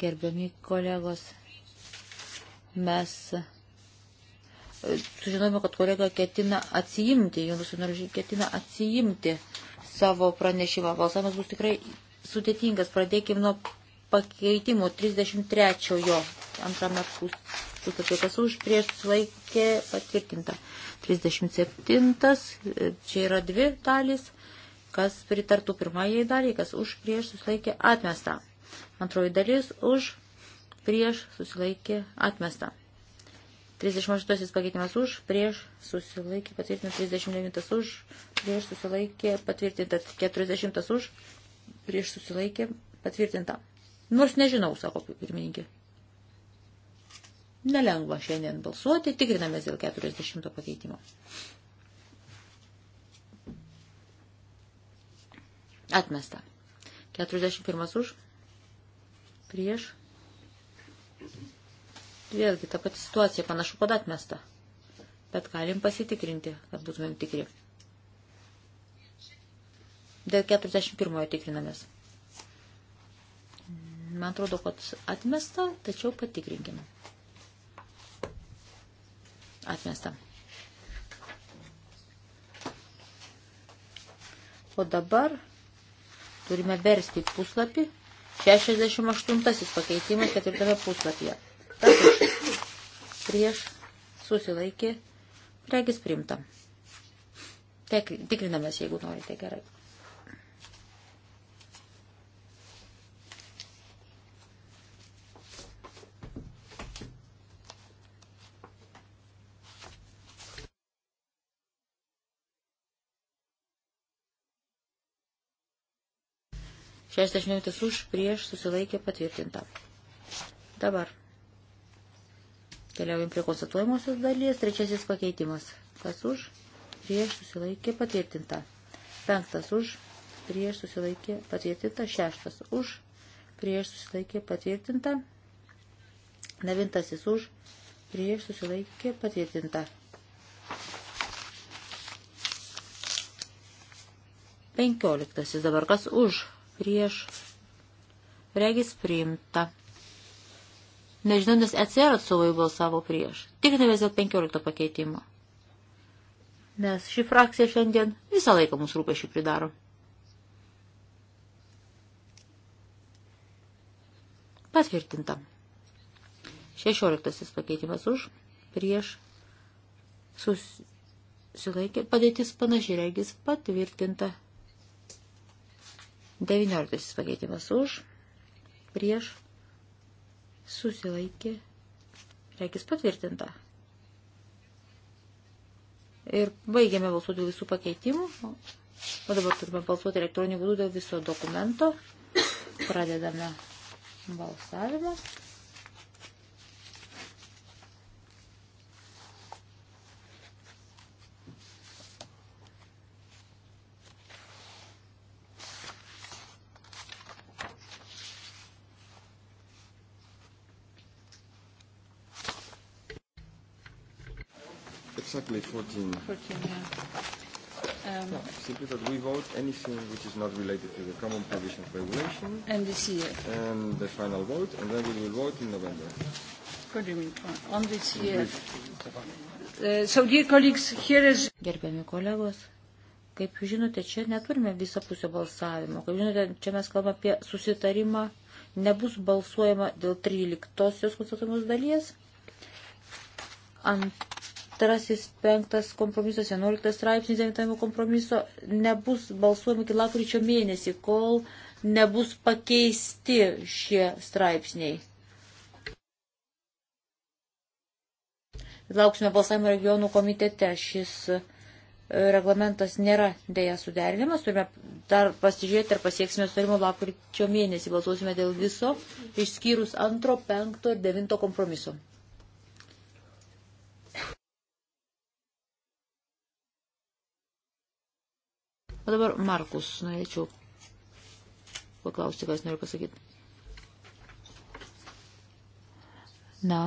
gerbiami kolegos, mes e, sužinojome, kad kolega ketina atsijimti, Jonas Sunaržys ketina atsijimti savo pranešimą. Balsavimas bus tikrai sudėtingas. Pradėkime nuo pakeitimo 33-ojo antrame puslapyje, kas už prieš laikė patvirtinta. 37-as, e, čia yra dvi dalys, kas pritartų pirmajai daliai, kas už prieš susilaikė atmestą. Antroji dalis už, prieš, susilaikė, atmesta. 38 pakeitimas už, prieš, susilaikė, patvirtinta. 39 už, prieš, susilaikė, patvirtinta. 40 už, prieš, susilaikė, patvirtinta. Nors nežinau, sako pirmininkė. Nelengva šiandien balsuoti, tikrinamės dėl 40 pakeitimo. Atmesta. 41 už, prieš. Vėlgi ta pati situacija panašu kad atmesta, bet galim pasitikrinti, kad būtumėm tikri. Dėl 41 tikrinamės. Man atrodo, kad atmesta, tačiau patikrinkime. Atmesta. O dabar turime versti puslapį 68 pakeitimas ketvirtame puslapyje. Kas už? Prieš susilaikė. Regis primta. Tikrinamės, jeigu norite gerai. 69 už prieš susilaikė patvirtinta. Dabar keliaujam prie konstatuojamosios dalies. Trečiasis pakeitimas. Kas už? Prieš susilaikė patvirtinta. Penktas už prieš susilaikė patvirtinta. Šeštas už prieš susilaikė patvirtinta. Devintasis už prieš susilaikė patvirtinta. 15. Dabar kas už prieš, regis priimta. Nežinau, nes ECR atstovai balsavo prieš. Tik ne vis dėl 15 pakeitimo. Nes ši frakcija šiandien visą laiką mums rūpešių pridaro. Patvirtinta. 16 pakeitimas už, prieš, susilaikė, padėtis panašiai regis patvirtinta. 19 pakeitimas už, prieš, susilaikė, reikis patvirtinta. Ir baigėme balsuoti dėl visų pakeitimų, o dabar turime balsuoti elektroniniu būdu dėl viso dokumento. Pradedame balsavimą. Exactly, 14. 14, yeah. Um, no, simply that we vote anything which is not related to the common provision of regulation. And this year. And the final vote, and then we will vote in November. What do you mean, on this year? Uh, so, dear colleagues, here is... Gerbiami kolegos, kaip žinote, čia neturime visą pusę balsavimo. Kaip žinote, čia mes kalbame apie susitarimą, nebus balsuojama dėl 13-osios konstatuojamos dalies. Ant Antrasis, penktas kompromisas, vienuoliktas straipsnis, devintame kompromiso nebus balsuojama iki lapkričio mėnesį, kol nebus pakeisti šie straipsniai. Lauksime balsavimo regionų komitete. Šis e, reglamentas nėra dėja suderinimas. Turime dar pasižiūrėti, ar pasieksime sutarimo lapkričio mėnesį. Balsuosime dėl viso, išskyrus antro, penkto ir devinto kompromiso. O dabar Markus, norėčiau paklausti, kas noriu pasakyti. Na,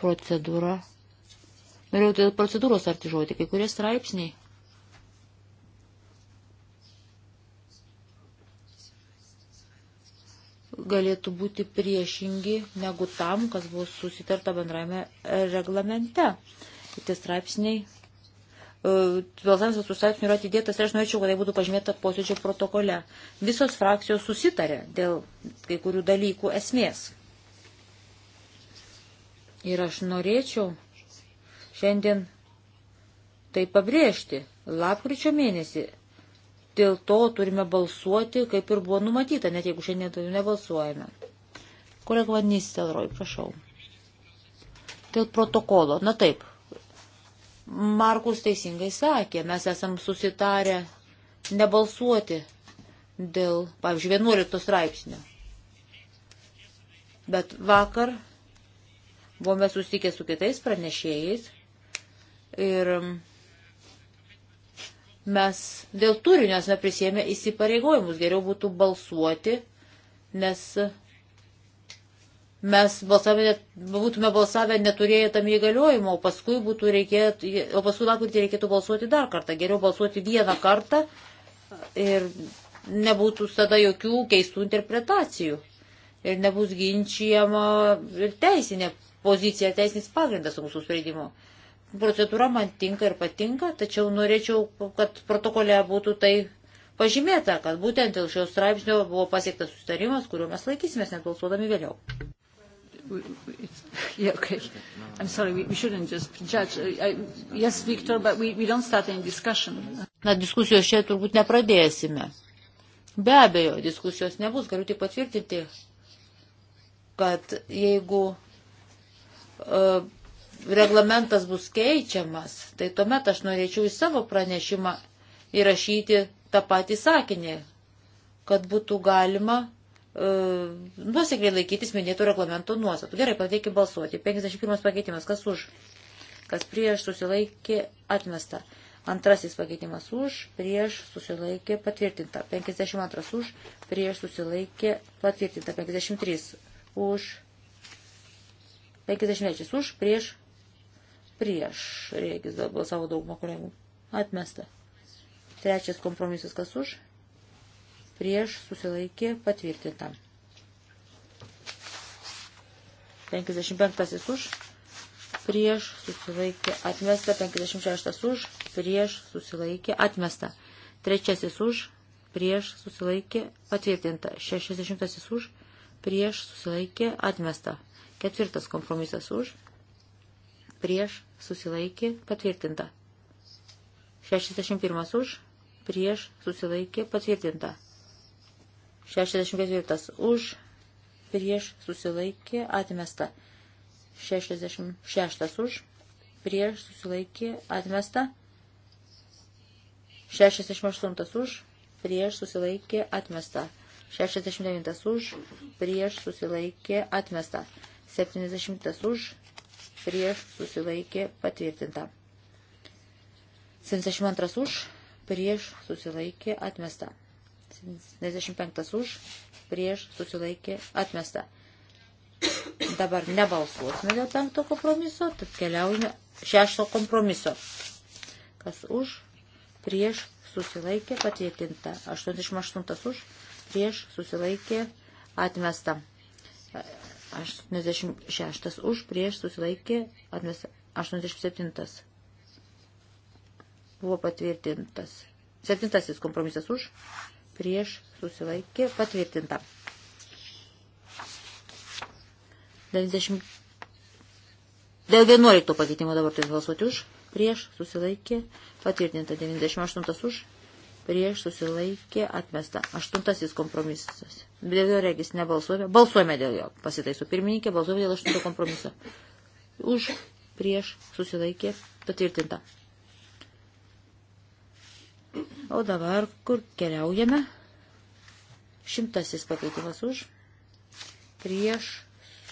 procedūra. Norėjau dėl procedūros arti žodį, kai kurie straipsniai. galėtų būti priešingi negu tam, kas buvo susitarta bendrame reglamente. Tie straipsniai balsavimas tų straipsnių yra atidėtas ir aš norėčiau, kad tai būtų pažymėta posėdžio protokole. Visos frakcijos susitarė dėl kai kurių dalykų esmės. Ir aš norėčiau šiandien tai pabrėžti. Lapkričio mėnesį dėl to turime balsuoti, kaip ir buvo numatyta, net jeigu šiandien tai nebalsuojame. Kolega Vanys Telroj, prašau. Dėl protokolo. Na taip, Markus teisingai sakė, mes esam susitarę nebalsuoti dėl, pavyzdžiui, 11 straipsnio. Bet vakar buvome susitikę su kitais pranešėjais ir mes dėl turinio esame prisėmę įsipareigojimus. Geriau būtų balsuoti, nes mes balsavę, būtume balsavę neturėję tam įgaliojimo, o paskui, būtų reikėtų, o paskui lapkritį reikėtų balsuoti dar kartą. Geriau balsuoti vieną kartą ir nebūtų tada jokių keistų interpretacijų. Ir nebus ginčiama ir teisinė pozicija, teisinis pagrindas mūsų sprendimo. Procedūra man tinka ir patinka, tačiau norėčiau, kad protokole būtų tai pažymėta, kad būtent dėl šios straipsnio buvo pasiektas sustarimas, kuriuo mes laikysimės net balsuodami vėliau it's, yeah, okay. I'm sorry, we, we shouldn't just judge. Uh, I, yes, Victor, but we, we don't start any discussion. Na, diskusijos čia turbūt nepradėsime. Be abejo, diskusijos nebus, galiu tik patvirtinti, kad jeigu uh, reglamentas bus keičiamas, tai tuomet aš norėčiau į savo pranešimą įrašyti tą patį sakinį, kad būtų galima nuosekliai laikytis minėtų reglamento nuostatų. Gerai, pradėkime balsuoti. 51 pakeitimas, kas už, kas prieš susilaikė atmesta. Antrasis pakeitimas už, prieš susilaikė patvirtinta. 52 už, prieš susilaikė patvirtinta. 53 už, 53 už, prieš, prieš, reikės balsavo daugumą kolegų. Atmesta. Trečias kompromisas, kas už, prieš susilaikė patvirtinta. 55 už, prieš susilaikė atmesta, 56 už, prieš susilaikė atmesta, 3 už, prieš susilaikė patvirtinta, 60 už, prieš susilaikė atmesta, 4 kompromisas už, prieš susilaikė patvirtinta, 61 už, prieš susilaikė patvirtinta. 64 už, prieš susilaikė atmesta. 66 už, prieš susilaikė atmesta. 68 už, prieš susilaikė atmesta. 69 už, prieš susilaikė atmesta. 70 už, prieš susilaikė patvirtinta. 72 už, prieš susilaikė atmesta. 75 už, prieš susilaikė atmesta. Dabar nebalsuosime dėl penkto kompromiso, tad keliaujame šešto kompromiso. Kas už, prieš susilaikė patvirtinta. 88 už, prieš susilaikė atmesta. 86 už, prieš susilaikė atmesta. 87 buvo patvirtintas. Septintasis kompromisas už, prieš susilaikė patvirtinta. 90... Dėl 11 pakeitimo dabar turės balsuoti už, prieš susilaikė patvirtinta. 98 už, prieš susilaikė atmesta. Aštuntasis kompromisas. Dėl jo regis nebalsuojame. Balsuojame dėl jo. Pasitaisu pirmininkė, balsuojame dėl aštunto kompromiso. Už, prieš susilaikė patvirtinta. O dabar kur keliaujame? Šimtasis pakeitimas už. Prieš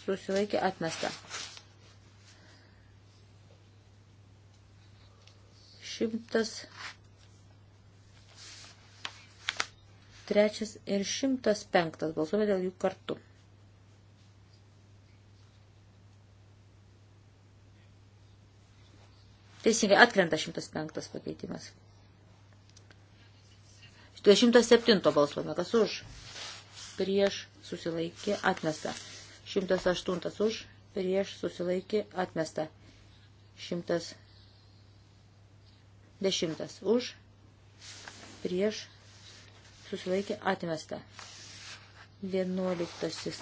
susilaikė atmesta. Šimtas. Trečias ir šimtas penktas. Balsuome dėl jų kartu. Teisingai atkrenta 105 pakeitimas. 107 balsuojame, kas už, prieš susilaikė atmesta. 108 už, prieš susilaikė atmesta. 110 už, prieš susilaikė atmesta. 11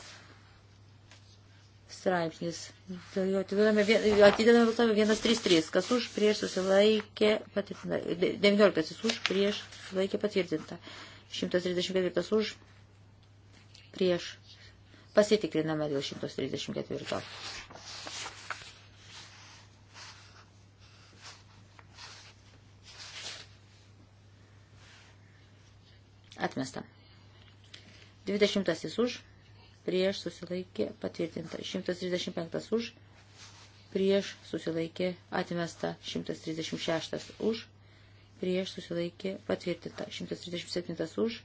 straipsnis. Dėl tai jo atidedame 133, kas už prieš susilaikė patvirtinta. 19 už prieš susilaikė patvirtinta. 134 už prieš. Pasitikriname dėl 134. Atmesta. 20 už prieš susilaikė patvirtinta, 135 už, prieš susilaikė atmesta, 136 už, prieš susilaikė patvirtinta, 137 už,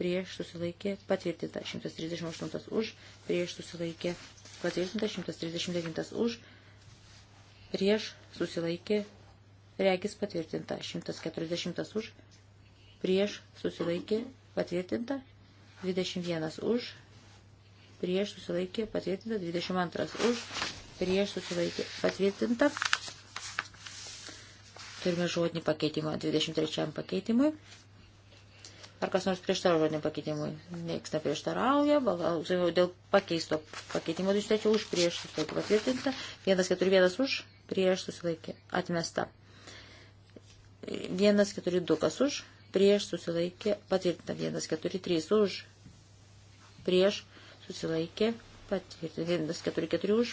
prieš susilaikė patvirtinta, 138 už, prieš susilaikė patvirtinta, 139 už, prieš susilaikė regis patvirtinta, 140 už, prieš susilaikė patvirtinta, 21 už, prieš susilaikė patvirtinta, 22 už, prieš susilaikė patvirtinta. Turime žodinį pakeitimą 23 pakeitimui. Ar kas nors prieštarauja žodiniam pakeitimui? Niekas neprieštarauja. Dėl pakeisto pakeitimo 23 už, prieš susilaikė patvirtinta, 141 už, prieš susilaikė atmesta. 142 kas už, prieš susilaikė patvirtinta, 143 už, prieš susilaikė, patvirtinta 144 už,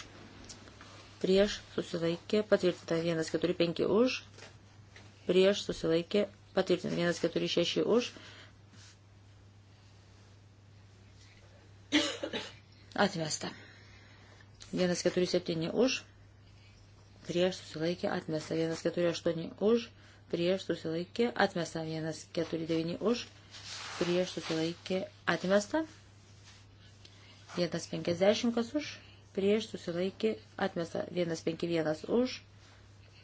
prieš susilaikė, patvirtinta 145 už, prieš susilaikė, patvirtinta 146 už. Atmesta. 147 už, prieš susilaikė, atmesta 148 už, prieš susilaikė, atmesta 149 už, prieš susilaikė, atmesta 150 kas už, prieš susilaikė atmesta 151 už,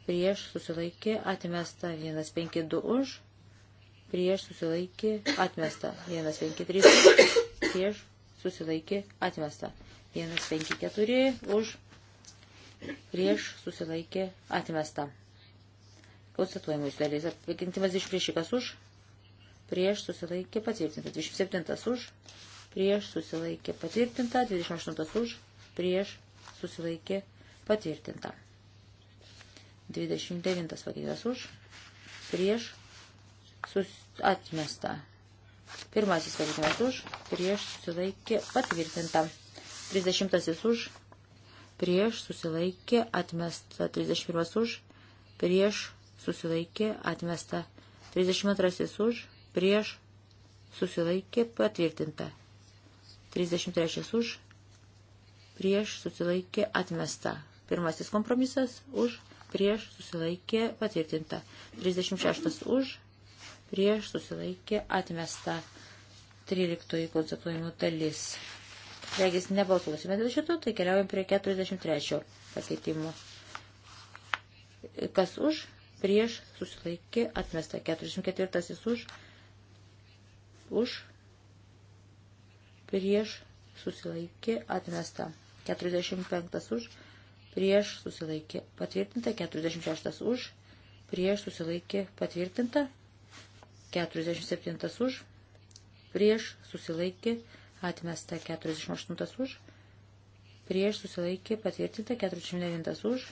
prieš susilaikė atmesta 152 už, prieš susilaikė atmesta 153 už, prieš susilaikė atmesta 154 už, prieš susilaikė atmesta. Konstatuojama iš dalies apgintimas iš priešikas už, prieš susilaikė patvirtinta 27 už, prieš susilaikė patvirtinta, 28 už, prieš susilaikė patvirtinta. 29 pakeitimas už, prieš sus, atmesta. Pirmasis pakeitimas už, prieš susilaikė patvirtinta. 30 už, prieš susilaikė atmesta. 31 už, prieš susilaikė atmesta. 32 už, prieš susilaikė patvirtinta. 33 už, prieš susilaikė atmesta. Pirmasis kompromisas už, prieš susilaikė patvirtinta. 36 už, prieš susilaikė atmesta. 13 konstatuojimo dalis. Regis nebalsuosime dėl šito, tai keliaujam prie 43 pakeitimo. Kas už, prieš susilaikė atmesta. 44 už, už prieš susilaikė atmesta. 45 už, prieš susilaikė patvirtinta. 46 už, prieš susilaikė patvirtinta. 47 už, prieš susilaikė atmesta. 48 už, prieš susilaikė patvirtinta. 49 už,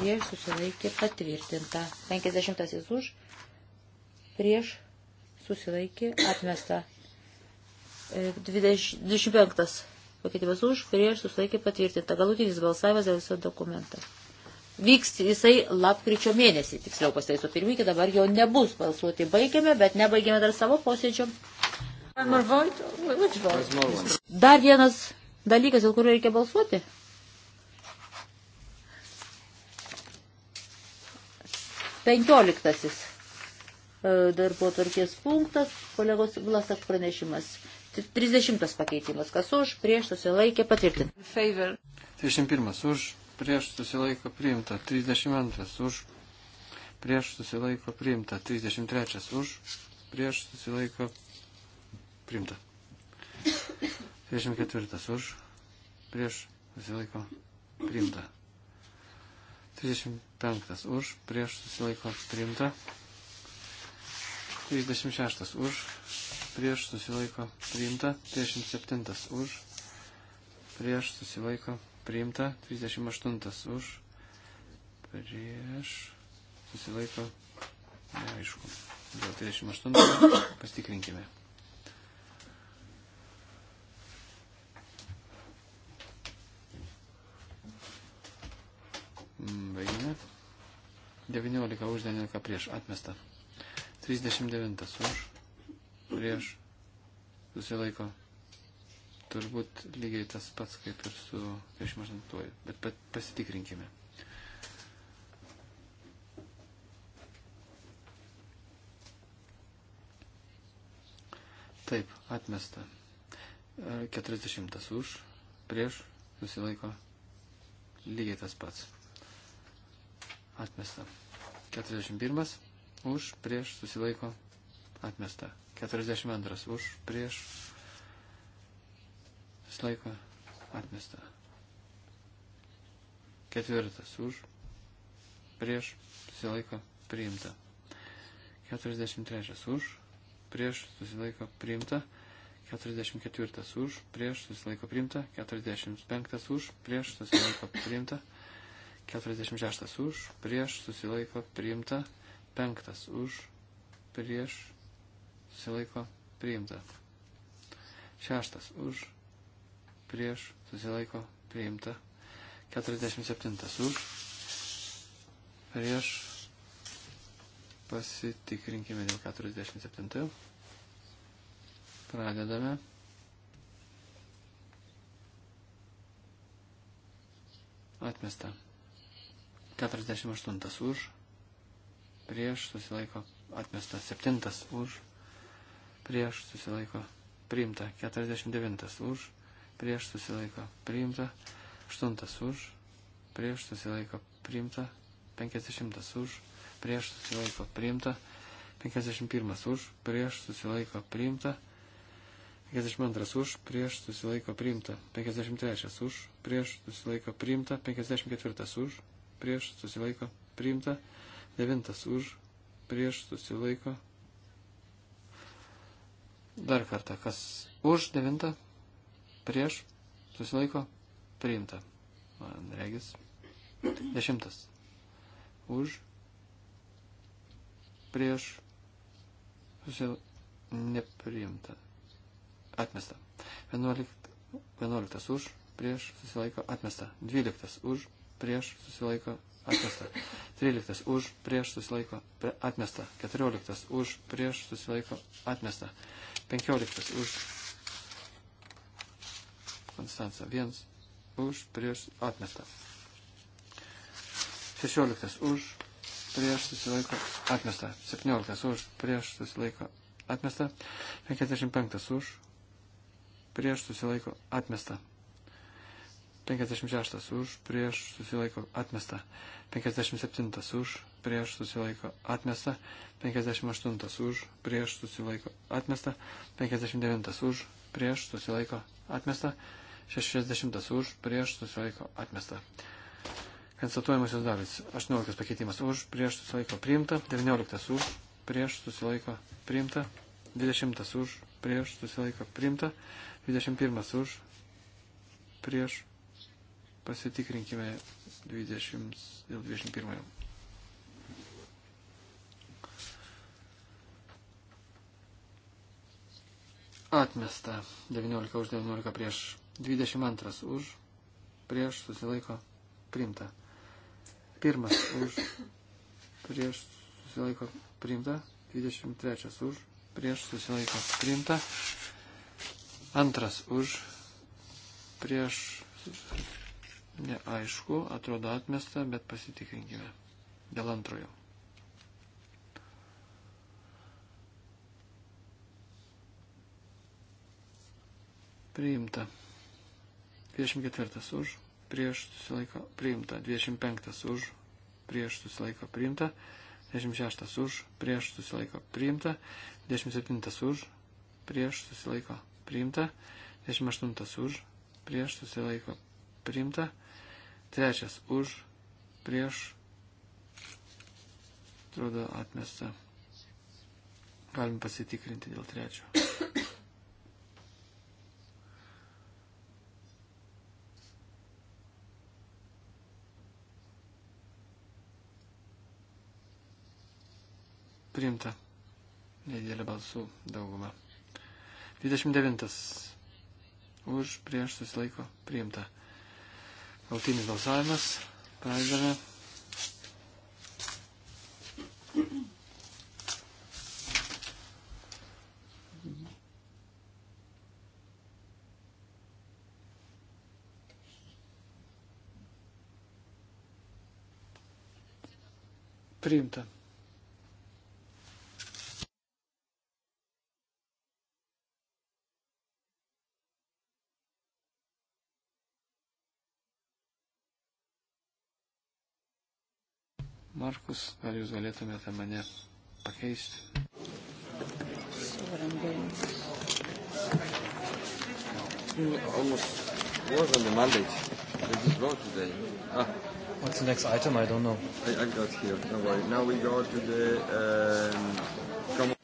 prieš susilaikė patvirtinta. 50 už, prieš susilaikė atmesta. 25. Pakeitimas už, prieš susilaikė patvirtinta. Galutinis balsavimas dėl viso dokumento. Vyks jisai lapkričio mėnesį, tiksliau pasitaiso pirmykį, dabar jau nebus balsuoti. Baigėme, bet nebaigėme dar savo posėdžio. Dar vienas dalykas, dėl kurio reikia balsuoti. Penkioliktasis e, darbo tvarkės punktas, kolegos Vlasak pranešimas. 30 pakeitimas. Kas už, prieš susilaikė patvirtinta. Favor. 31 už, prieš susilaiko priimta. 32 už, prieš susilaiko priimta. 33 už, prieš susilaiko priimta. 34 už, prieš susilaiko priimta. 35 už, prieš susilaiko priimta. 36 už, prieš susilaiko priimta, 37 už, prieš susilaiko priimta, 38 už, prieš susilaiko neaišku. Dėl 38 pastikrinkime. Baigime. 19 už 19 prieš atmesta. 39 už prieš susilaiko. Turbūt lygiai tas pats kaip ir su 28, bet pasitikrinkime. Taip, atmesta. 40 už, prieš, susilaiko, lygiai tas pats. Atmesta. 41 už, prieš, susilaiko, atmesta. 42 už, prieš, slaiko, atmesta. Ketvirtas už, prieš, susilaiko, priimta. 43 už, prieš, susilaiko, priimta. 44 už, prieš, susilaiko, priimta. 45 už, prieš, susilaiko, priimta. 46 už, prieš, susilaiko, priimta. 5 už, prieš, susilaiko priimta. Šeštas už, prieš, susilaiko priimta. 47 už, prieš, pasitikrinkime dėl 47. Pradedame. Atmesta. 48 už, prieš, susilaiko atmesta. 7 už, prieš susilaiko priimta, 49 už, prieš susilaiko priimta, 8 už, prieš susilaiko priimta, 50 už, prieš susilaiko priimta, 51 už, prieš susilaiko priimta, 52 už, prieš susilaiko priimta, 53 už, prieš susilaiko priimta, 54 už, prieš susilaiko priimta, 9 už, prieš susilaiko priimta Dar kartą, kas už devintą, prieš, susilaiko, priimta. Man regis. Dešimtas. Už, prieš, susilaiko, nepriimta. Atmesta. Vienuolikt, vienuoliktas už, prieš, susilaiko, atmesta. Dvyliktas už, prieš, susilaiko, atmesta. 13 už, prieš susilaiko, atmesta. 14 už, prieš susilaiko, atmesta. Penkioliktas už Konstantą. Vienas už prieš atmestą. Šešioliktas už prieš susilaiko atmestą. Septynioliktas už prieš susilaiko atmestą. Penkiasdešimt penktas už prieš susilaiko atmestą. 56 už, prieš susilaiko atmesta. 57 už, prieš susilaiko atmesta. 58 už, prieš susilaiko atmesta. 59 už, prieš susilaiko atmesta. 60 už, prieš susilaiko atmesta. Konstatuojamasis dalis. 18 pakeitimas už, prieš susilaiko priimta. 19 už, prieš susilaiko priimta. 20 už, prieš susilaiko priimta. 21 už, prieš Pasitikrinkime 20, 21. Atmesta 19 už 19 prieš 22 už prieš susilaiko primta. Pirmas už prieš susilaiko primta. 23 už prieš susilaiko primta. Antras už prieš Neaišku, atrodo atmesta, bet pasitikrinkime. Dėl antrojo. Priimta. 24 už, prieš susilaiko priimta. 25 už, prieš susilaiko priimta. 26 už, prieš susilaiko priimta. 27 už, prieš susilaiko priimta. 28 už, prieš susilaiko priimta. Trečias už, prieš, atrodo atmesta. Galim pasitikrinti dėl trečio. Priimta. Nedėlė balsų dauguma. 29. Už prieš susilaiko priimta. Gautinis balsavimas. Pradedame. Priimta. Markus, ar jūs galėtumėte mane pakeisti? Almost was on the mandate. This is vote today. Ah. What's the next item? I don't know. I, I got here. No worry. Now we go to the. Um,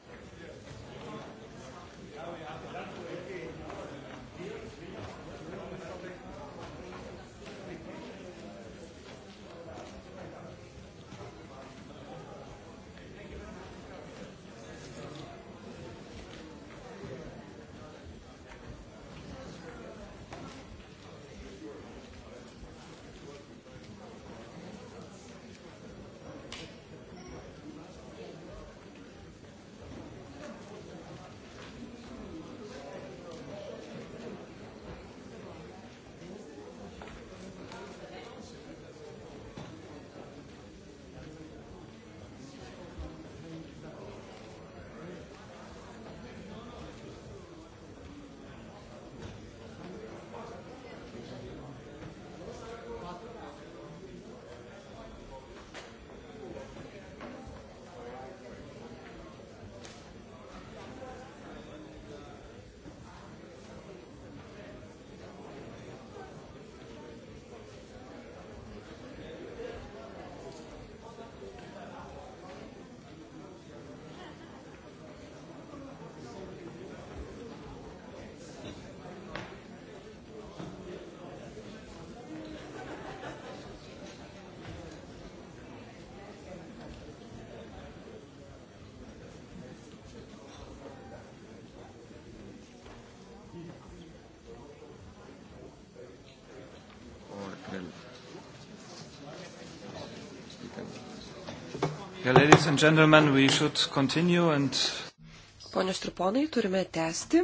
Yeah, ladies and gentlemen, we should continue and... Ponios ir ponai, turime tęsti.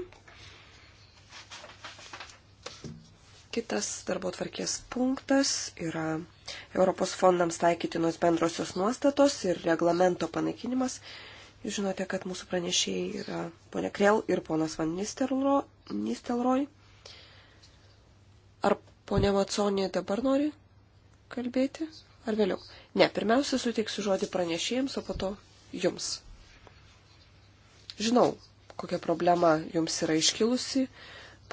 Kitas darbo tvarkės punktas yra Europos fondams taikytinos bendrosios nuostatos ir reglamento panaikinimas. Jūs žinote, kad mūsų pranešėjai yra ponia Krell ir ponas Van Nistelroj. Ar ponia Maconė dabar nori kalbėti? Ar vėliau? Ne, pirmiausia, suteiksiu žodį pranešėjams, o po to jums. Žinau, kokia problema jums yra iškilusi,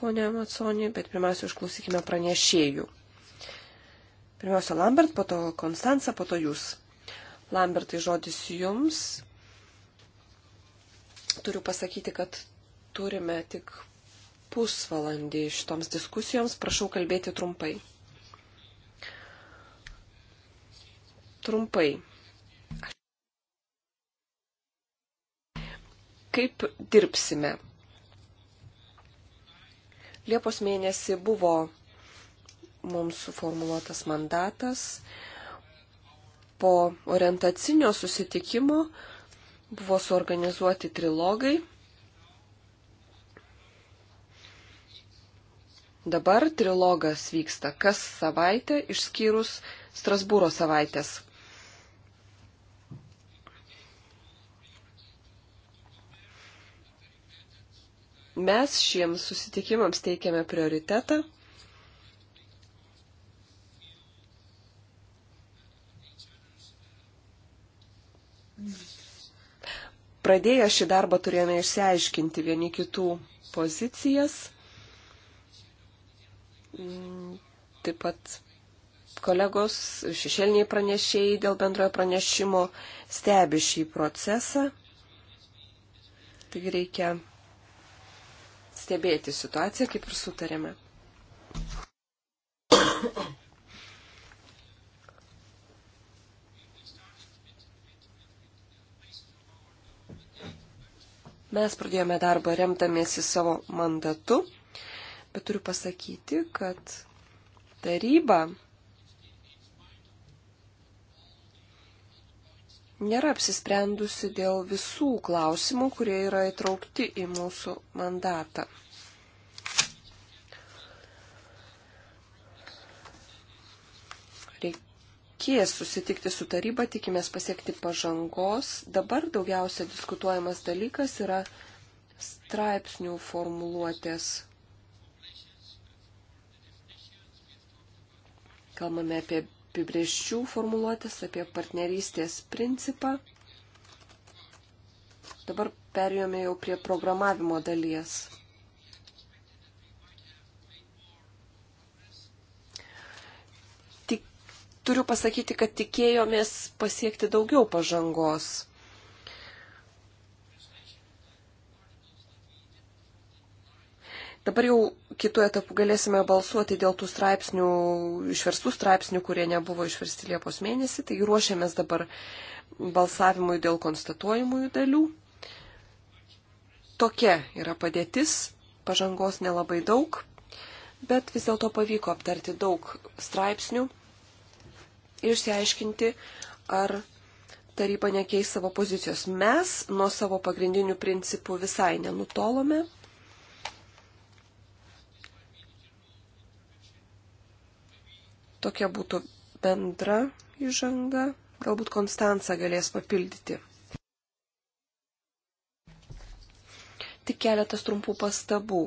ponė Matsonė, bet pirmiausia, išklausykime pranešėjų. Pirmiausia, Lambert, po to Konstanca, po to jūs. Lambertai, žodis jums. Turiu pasakyti, kad turime tik pusvalandį šitoms diskusijoms. Prašau kalbėti trumpai. trumpai. Kaip dirbsime? Liepos mėnesį buvo mums suformuoluotas mandatas. Po orientacinio susitikimo buvo suorganizuoti trilogai. Dabar trilogas vyksta kas savaitę išskyrus Strasbūro savaitės Mes šiems susitikimams teikiame prioritetą. Pradėję šį darbą turėjome išsiaiškinti vieni kitų pozicijas. Taip pat kolegos šešėliniai pranešėjai dėl bendrojo pranešimo stebi šį procesą. Taigi reikia stebėti situaciją, kaip ir sutarėme. Mes pradėjome darbą remdamiesi savo mandatu, bet turiu pasakyti, kad taryba nėra apsisprendusi dėl visų klausimų, kurie yra įtraukti į mūsų mandatą. reikės susitikti su taryba, tikimės pasiekti pažangos. Dabar daugiausia diskutuojamas dalykas yra straipsnių formuluotės. Kalbame apie apibrieščių formuluotės, apie partnerystės principą. Dabar perėjome jau prie programavimo dalies. Tik, turiu pasakyti, kad tikėjomės pasiekti daugiau pažangos. Dabar jau kitų etapų galėsime balsuoti dėl tų straipsnių, išverstų straipsnių, kurie nebuvo išversti Liepos mėnesį. Tai ruošiamės dabar balsavimui dėl konstatuojamųjų dalių. Tokia yra padėtis, pažangos nelabai daug, bet vis dėlto pavyko aptarti daug straipsnių ir išsiaiškinti, ar taryba nekeis savo pozicijos. Mes nuo savo pagrindinių principų visai nenutolome, Tokia būtų bendra įžanga. Galbūt Konstanca galės papildyti. Tik keletas trumpų pastabų.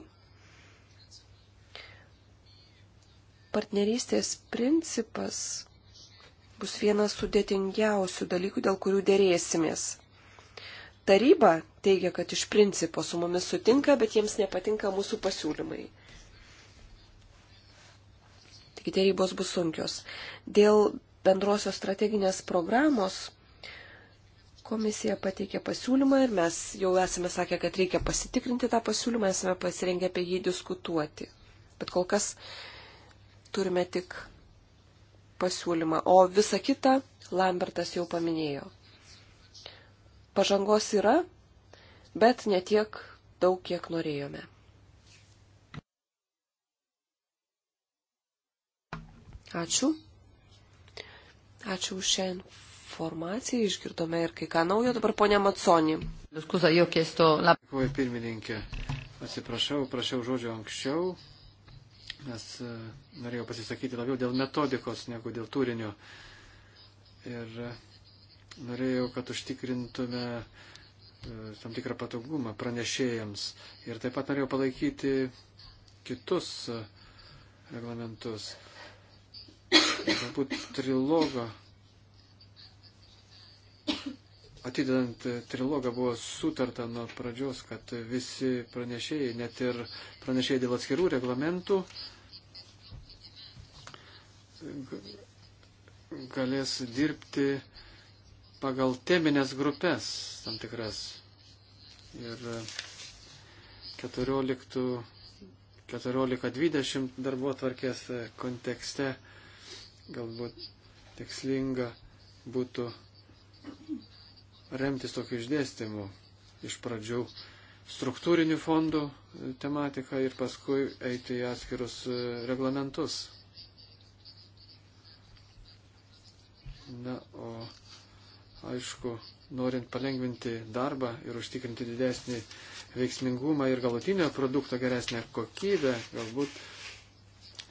Partnerystės principas bus vienas sudėtingiausių dalykų, dėl kurių dėrėsimės. Taryba teigia, kad iš principo su mumis sutinka, bet jiems nepatinka mūsų pasiūlymai. Taigi dėrybos bus sunkios. Dėl bendrosios strateginės programos komisija pateikė pasiūlymą ir mes jau esame sakę, kad reikia pasitikrinti tą pasiūlymą, esame pasirengę apie jį diskutuoti. Bet kol kas turime tik pasiūlymą, o visa kita Lambertas jau paminėjo. Pažangos yra, bet ne tiek daug, kiek norėjome. Ačiū. Ačiū už šią informaciją, išgirdome ir kai ką naujo, dabar ponia Matsoni. Diskuza, jau keisto. Dėkuoju pirmininkė, atsiprašau, prašiau žodžio anksčiau, nes e, norėjau pasisakyti labiau dėl metodikos negu dėl turinio. Ir e, norėjau, kad užtikrintume e, tam tikrą patogumą pranešėjams. Ir taip pat norėjau palaikyti kitus reglamentus. galbūt trilogą, atidedant trilogą buvo sutarta nuo pradžios, kad visi pranešėjai, net ir pranešėjai dėl atskirų reglamentų, galės dirbti pagal teminės grupės tam tikras. Ir 14 14.20 darbo atvarkės kontekste galbūt tikslinga būtų remtis tokiu išdėstymu. Iš pradžių struktūrinių fondų e, tematiką ir paskui eiti į atskirus e, reglamentus. Na, o aišku, norint palengvinti darbą ir užtikrinti didesnį veiksmingumą ir galutinio produkto geresnę kokybę, galbūt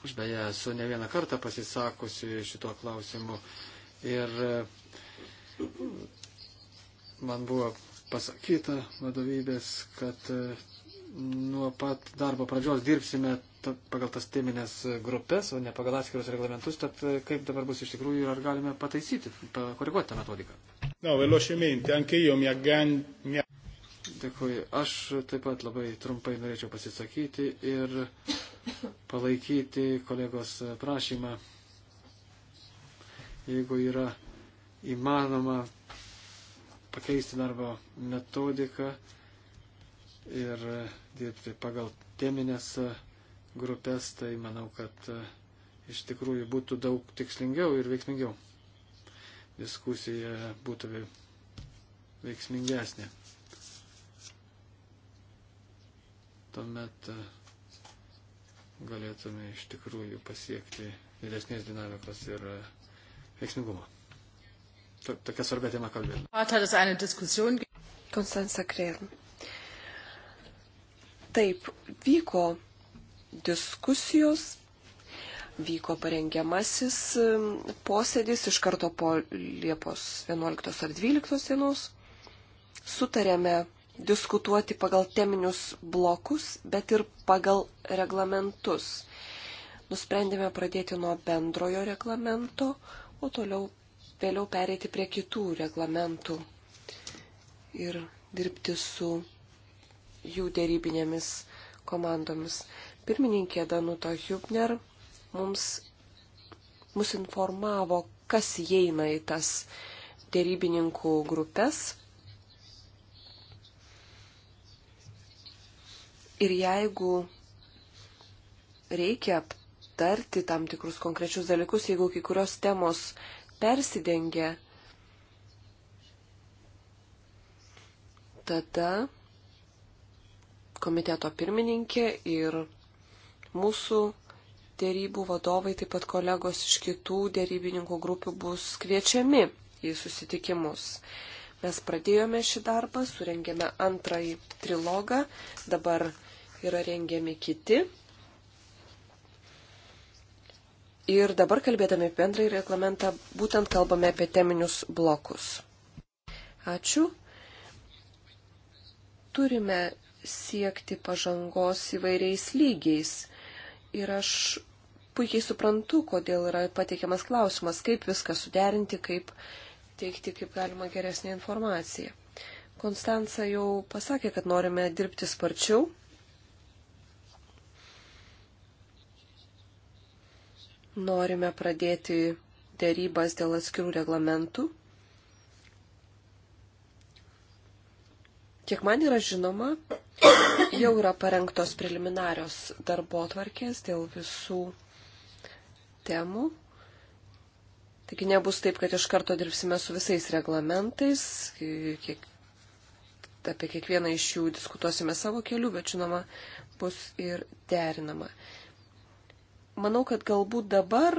Aš beje esu ne vieną kartą pasisakusi šituo klausimu ir e, man buvo pasakyta vadovybės, kad e, nuo pat darbo pradžios dirbsime pagal tas teminės grupės, o ne pagal atskirus reglamentus, tad e, kaip dabar bus iš tikrųjų ir ar galime pataisyti, pakoreguoti tą metodiką. No, velocemente, anche io mi aggan... Mi... Dėkui, aš taip pat labai trumpai norėčiau pasisakyti ir palaikyti kolegos prašymą, jeigu yra įmanoma pakeisti darbo metodiką ir dirbti pagal teminės grupės, tai manau, kad e, iš tikrųjų būtų daug tikslingiau ir veiksmingiau. Diskusija būtų veiksmingesnė. Tuomet uh, galėtume iš tikrųjų pasiekti didesnės dinamikos ir e, veiksmingumo. Tokia svarbia tema kalbėjome. Konstantas Krėl. Taip, vyko diskusijos, vyko parengiamasis posėdis iš karto po Liepos 11 ar 12 dienos. Sutarėme diskutuoti pagal teminius blokus, bet ir pagal reglamentus. Nusprendėme pradėti nuo bendrojo reglamento, o toliau vėliau pereiti prie kitų reglamentų ir dirbti su jų dėrybinėmis komandomis. Pirmininkė Danuta Hübner mums, mus informavo, kas įeina į tas dėrybininkų grupės Ir jeigu reikia aptarti tam tikrus konkrečius dalykus, jeigu kai kurios temos persidengia, tada komiteto pirmininkė ir mūsų dėrybų vadovai, taip pat kolegos iš kitų dėrybininkų grupių bus kviečiami į susitikimus. Mes pradėjome šį darbą, surengėme antrąjį trilogą, dabar yra rengiami kiti. Ir dabar kalbėdami apie bendrąjį reglamentą, būtent kalbame apie teminius blokus. Ačiū. Turime siekti pažangos įvairiais lygiais. Ir aš puikiai suprantu, kodėl yra pateikiamas klausimas, kaip viską suderinti, kaip teikti kaip galima geresnį informaciją. Konstanca jau pasakė, kad norime dirbti sparčiau, Norime pradėti dėrybas dėl atskirų reglamentų. Kiek man yra žinoma, jau yra parengtos preliminarios darbo tvarkės dėl visų temų. Taigi nebus taip, kad iš karto dirbsime su visais reglamentais, kiek, apie kiekvieną iš jų diskutuosime savo keliu, bet žinoma, bus ir derinama manau, kad galbūt dabar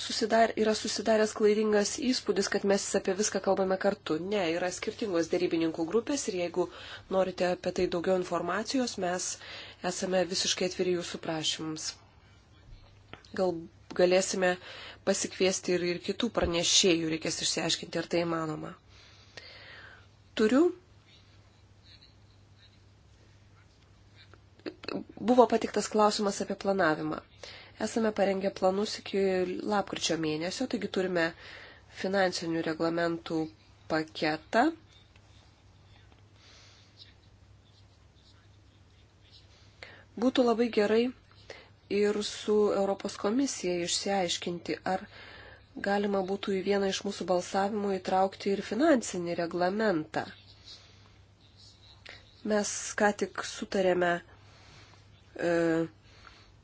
susidar, yra susidaręs klaidingas įspūdis, kad mes apie viską kalbame kartu. Ne, yra skirtingos dėrybininkų grupės ir jeigu norite apie tai daugiau informacijos, mes esame visiškai atviri jūsų prašymams. Gal galėsime pasikviesti ir, ir kitų pranešėjų, reikės išsiaiškinti, ar tai įmanoma. Turiu. Buvo patiktas klausimas apie planavimą. Uh, Esame parengę planus iki lapkričio mėnesio, taigi turime finansinių reglamentų paketą. Būtų labai gerai ir su Europos komisija išsiaiškinti, ar galima būtų į vieną iš mūsų balsavimų įtraukti ir finansinį reglamentą. Mes ką tik sutarėme e,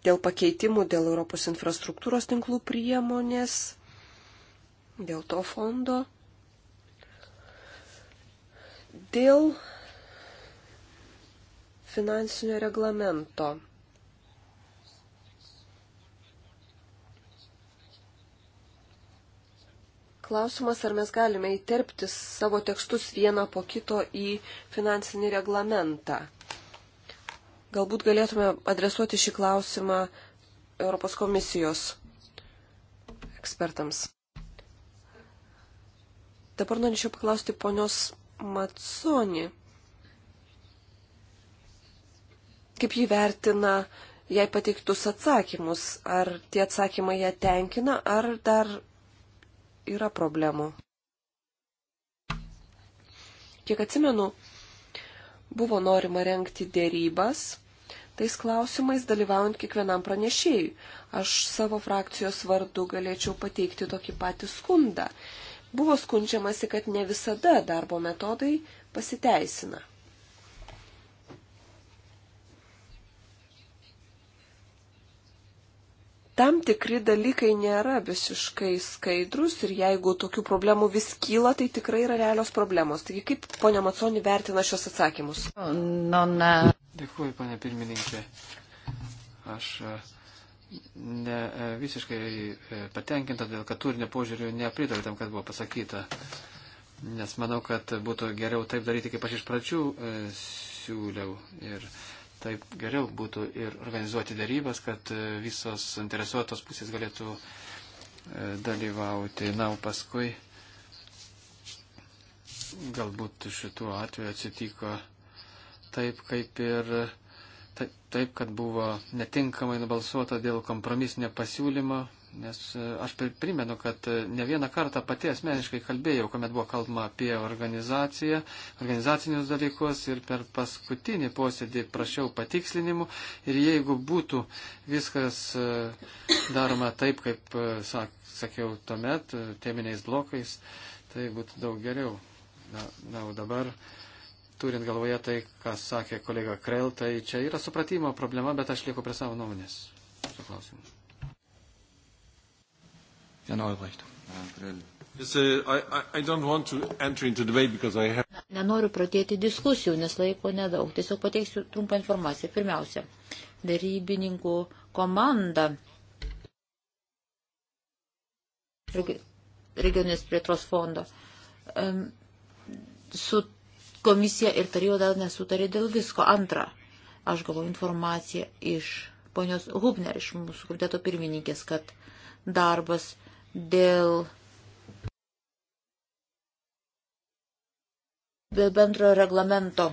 dėl pakeitimų, dėl Europos infrastruktūros tinklų priemonės, dėl to fondo, dėl finansinio reglamento. Klausimas, ar mes galime įterpti savo tekstus vieną po kito į finansinį reglamentą. Galbūt galėtume adresuoti šį klausimą Europos komisijos ekspertams. Dabar norėčiau paklausti ponios Matsoni. Kaip jį vertina jai pateiktus atsakymus? Ar tie atsakymai ją tenkina, ar dar yra problemų? Kiek atsimenu, buvo norima renkti dėrybas tais klausimais, dalyvaujant kiekvienam pranešėjui. Aš savo frakcijos vardu galėčiau pateikti tokį patį skundą. Buvo skundžiamasi, kad ne visada darbo metodai pasiteisina. tam tikri dalykai nėra visiškai skaidrus ir jeigu tokių problemų vis kyla, tai tikrai yra realios problemos. Taigi kaip ponia Maconi vertina šios atsakymus? Nona. Dėkuoju, ponia pirmininkė. Aš e, ne, e, visiškai e, patenkinta, dėl kad turinio požiūrių nepritariu tam, kas buvo pasakyta. Nes manau, kad būtų geriau taip daryti, kaip aš iš pradžių e, siūliau. Ir, e, Taip geriau būtų ir organizuoti darybas, kad e, visos interesuotos pusės galėtų e, dalyvauti. Na, o paskui galbūt šituo atveju atsitiko taip, kaip ir e, taip, taip, kad buvo netinkamai nubalsuota dėl kompromisinio pasiūlymo, Nes e, aš primenu, kad e, ne vieną kartą pati asmeniškai kalbėjau, kuomet buvo kalbama apie organizaciją, organizacinius dalykus ir per paskutinį posėdį prašiau patikslinimų ir jeigu būtų viskas e, daroma taip, kaip sak, sakiau tuomet, teminiais blokais, tai būtų daug geriau. Na, na o dabar turint galvoje tai, ką sakė kolega Krell, tai čia yra supratimo problema, bet aš lieku prie savo nuomonės. Su klausimu. Jan Olbricht. Nenoriu pradėti diskusijų, nes laiko nedaug. Tiesiog pateiksiu trumpą informaciją. Pirmiausia, darybininkų komanda regionės plėtros fondo su komisija ir taryba dar nesutarė dėl visko. Antra, aš gavau informaciją iš ponios Hubner, iš mūsų komiteto pirmininkės, kad darbas dėl bendro reglamento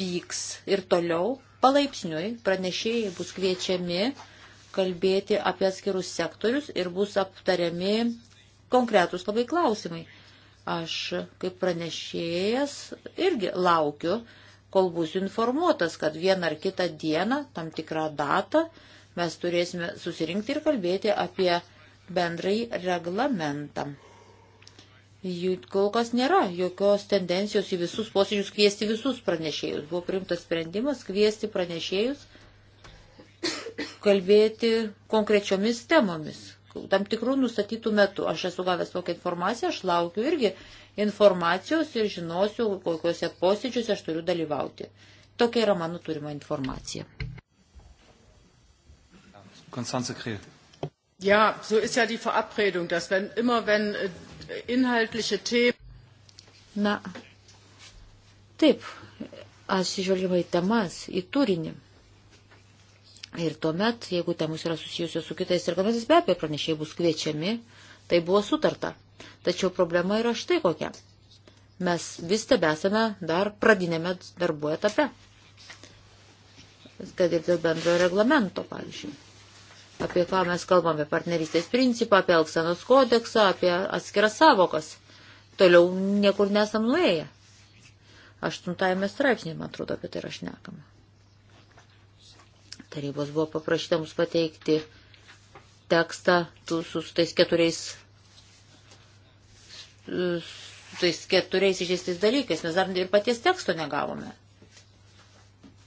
vyks ir toliau palaipsniui pranešėjai bus kviečiami kalbėti apie atskirus sektorius ir bus aptariami konkretus labai klausimai. Aš kaip pranešėjas irgi laukiu, kol būsiu informuotas, kad vieną ar kitą dieną, tam tikrą datą, mes turėsime susirinkti ir kalbėti apie bendrai reglamentą. Jų kol kas nėra jokios tendencijos į visus posėdžius kviesti visus pranešėjus. Buvo priimtas sprendimas kviesti pranešėjus kalbėti konkrečiomis temomis, tam tikrų nustatytų metų. Aš esu gavęs tokią informaciją, aš laukiu irgi informacijos ir žinosiu, kokiuose posėdžiuose aš turiu dalyvauti. Tokia yra mano turima informacija. Konstantas Kryl. Ja, so ist ja die Verabredung, dass wenn immer, wenn äh, inhaltliche Themen. Na, taip, atsižvelgiama į temas, į turinį. Ir tuomet, jeigu temus yra susijusios su kitais reglamentais, be abejo, pranešėjai bus kviečiami, tai buvo sutarta. Tačiau problema yra štai kokia. Mes vis tebesame dar pradinėme darbo etape. Kad ir dėl bendrojo reglamento, pavyzdžiui apie ką mes kalbame, partnerystės principą, apie Elksenos kodeksą, apie atskiras savokas. Toliau niekur nesam nuėję. Aštuntajame straipsnėje, man atrodo, apie tai yra šnekama. Tarybos buvo paprašyta mums pateikti tekstą tu, su, su tais keturiais su tais keturiais išėstais dalykais. Mes dar ir paties teksto negavome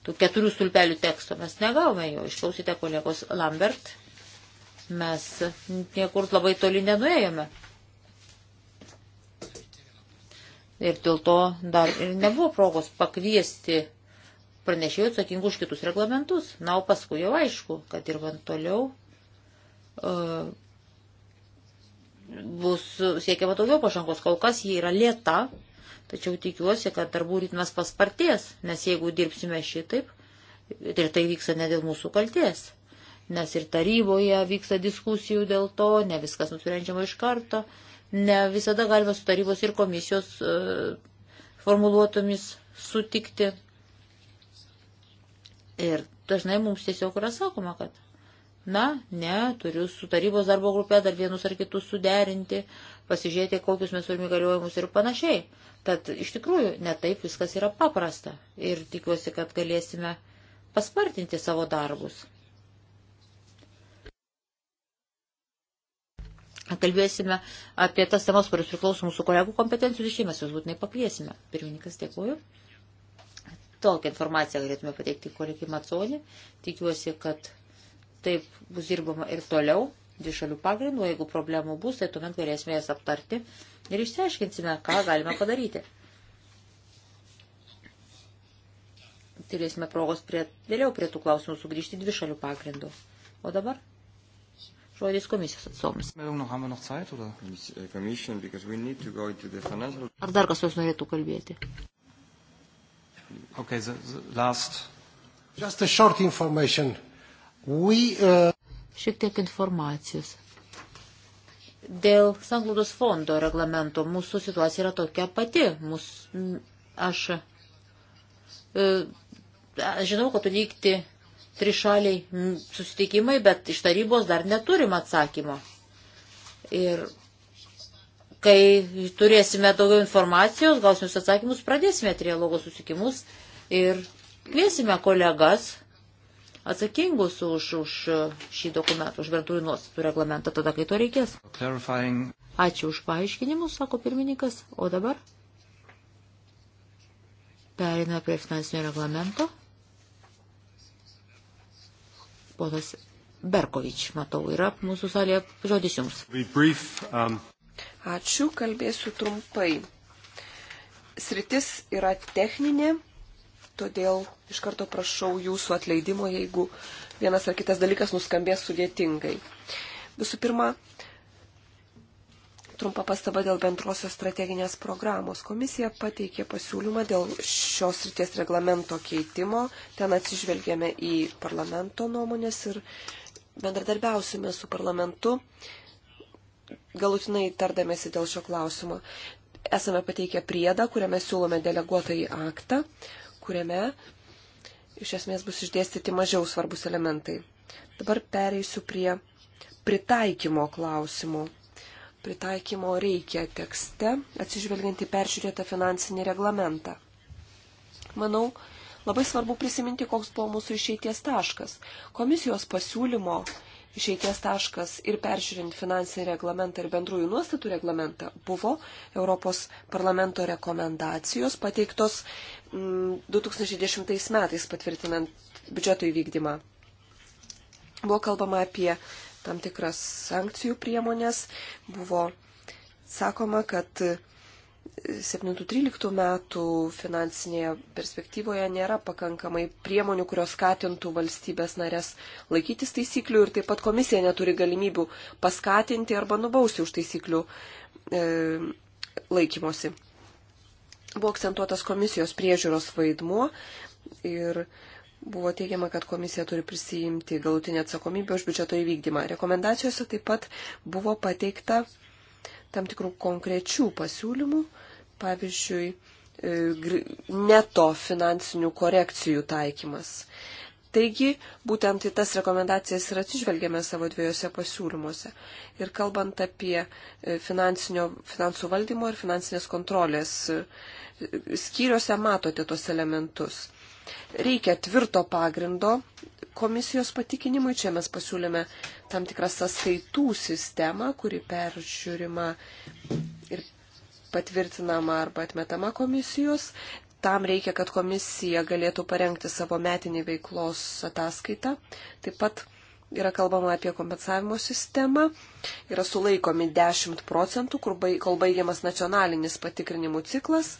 tų keturių stulpelių teksto mes negavome jo. Išklausite kolegos Lambert Mes niekur labai toli nenuėjome. Ir dėl to dar ir nebuvo progos pakviesti pranešėjų atsakingų už kitus reglamentus. Na, o paskui jau aišku, kad dirbant toliau uh, bus siekiama daugiau pažangos. Kol kas jie yra lėta, tačiau tikiuosi, kad darbų ritmas paspartės, nes jeigu dirbsime šitaip, ir tai vyksta ne dėl mūsų kalties nes ir taryboje vyksta diskusijų dėl to, ne viskas nusprendžiama iš karto, ne visada galima su tarybos ir komisijos e, formuluotomis sutikti. Ir dažnai mums tiesiog yra sakoma, kad na, ne, turiu su tarybos darbo grupė dar vienus ar kitus suderinti, pasižiūrėti, kokius mes turime galiojimus ir panašiai. Tad iš tikrųjų netaip viskas yra paprasta ir tikiuosi, kad galėsime paspartinti savo darbus. kalbėsime apie tas temas, kurios priklauso mūsų kolegų kompetencijų ir šeimas, jūs būtinai pakviesime. Pirmininkas, dėkuoju. Tokią informaciją galėtume pateikti kolegai Maconį. Tikiuosi, kad taip bus dirbama ir toliau, dvišalių pagrindų. Jeigu problemų bus, tai tuomet galėsime jas aptarti ir išsiaiškinsime, ką galime padaryti. Turėsime progos prie, vėliau prie tų klausimų sugrįžti dvišalių pagrindų. O dabar žodis komisijos atstovams. Eh, Ar dar kas nors norėtų kalbėti? Okay, the, the last. Just a short information. We, uh... Šiek tiek informacijos. Dėl Sanglaudos fondo reglamento mūsų situacija yra tokia pati. Mūs, aš uh, žinau, kad vykti trišaliai susitikimai, bet iš tarybos dar neturim atsakymo. Ir kai turėsime daugiau informacijos, gausime atsakymus, pradėsime trialogo susitikimus ir kviesime kolegas atsakingus už, už šį dokumentą, už bendrųjų nuostatų reglamentą, tada kai to reikės. Clarifying. Ačiū už paaiškinimus, sako pirmininkas. O dabar perina prie finansinio reglamento. Ponas Berkovič, matau, yra mūsų salėje žodis jums. Um, Ačiū, kalbėsiu trumpai. Sritis yra techninė, todėl iš karto prašau jūsų atleidimo, jeigu vienas ar kitas dalykas nuskambės sudėtingai. Visų pirma, trumpa pastaba dėl bendrosios strateginės programos. Komisija pateikė pasiūlymą dėl šios ryties reglamento keitimo. Ten atsižvelgėme į parlamento nuomonės ir bendradarbiausime su parlamentu, galutinai tardamėsi dėl šio klausimo. Esame pateikę priedą, kuriame siūlome deleguotąjį aktą, kuriame iš esmės bus išdėstyti mažiau svarbus elementai. Dabar pereisiu prie pritaikymo klausimų pritaikymo reikia tekste, atsižvelgiant į peržiūrėtą finansinį reglamentą. Manau, labai svarbu prisiminti, koks buvo mūsų išeities taškas. Komisijos pasiūlymo išeities taškas ir peržiūrint finansinį reglamentą ir bendrųjų nuostatų reglamentą buvo Europos parlamento rekomendacijos pateiktos 2010 mm, metais patvirtinant biudžeto įvykdymą. Buvo kalbama apie tam tikras sankcijų priemonės. Buvo sakoma, kad 7-13 metų finansinėje perspektyvoje nėra pakankamai priemonių, kurios skatintų valstybės narės laikytis taisyklių ir taip pat komisija neturi galimybių paskatinti arba nubausti už taisyklių e, laikymosi. Buvo akcentuotas komisijos priežiūros vaidmuo ir buvo teigiama, kad komisija turi prisijimti galutinę atsakomybę už biudžeto įvykdymą. Rekomendacijose taip pat buvo pateikta tam tikrų konkrečių pasiūlymų, pavyzdžiui, e, neto finansinių korekcijų taikymas. Taigi, būtent į tas rekomendacijas ir atsižvelgėme savo dviejose pasiūlymuose. Ir kalbant apie e, finansų valdymo ir finansinės kontrolės, e, skyriuose matote tos elementus. Reikia tvirto pagrindo komisijos patikinimui. Čia mes pasiūlėme tam tikrą sąskaitų sistemą, kuri peržiūrima ir patvirtinama arba atmetama komisijos. Tam reikia, kad komisija galėtų parengti savo metinį veiklos ataskaitą. Taip pat yra kalbama apie kompensavimo sistemą, yra sulaikomi 10 procentų, kol baigiamas nacionalinis patikrinimų ciklas.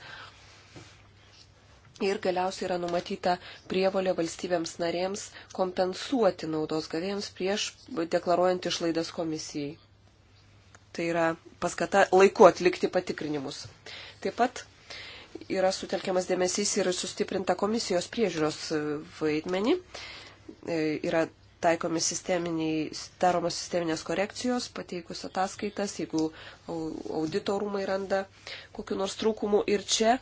Ir galiausiai yra numatyta prievolė valstybėms narėms kompensuoti naudos gavėjams prieš deklaruojant išlaidas komisijai. Tai yra paskata laiku atlikti patikrinimus. Taip pat yra sutelkiamas dėmesys ir sustiprinta komisijos priežiūros vaidmenį. E, yra taikomi sisteminiai, daromos sisteminės korekcijos, pateikus ataskaitas, jeigu auditorumai randa kokiu nors trūkumu. Ir čia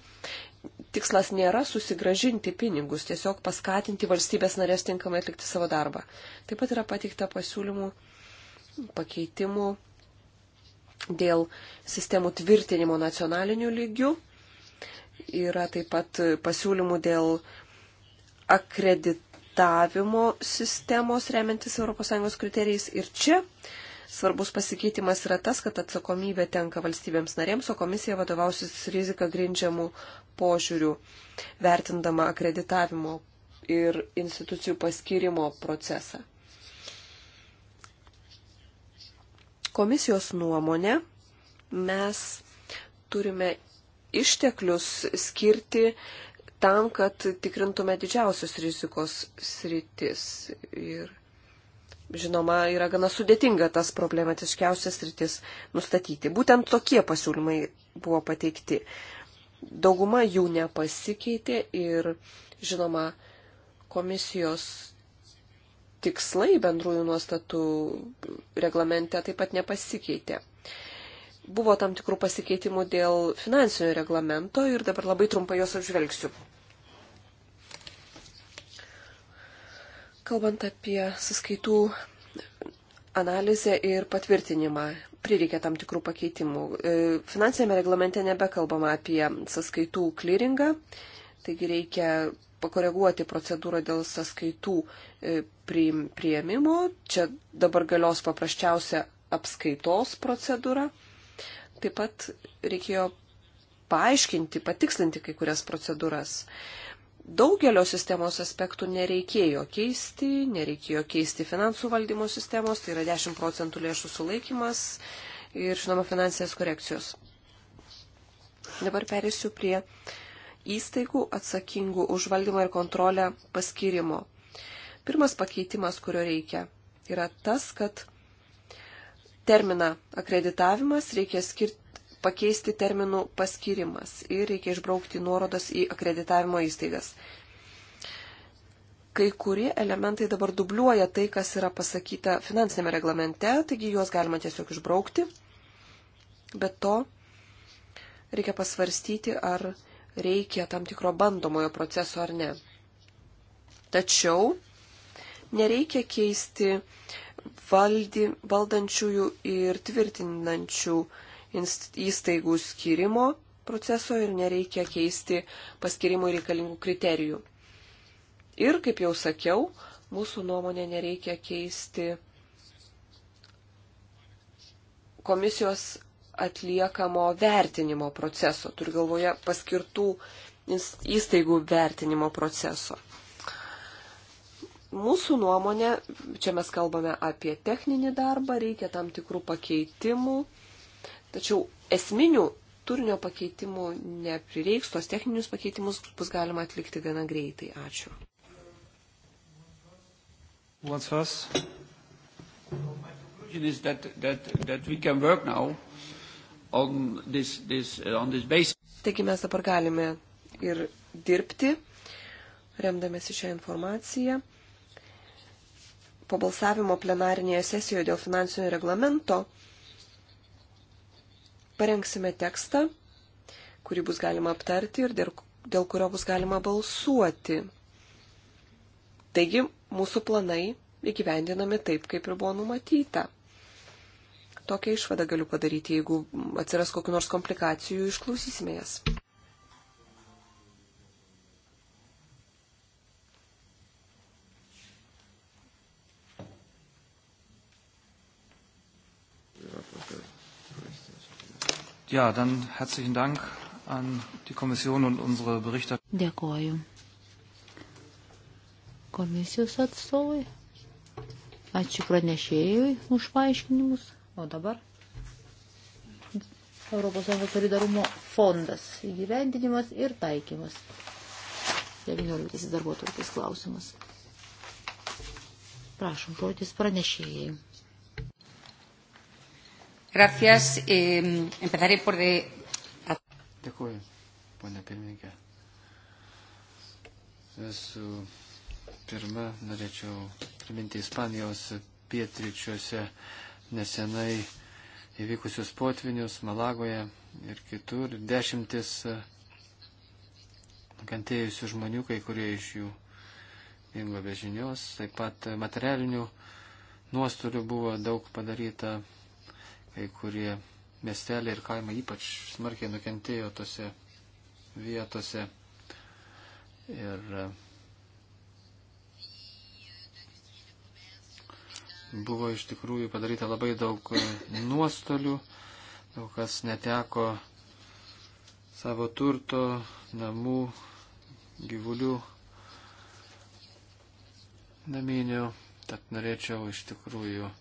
tikslas nėra susigražinti pinigus, tiesiog paskatinti valstybės narės tinkamai atlikti savo darbą. Taip pat yra pateikta pasiūlymų, pakeitimų dėl sistemų tvirtinimo nacionaliniu lygiu. Yra taip pat pasiūlymų dėl akreditavimo sistemos remiantis ES kriterijais. Ir čia Svarbus pasikeitimas yra tas, kad atsakomybė tenka valstybėms narėms, o komisija vadovausis riziką grindžiamų požiūrių, vertindama akreditavimo ir institucijų paskirimo procesą. Komisijos nuomonė mes turime išteklius skirti tam, kad tikrintume didžiausios rizikos sritis. Ir žinoma, yra gana sudėtinga tas problematiškiausias rytis nustatyti. Būtent tokie pasiūlymai buvo pateikti. Dauguma jų nepasikeitė ir, žinoma, komisijos tikslai bendrųjų nuostatų reglamente taip pat nepasikeitė. Buvo tam tikrų pasikeitimų dėl finansinio reglamento ir dabar labai trumpai juos apžvelgsiu. Kalbant apie suskaitų analizę ir patvirtinimą, prireikė tam tikrų pakeitimų. E, Finansinėme reglamente nebekalbama apie sąskaitų kliringą, taigi reikia pakoreguoti procedūrą dėl sąskaitų e, prieimimo. Čia dabar galios paprasčiausia apskaitos procedūra. Taip pat reikėjo paaiškinti, patikslinti kai kurias procedūras daugelio sistemos aspektų nereikėjo keisti, nereikėjo keisti finansų valdymo sistemos, tai yra 10 procentų lėšų sulaikimas ir, žinoma, finansinės korekcijos. Dabar perėsiu prie įstaigų atsakingų už valdymą ir kontrolę paskirimo. Pirmas pakeitimas, kurio reikia, yra tas, kad terminą akreditavimas reikia skirti pakeisti terminų paskirimas ir reikia išbraukti nuorodas į akreditavimo įstaigas. Kai kurie elementai dabar dubliuoja tai, kas yra pasakyta finansinėme reglamente, taigi juos galima tiesiog išbraukti. Be to, reikia pasvarstyti, ar reikia tam tikro bandomojo proceso ar ne. Tačiau nereikia keisti valdy, valdančiųjų ir tvirtinančių įstaigų skirimo proceso ir nereikia keisti paskirimui reikalingų kriterijų. Ir, kaip jau sakiau, mūsų nuomonė nereikia keisti komisijos atliekamo vertinimo proceso, turiu galvoje paskirtų įstaigų vertinimo proceso. Mūsų nuomonė, čia mes kalbame apie techninį darbą, reikia tam tikrų pakeitimų Tačiau esminių turinio pakeitimų neprireiks, tos techninius pakeitimus bus galima atlikti gana greitai. Ačiū. What's first? It is that, that, that we can work now on this, this, uh, on this basis. Taigi mes dabar galime ir dirbti, remdamėsi šią informaciją. Po balsavimo plenarinėje sesijoje dėl finansinio reglamento Parengsime tekstą, kurį bus galima aptarti ir dėl, dėl kurio bus galima balsuoti. Taigi, mūsų planai įgyvendinami taip, kaip ir buvo numatyta. Tokią išvadą galiu padaryti, jeigu atsiras kokiu nors komplikacijų, išklausysime jas. Ja, dann herzlichen Dank an die Kommission und unsere Berichter. Dėkoju. Komisijos atstovai. Ačiū pranešėjui už paaiškinimus. O dabar ES solidarumo fondas įgyvendinimas ir taikymas. 19 darbuotojų klausimas. Prašom, žodis pranešėjai. Gracias. Eh, empezaré por de. Dėkuoju, ponia pirmininkė. Visų pirma, norėčiau priminti Ispanijos pietričiuose nesenai įvykusius potvinius Malagoje ir kitur. Dešimtis kantėjusių žmonių, kai kurie iš jų dingo be žinios. Taip pat materialinių nuostolių buvo daug padaryta Kai kurie miesteliai ir kaimai ypač smarkiai nukentėjo tose vietose. Ir e, buvo iš tikrųjų padaryta labai daug e, nuostolių, daug kas neteko savo turto, namų, gyvulių, naminių. Tad norėčiau iš tikrųjų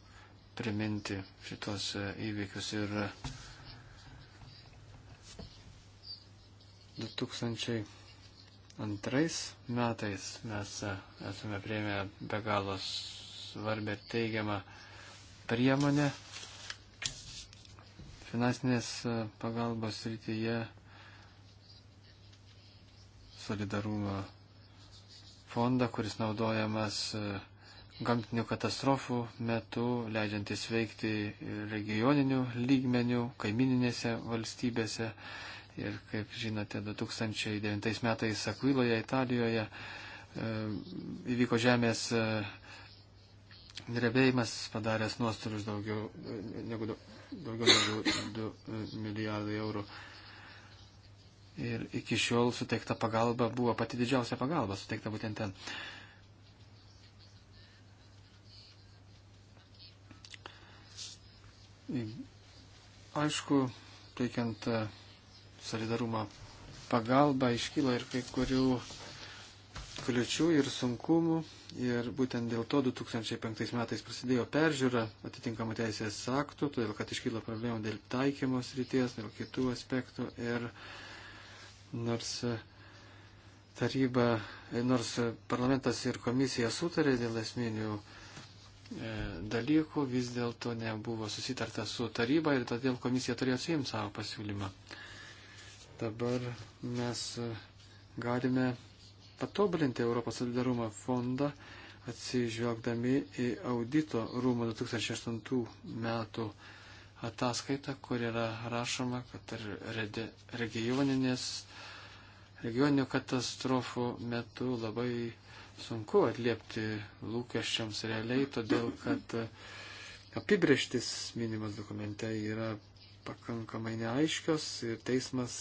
priminti šitos e, įvykius ir 2002 metais mes e, esame prieimę be galo svarbę ir teigiamą priemonę finansinės e, pagalbos rytyje solidarumo fondą, kuris naudojamas uh, gamtinių katastrofų metu, leidžiantis veikti regioninių lygmenių, kaimininėse valstybėse. Ir kaip žinote, 2009 metais Akviloje, Italijoje e, įvyko žemės e, drebėjimas, padaręs nuostolius daugiau e, negu, daugiau negu 2 milijardai eurų. Ir iki šiol suteikta pagalba buvo pati didžiausia pagalba suteikta būtent ten. Uh, Aišku, teikiant e, solidarumą pagalbą iškyla ir kai kurių kliučių ir sunkumų. Ir būtent dėl to 2005 metais prasidėjo peržiūra atitinkamų teisės aktų, todėl kad iškyla problemų dėl taikymos ryties, dėl kitų aspektų. Ir nors e, taryba, e, nors parlamentas ir komisija sutarė dėl esminių E, dalykų vis dėlto nebuvo susitarta su taryba ir todėl komisija turėjo suimti savo pasiūlymą. Dabar mes galime patobulinti Europos solidarumo fondą, atsižvelgdami į audito rūmų 2008 metų ataskaitą, kur yra rašoma, kad ir regioninės, regioninių katastrofų metu labai sunku atliepti lūkesčiams realiai, todėl kad apibrieštis minimas dokumente yra pakankamai neaiškios ir teismas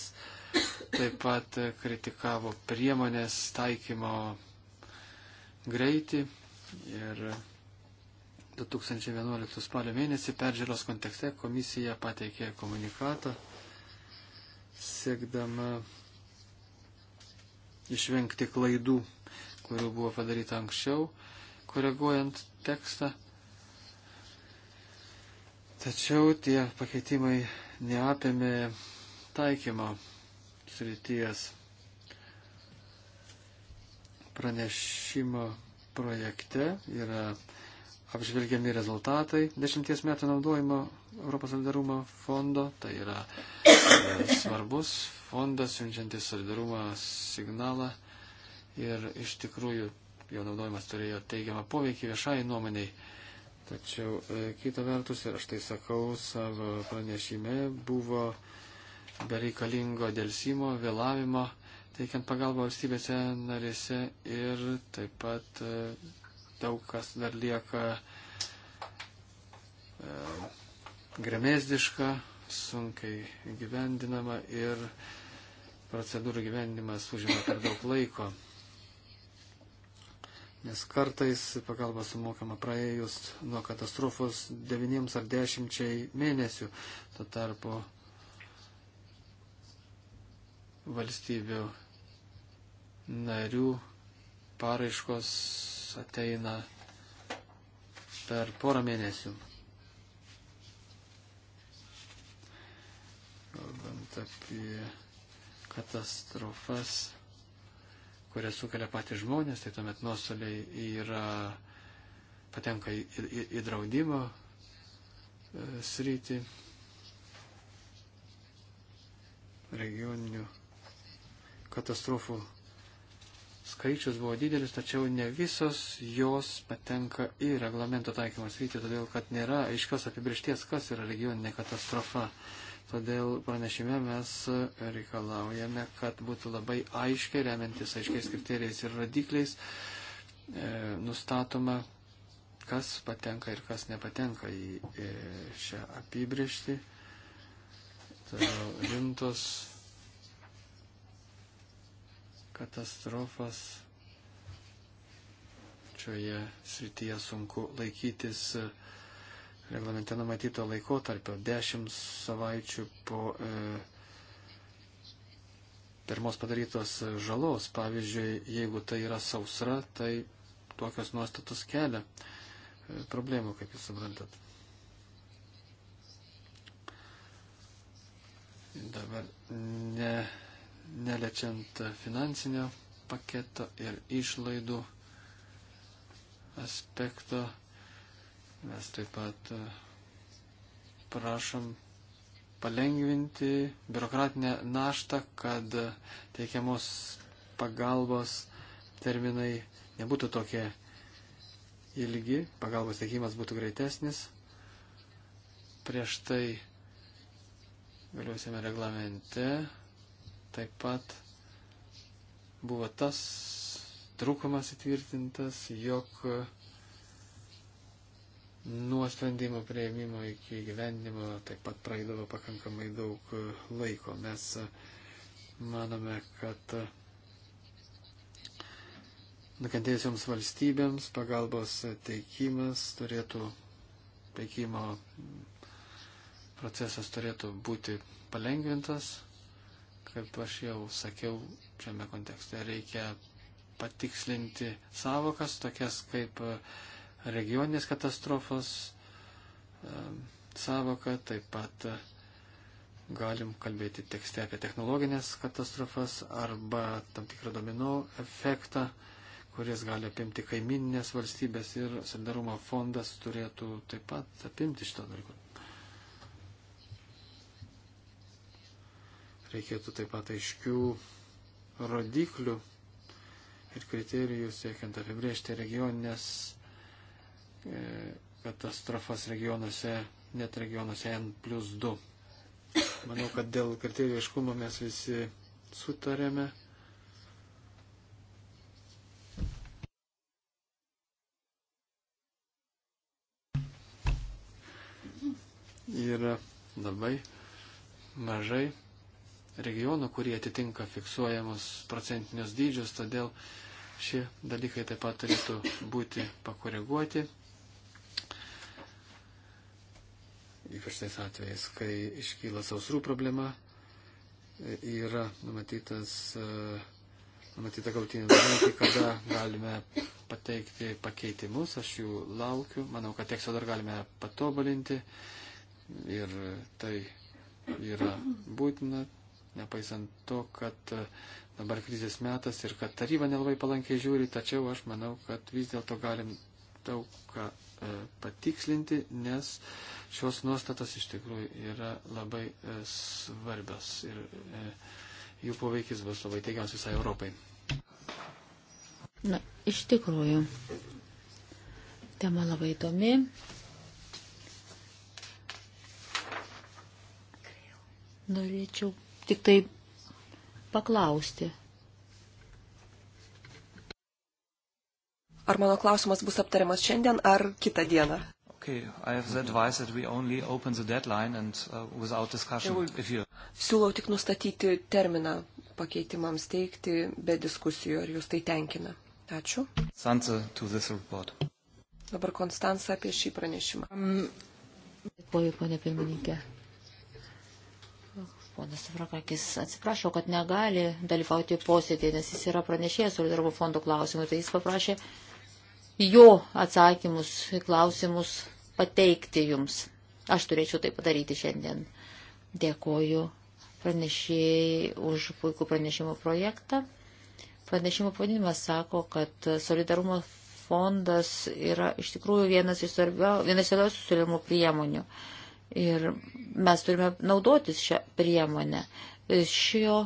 taip pat kritikavo priemonės taikymo greitį ir 2011 spalio mėnesį peržiūros kontekste komisija pateikė komunikatą siekdama išvengti klaidų kurių buvo padaryta anksčiau, koreguojant tekstą. Tačiau tie pakeitimai neapėmė taikymo srities pranešimo projekte yra apžvelgiami rezultatai dešimties metų naudojimo Europos solidarumo fondo. Tai yra e, svarbus fondas, siunčiantis solidarumo signalą ir iš tikrųjų jo naudojimas turėjo teigiamą poveikį viešai nuomoniai. Tačiau e, kita vertus, ir aš tai sakau savo pranešime, buvo bereikalingo dėlsimo, vėlavimo, teikiant pagalbą valstybėse narėse ir taip pat e, daug kas dar lieka e, gremėzdiška, sunkiai gyvendinama ir procedūrų gyvendimas užima per daug laiko nes kartais pagalba sumokama praėjus nuo katastrofos 9 ar 10 mėnesių. Tuo tarpu valstybių narių paraiškos ateina per porą mėnesių. Kalbant apie katastrofas kurias sukelia patys žmonės, tai tuomet nuostoliai yra, patenka į, į, į draudimo e, sritį regioninių katastrofų skaičius buvo didelis, tačiau ne visos jos patenka į reglamento taikymą sritį, todėl kad nėra aiškios apibriešties, kas yra regioninė katastrofa. Uh, Todėl pranešime mes reikalaujame, kad būtų labai aiškiai, remiantis aiškiais kriterijais ir radikliais, e, nustatoma, kas patenka ir kas nepatenka į e, šią apibriežtį. Todėl rimtos katastrofas šioje srityje sunku laikytis. E, reglamente numatyto laiko tarp 10 savaičių po e, pirmos padarytos žalos. Pavyzdžiui, jeigu tai yra sausra, tai tokios nuostatos kelia e, problemų, kaip jūs suprantat. Dabar ne, neliečiant finansinio paketo ir išlaidų aspekto Mes taip pat e, prašom palengvinti biurokratinę naštą, kad e, teikiamos pagalbos terminai nebūtų tokie ilgi, pagalbos teikimas būtų greitesnis. Prieš tai galiausiame reglamente taip pat buvo tas trūkumas įtvirtintas, jog nuo sprendimo prieimimo iki gyvenimo taip pat praeidavo pakankamai daug e, laiko. Mes e, manome, kad e, nukentėjusioms valstybėms pagalbos teikimas turėtų, teikimo procesas turėtų būti palengvintas, kaip aš jau sakiau šiame kontekste, reikia patikslinti savokas, tokias kaip uh, regioninės katastrofos e, savoką, taip pat e, galim kalbėti tekste apie technologinės katastrofas arba tam tikrą domino efektą, kuris gali apimti kaiminės valstybės ir solidarumo fondas turėtų taip pat apimti šitą dalyką. Reikėtų taip pat aiškių rodiklių ir kriterijų siekiant apibriežti regioninės E, katastrofas regionuose, net regionuose N plus 2. Manau, kad dėl kriterijų aiškumo mes visi sutarėme. Yra labai mažai regionų, kurie atitinka fiksuojamus procentinius dydžius, todėl šie dalykai taip pat turėtų būti pakoreguoti. ypač tais atvejais, kai iškyla sausrų problema, e, yra numatytas, e, numatyta gautinė nuomonė, tai kada galime pateikti pakeitimus, aš jų laukiu, manau, kad tekstą dar galime patobulinti ir tai yra būtina, nepaisant to, kad e, dabar krizės metas ir kad taryba nelabai palankiai žiūri, tačiau aš manau, kad vis dėlto galim daug ką E, patikslinti, nes šios nuostatos iš tikrųjų yra labai e, svarbios ir e, jų poveikis bus labai teigiamas visai Europai. Na, iš tikrųjų, tema labai įdomi. Norėčiau tik tai paklausti, Ar mano klausimas bus aptariamas šiandien ar kitą dieną? Okay, and, uh, you... Siūlau tik nustatyti terminą pakeitimams teikti be diskusijų, ar jūs tai tenkina. Ačiū. Dabar Konstanca apie šį pranešimą. Um, Dėkuoju, ponė pirmininkė. Ponas Savrakakis atsiprašo, kad negali dalyvauti posėdėje, nes jis yra pranešėjęs solidarumo fondo klausimų. Tai jis paprašė jo atsakymus į klausimus pateikti jums. Aš turėčiau tai padaryti šiandien. Dėkoju pranešėjai už puikų pranešimo projektą. Pranešimo pavadinimas sako, kad solidarumo fondas yra iš tikrųjų vienas iš svarbiausių siūlymų priemonių. Ir mes turime naudotis šią priemonę. Šio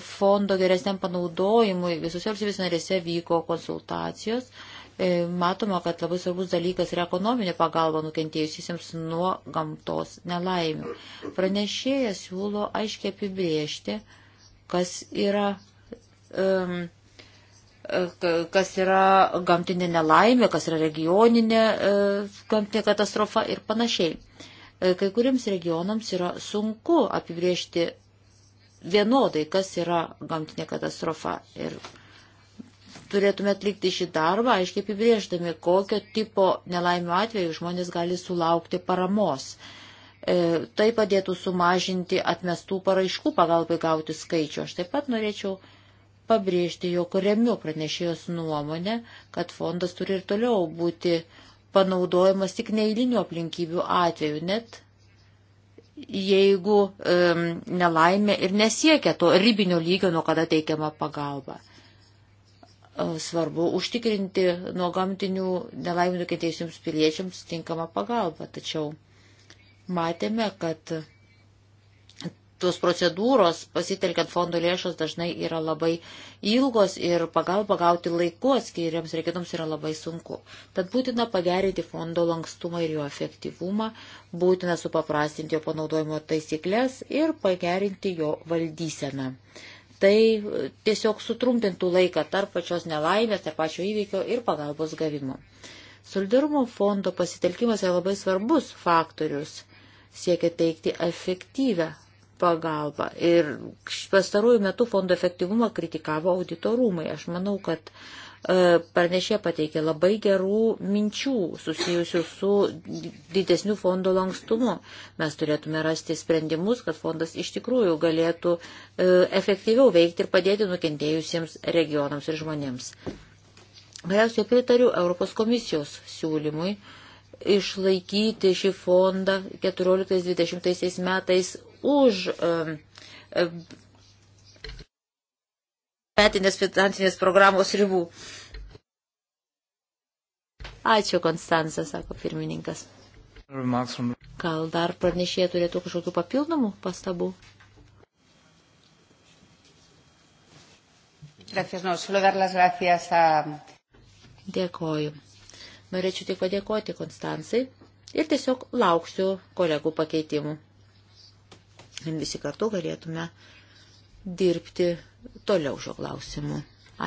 fondo geresniam panaudojimui visose valstybės narėse vyko konsultacijos. E, matoma, kad labai svarbus dalykas yra ekonominė pagalba nukentėjusiems nuo gamtos nelaimių. Pranešėjas siūlo aiškiai apibriežti, kas yra, um, kas yra gamtinė nelaimė, kas yra regioninė uh, gamtinė katastrofa ir panašiai. Kai kuriems regionams yra sunku apibriežti vienodai, kas yra gamtinė katastrofa. Ir turėtume atlikti šį darbą, aiškiai apibrėždami, kokio tipo nelaimio atveju žmonės gali sulaukti paramos. E, tai padėtų sumažinti atmestų paraiškų pagalbai gauti skaičių. Aš taip pat norėčiau pabrėžti, jog remiu pranešėjos nuomonę, kad fondas turi ir toliau būti panaudojamas tik neįlinių aplinkybių atveju, net jeigu um, nelaimė ir nesiekia to ribinio lygio, nuo kada teikiama pagalba. E, svarbu užtikrinti nuo gamtinių nelaimių nukentėjusiems piliečiams tinkamą pagalbą, tačiau matėme, kad tos procedūros, pasitelkiant fondo lėšas, dažnai yra labai ilgos ir pagalba gauti laiku atskiriams reikėtams yra labai sunku. Tad būtina pagerinti fondo lankstumą ir jo efektyvumą, būtina supaprastinti jo panaudojimo taisyklės ir pagerinti jo valdyseną. Tai tiesiog sutrumpintų laiką tarp pačios nelaimės, tarp pačio įvykio ir pagalbos gavimo. Solidarumo fondo pasitelkimas yra labai svarbus faktorius siekia teikti efektyvę pagalba. Ir pastarųjų metų fondo efektyvumą kritikavo auditorumai. Aš manau, kad e, pranešė pateikė labai gerų minčių susijusių su didesniu fondo lankstumu. Mes turėtume rasti sprendimus, kad fondas iš tikrųjų galėtų e, efektyviau veikti ir padėti nukentėjusiems regionams ir žmonėms. Galiausiai pritariu Europos komisijos siūlymui išlaikyti šį fondą 14-20 metais už um, um, metinės finansinės programos ribų. Ačiū, Konstantas, sako pirmininkas. Gal dar pranešėje turėtų kažkokių papildomų pastabų? Gracias, no, solo dar las gracias a... Dėkoju. Norėčiau tik padėkoti Konstancijai ir tiesiog lauksiu kolegų pakeitimų visi kartu galėtume dirbti toliau šio klausimu.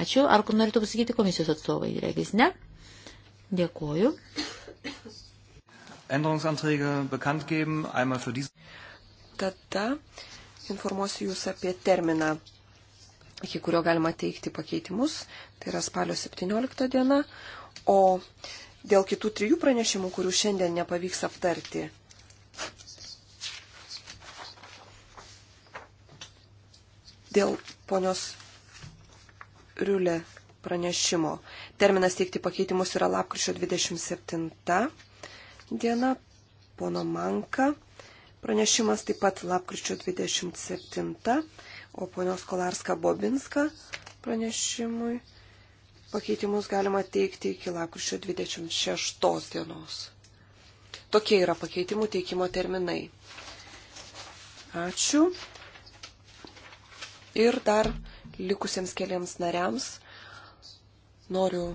Ačiū. Ar norėtų pasakyti komisijos atstovai? Regis ne. Dėkuoju. Tada informuosiu Jūs apie terminą, iki kurio galima teikti pakeitimus. Tai yra spalio 17 diena. O dėl kitų trijų pranešimų, kurių šiandien nepavyks aptarti, Dėl ponios Riulė pranešimo. Terminas teikti pakeitimus yra lapkričio 27 diena. Pono Manka pranešimas taip pat lapkričio 27, o ponios Kolarska Bobinska pranešimui pakeitimus galima teikti iki lapkričio 26 dienos. Tokie yra pakeitimų teikimo terminai. Ačiū. Ir dar likusiems keliams nariams noriu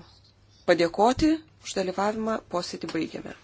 padėkoti už dalyvavimą, posėdį baigiame.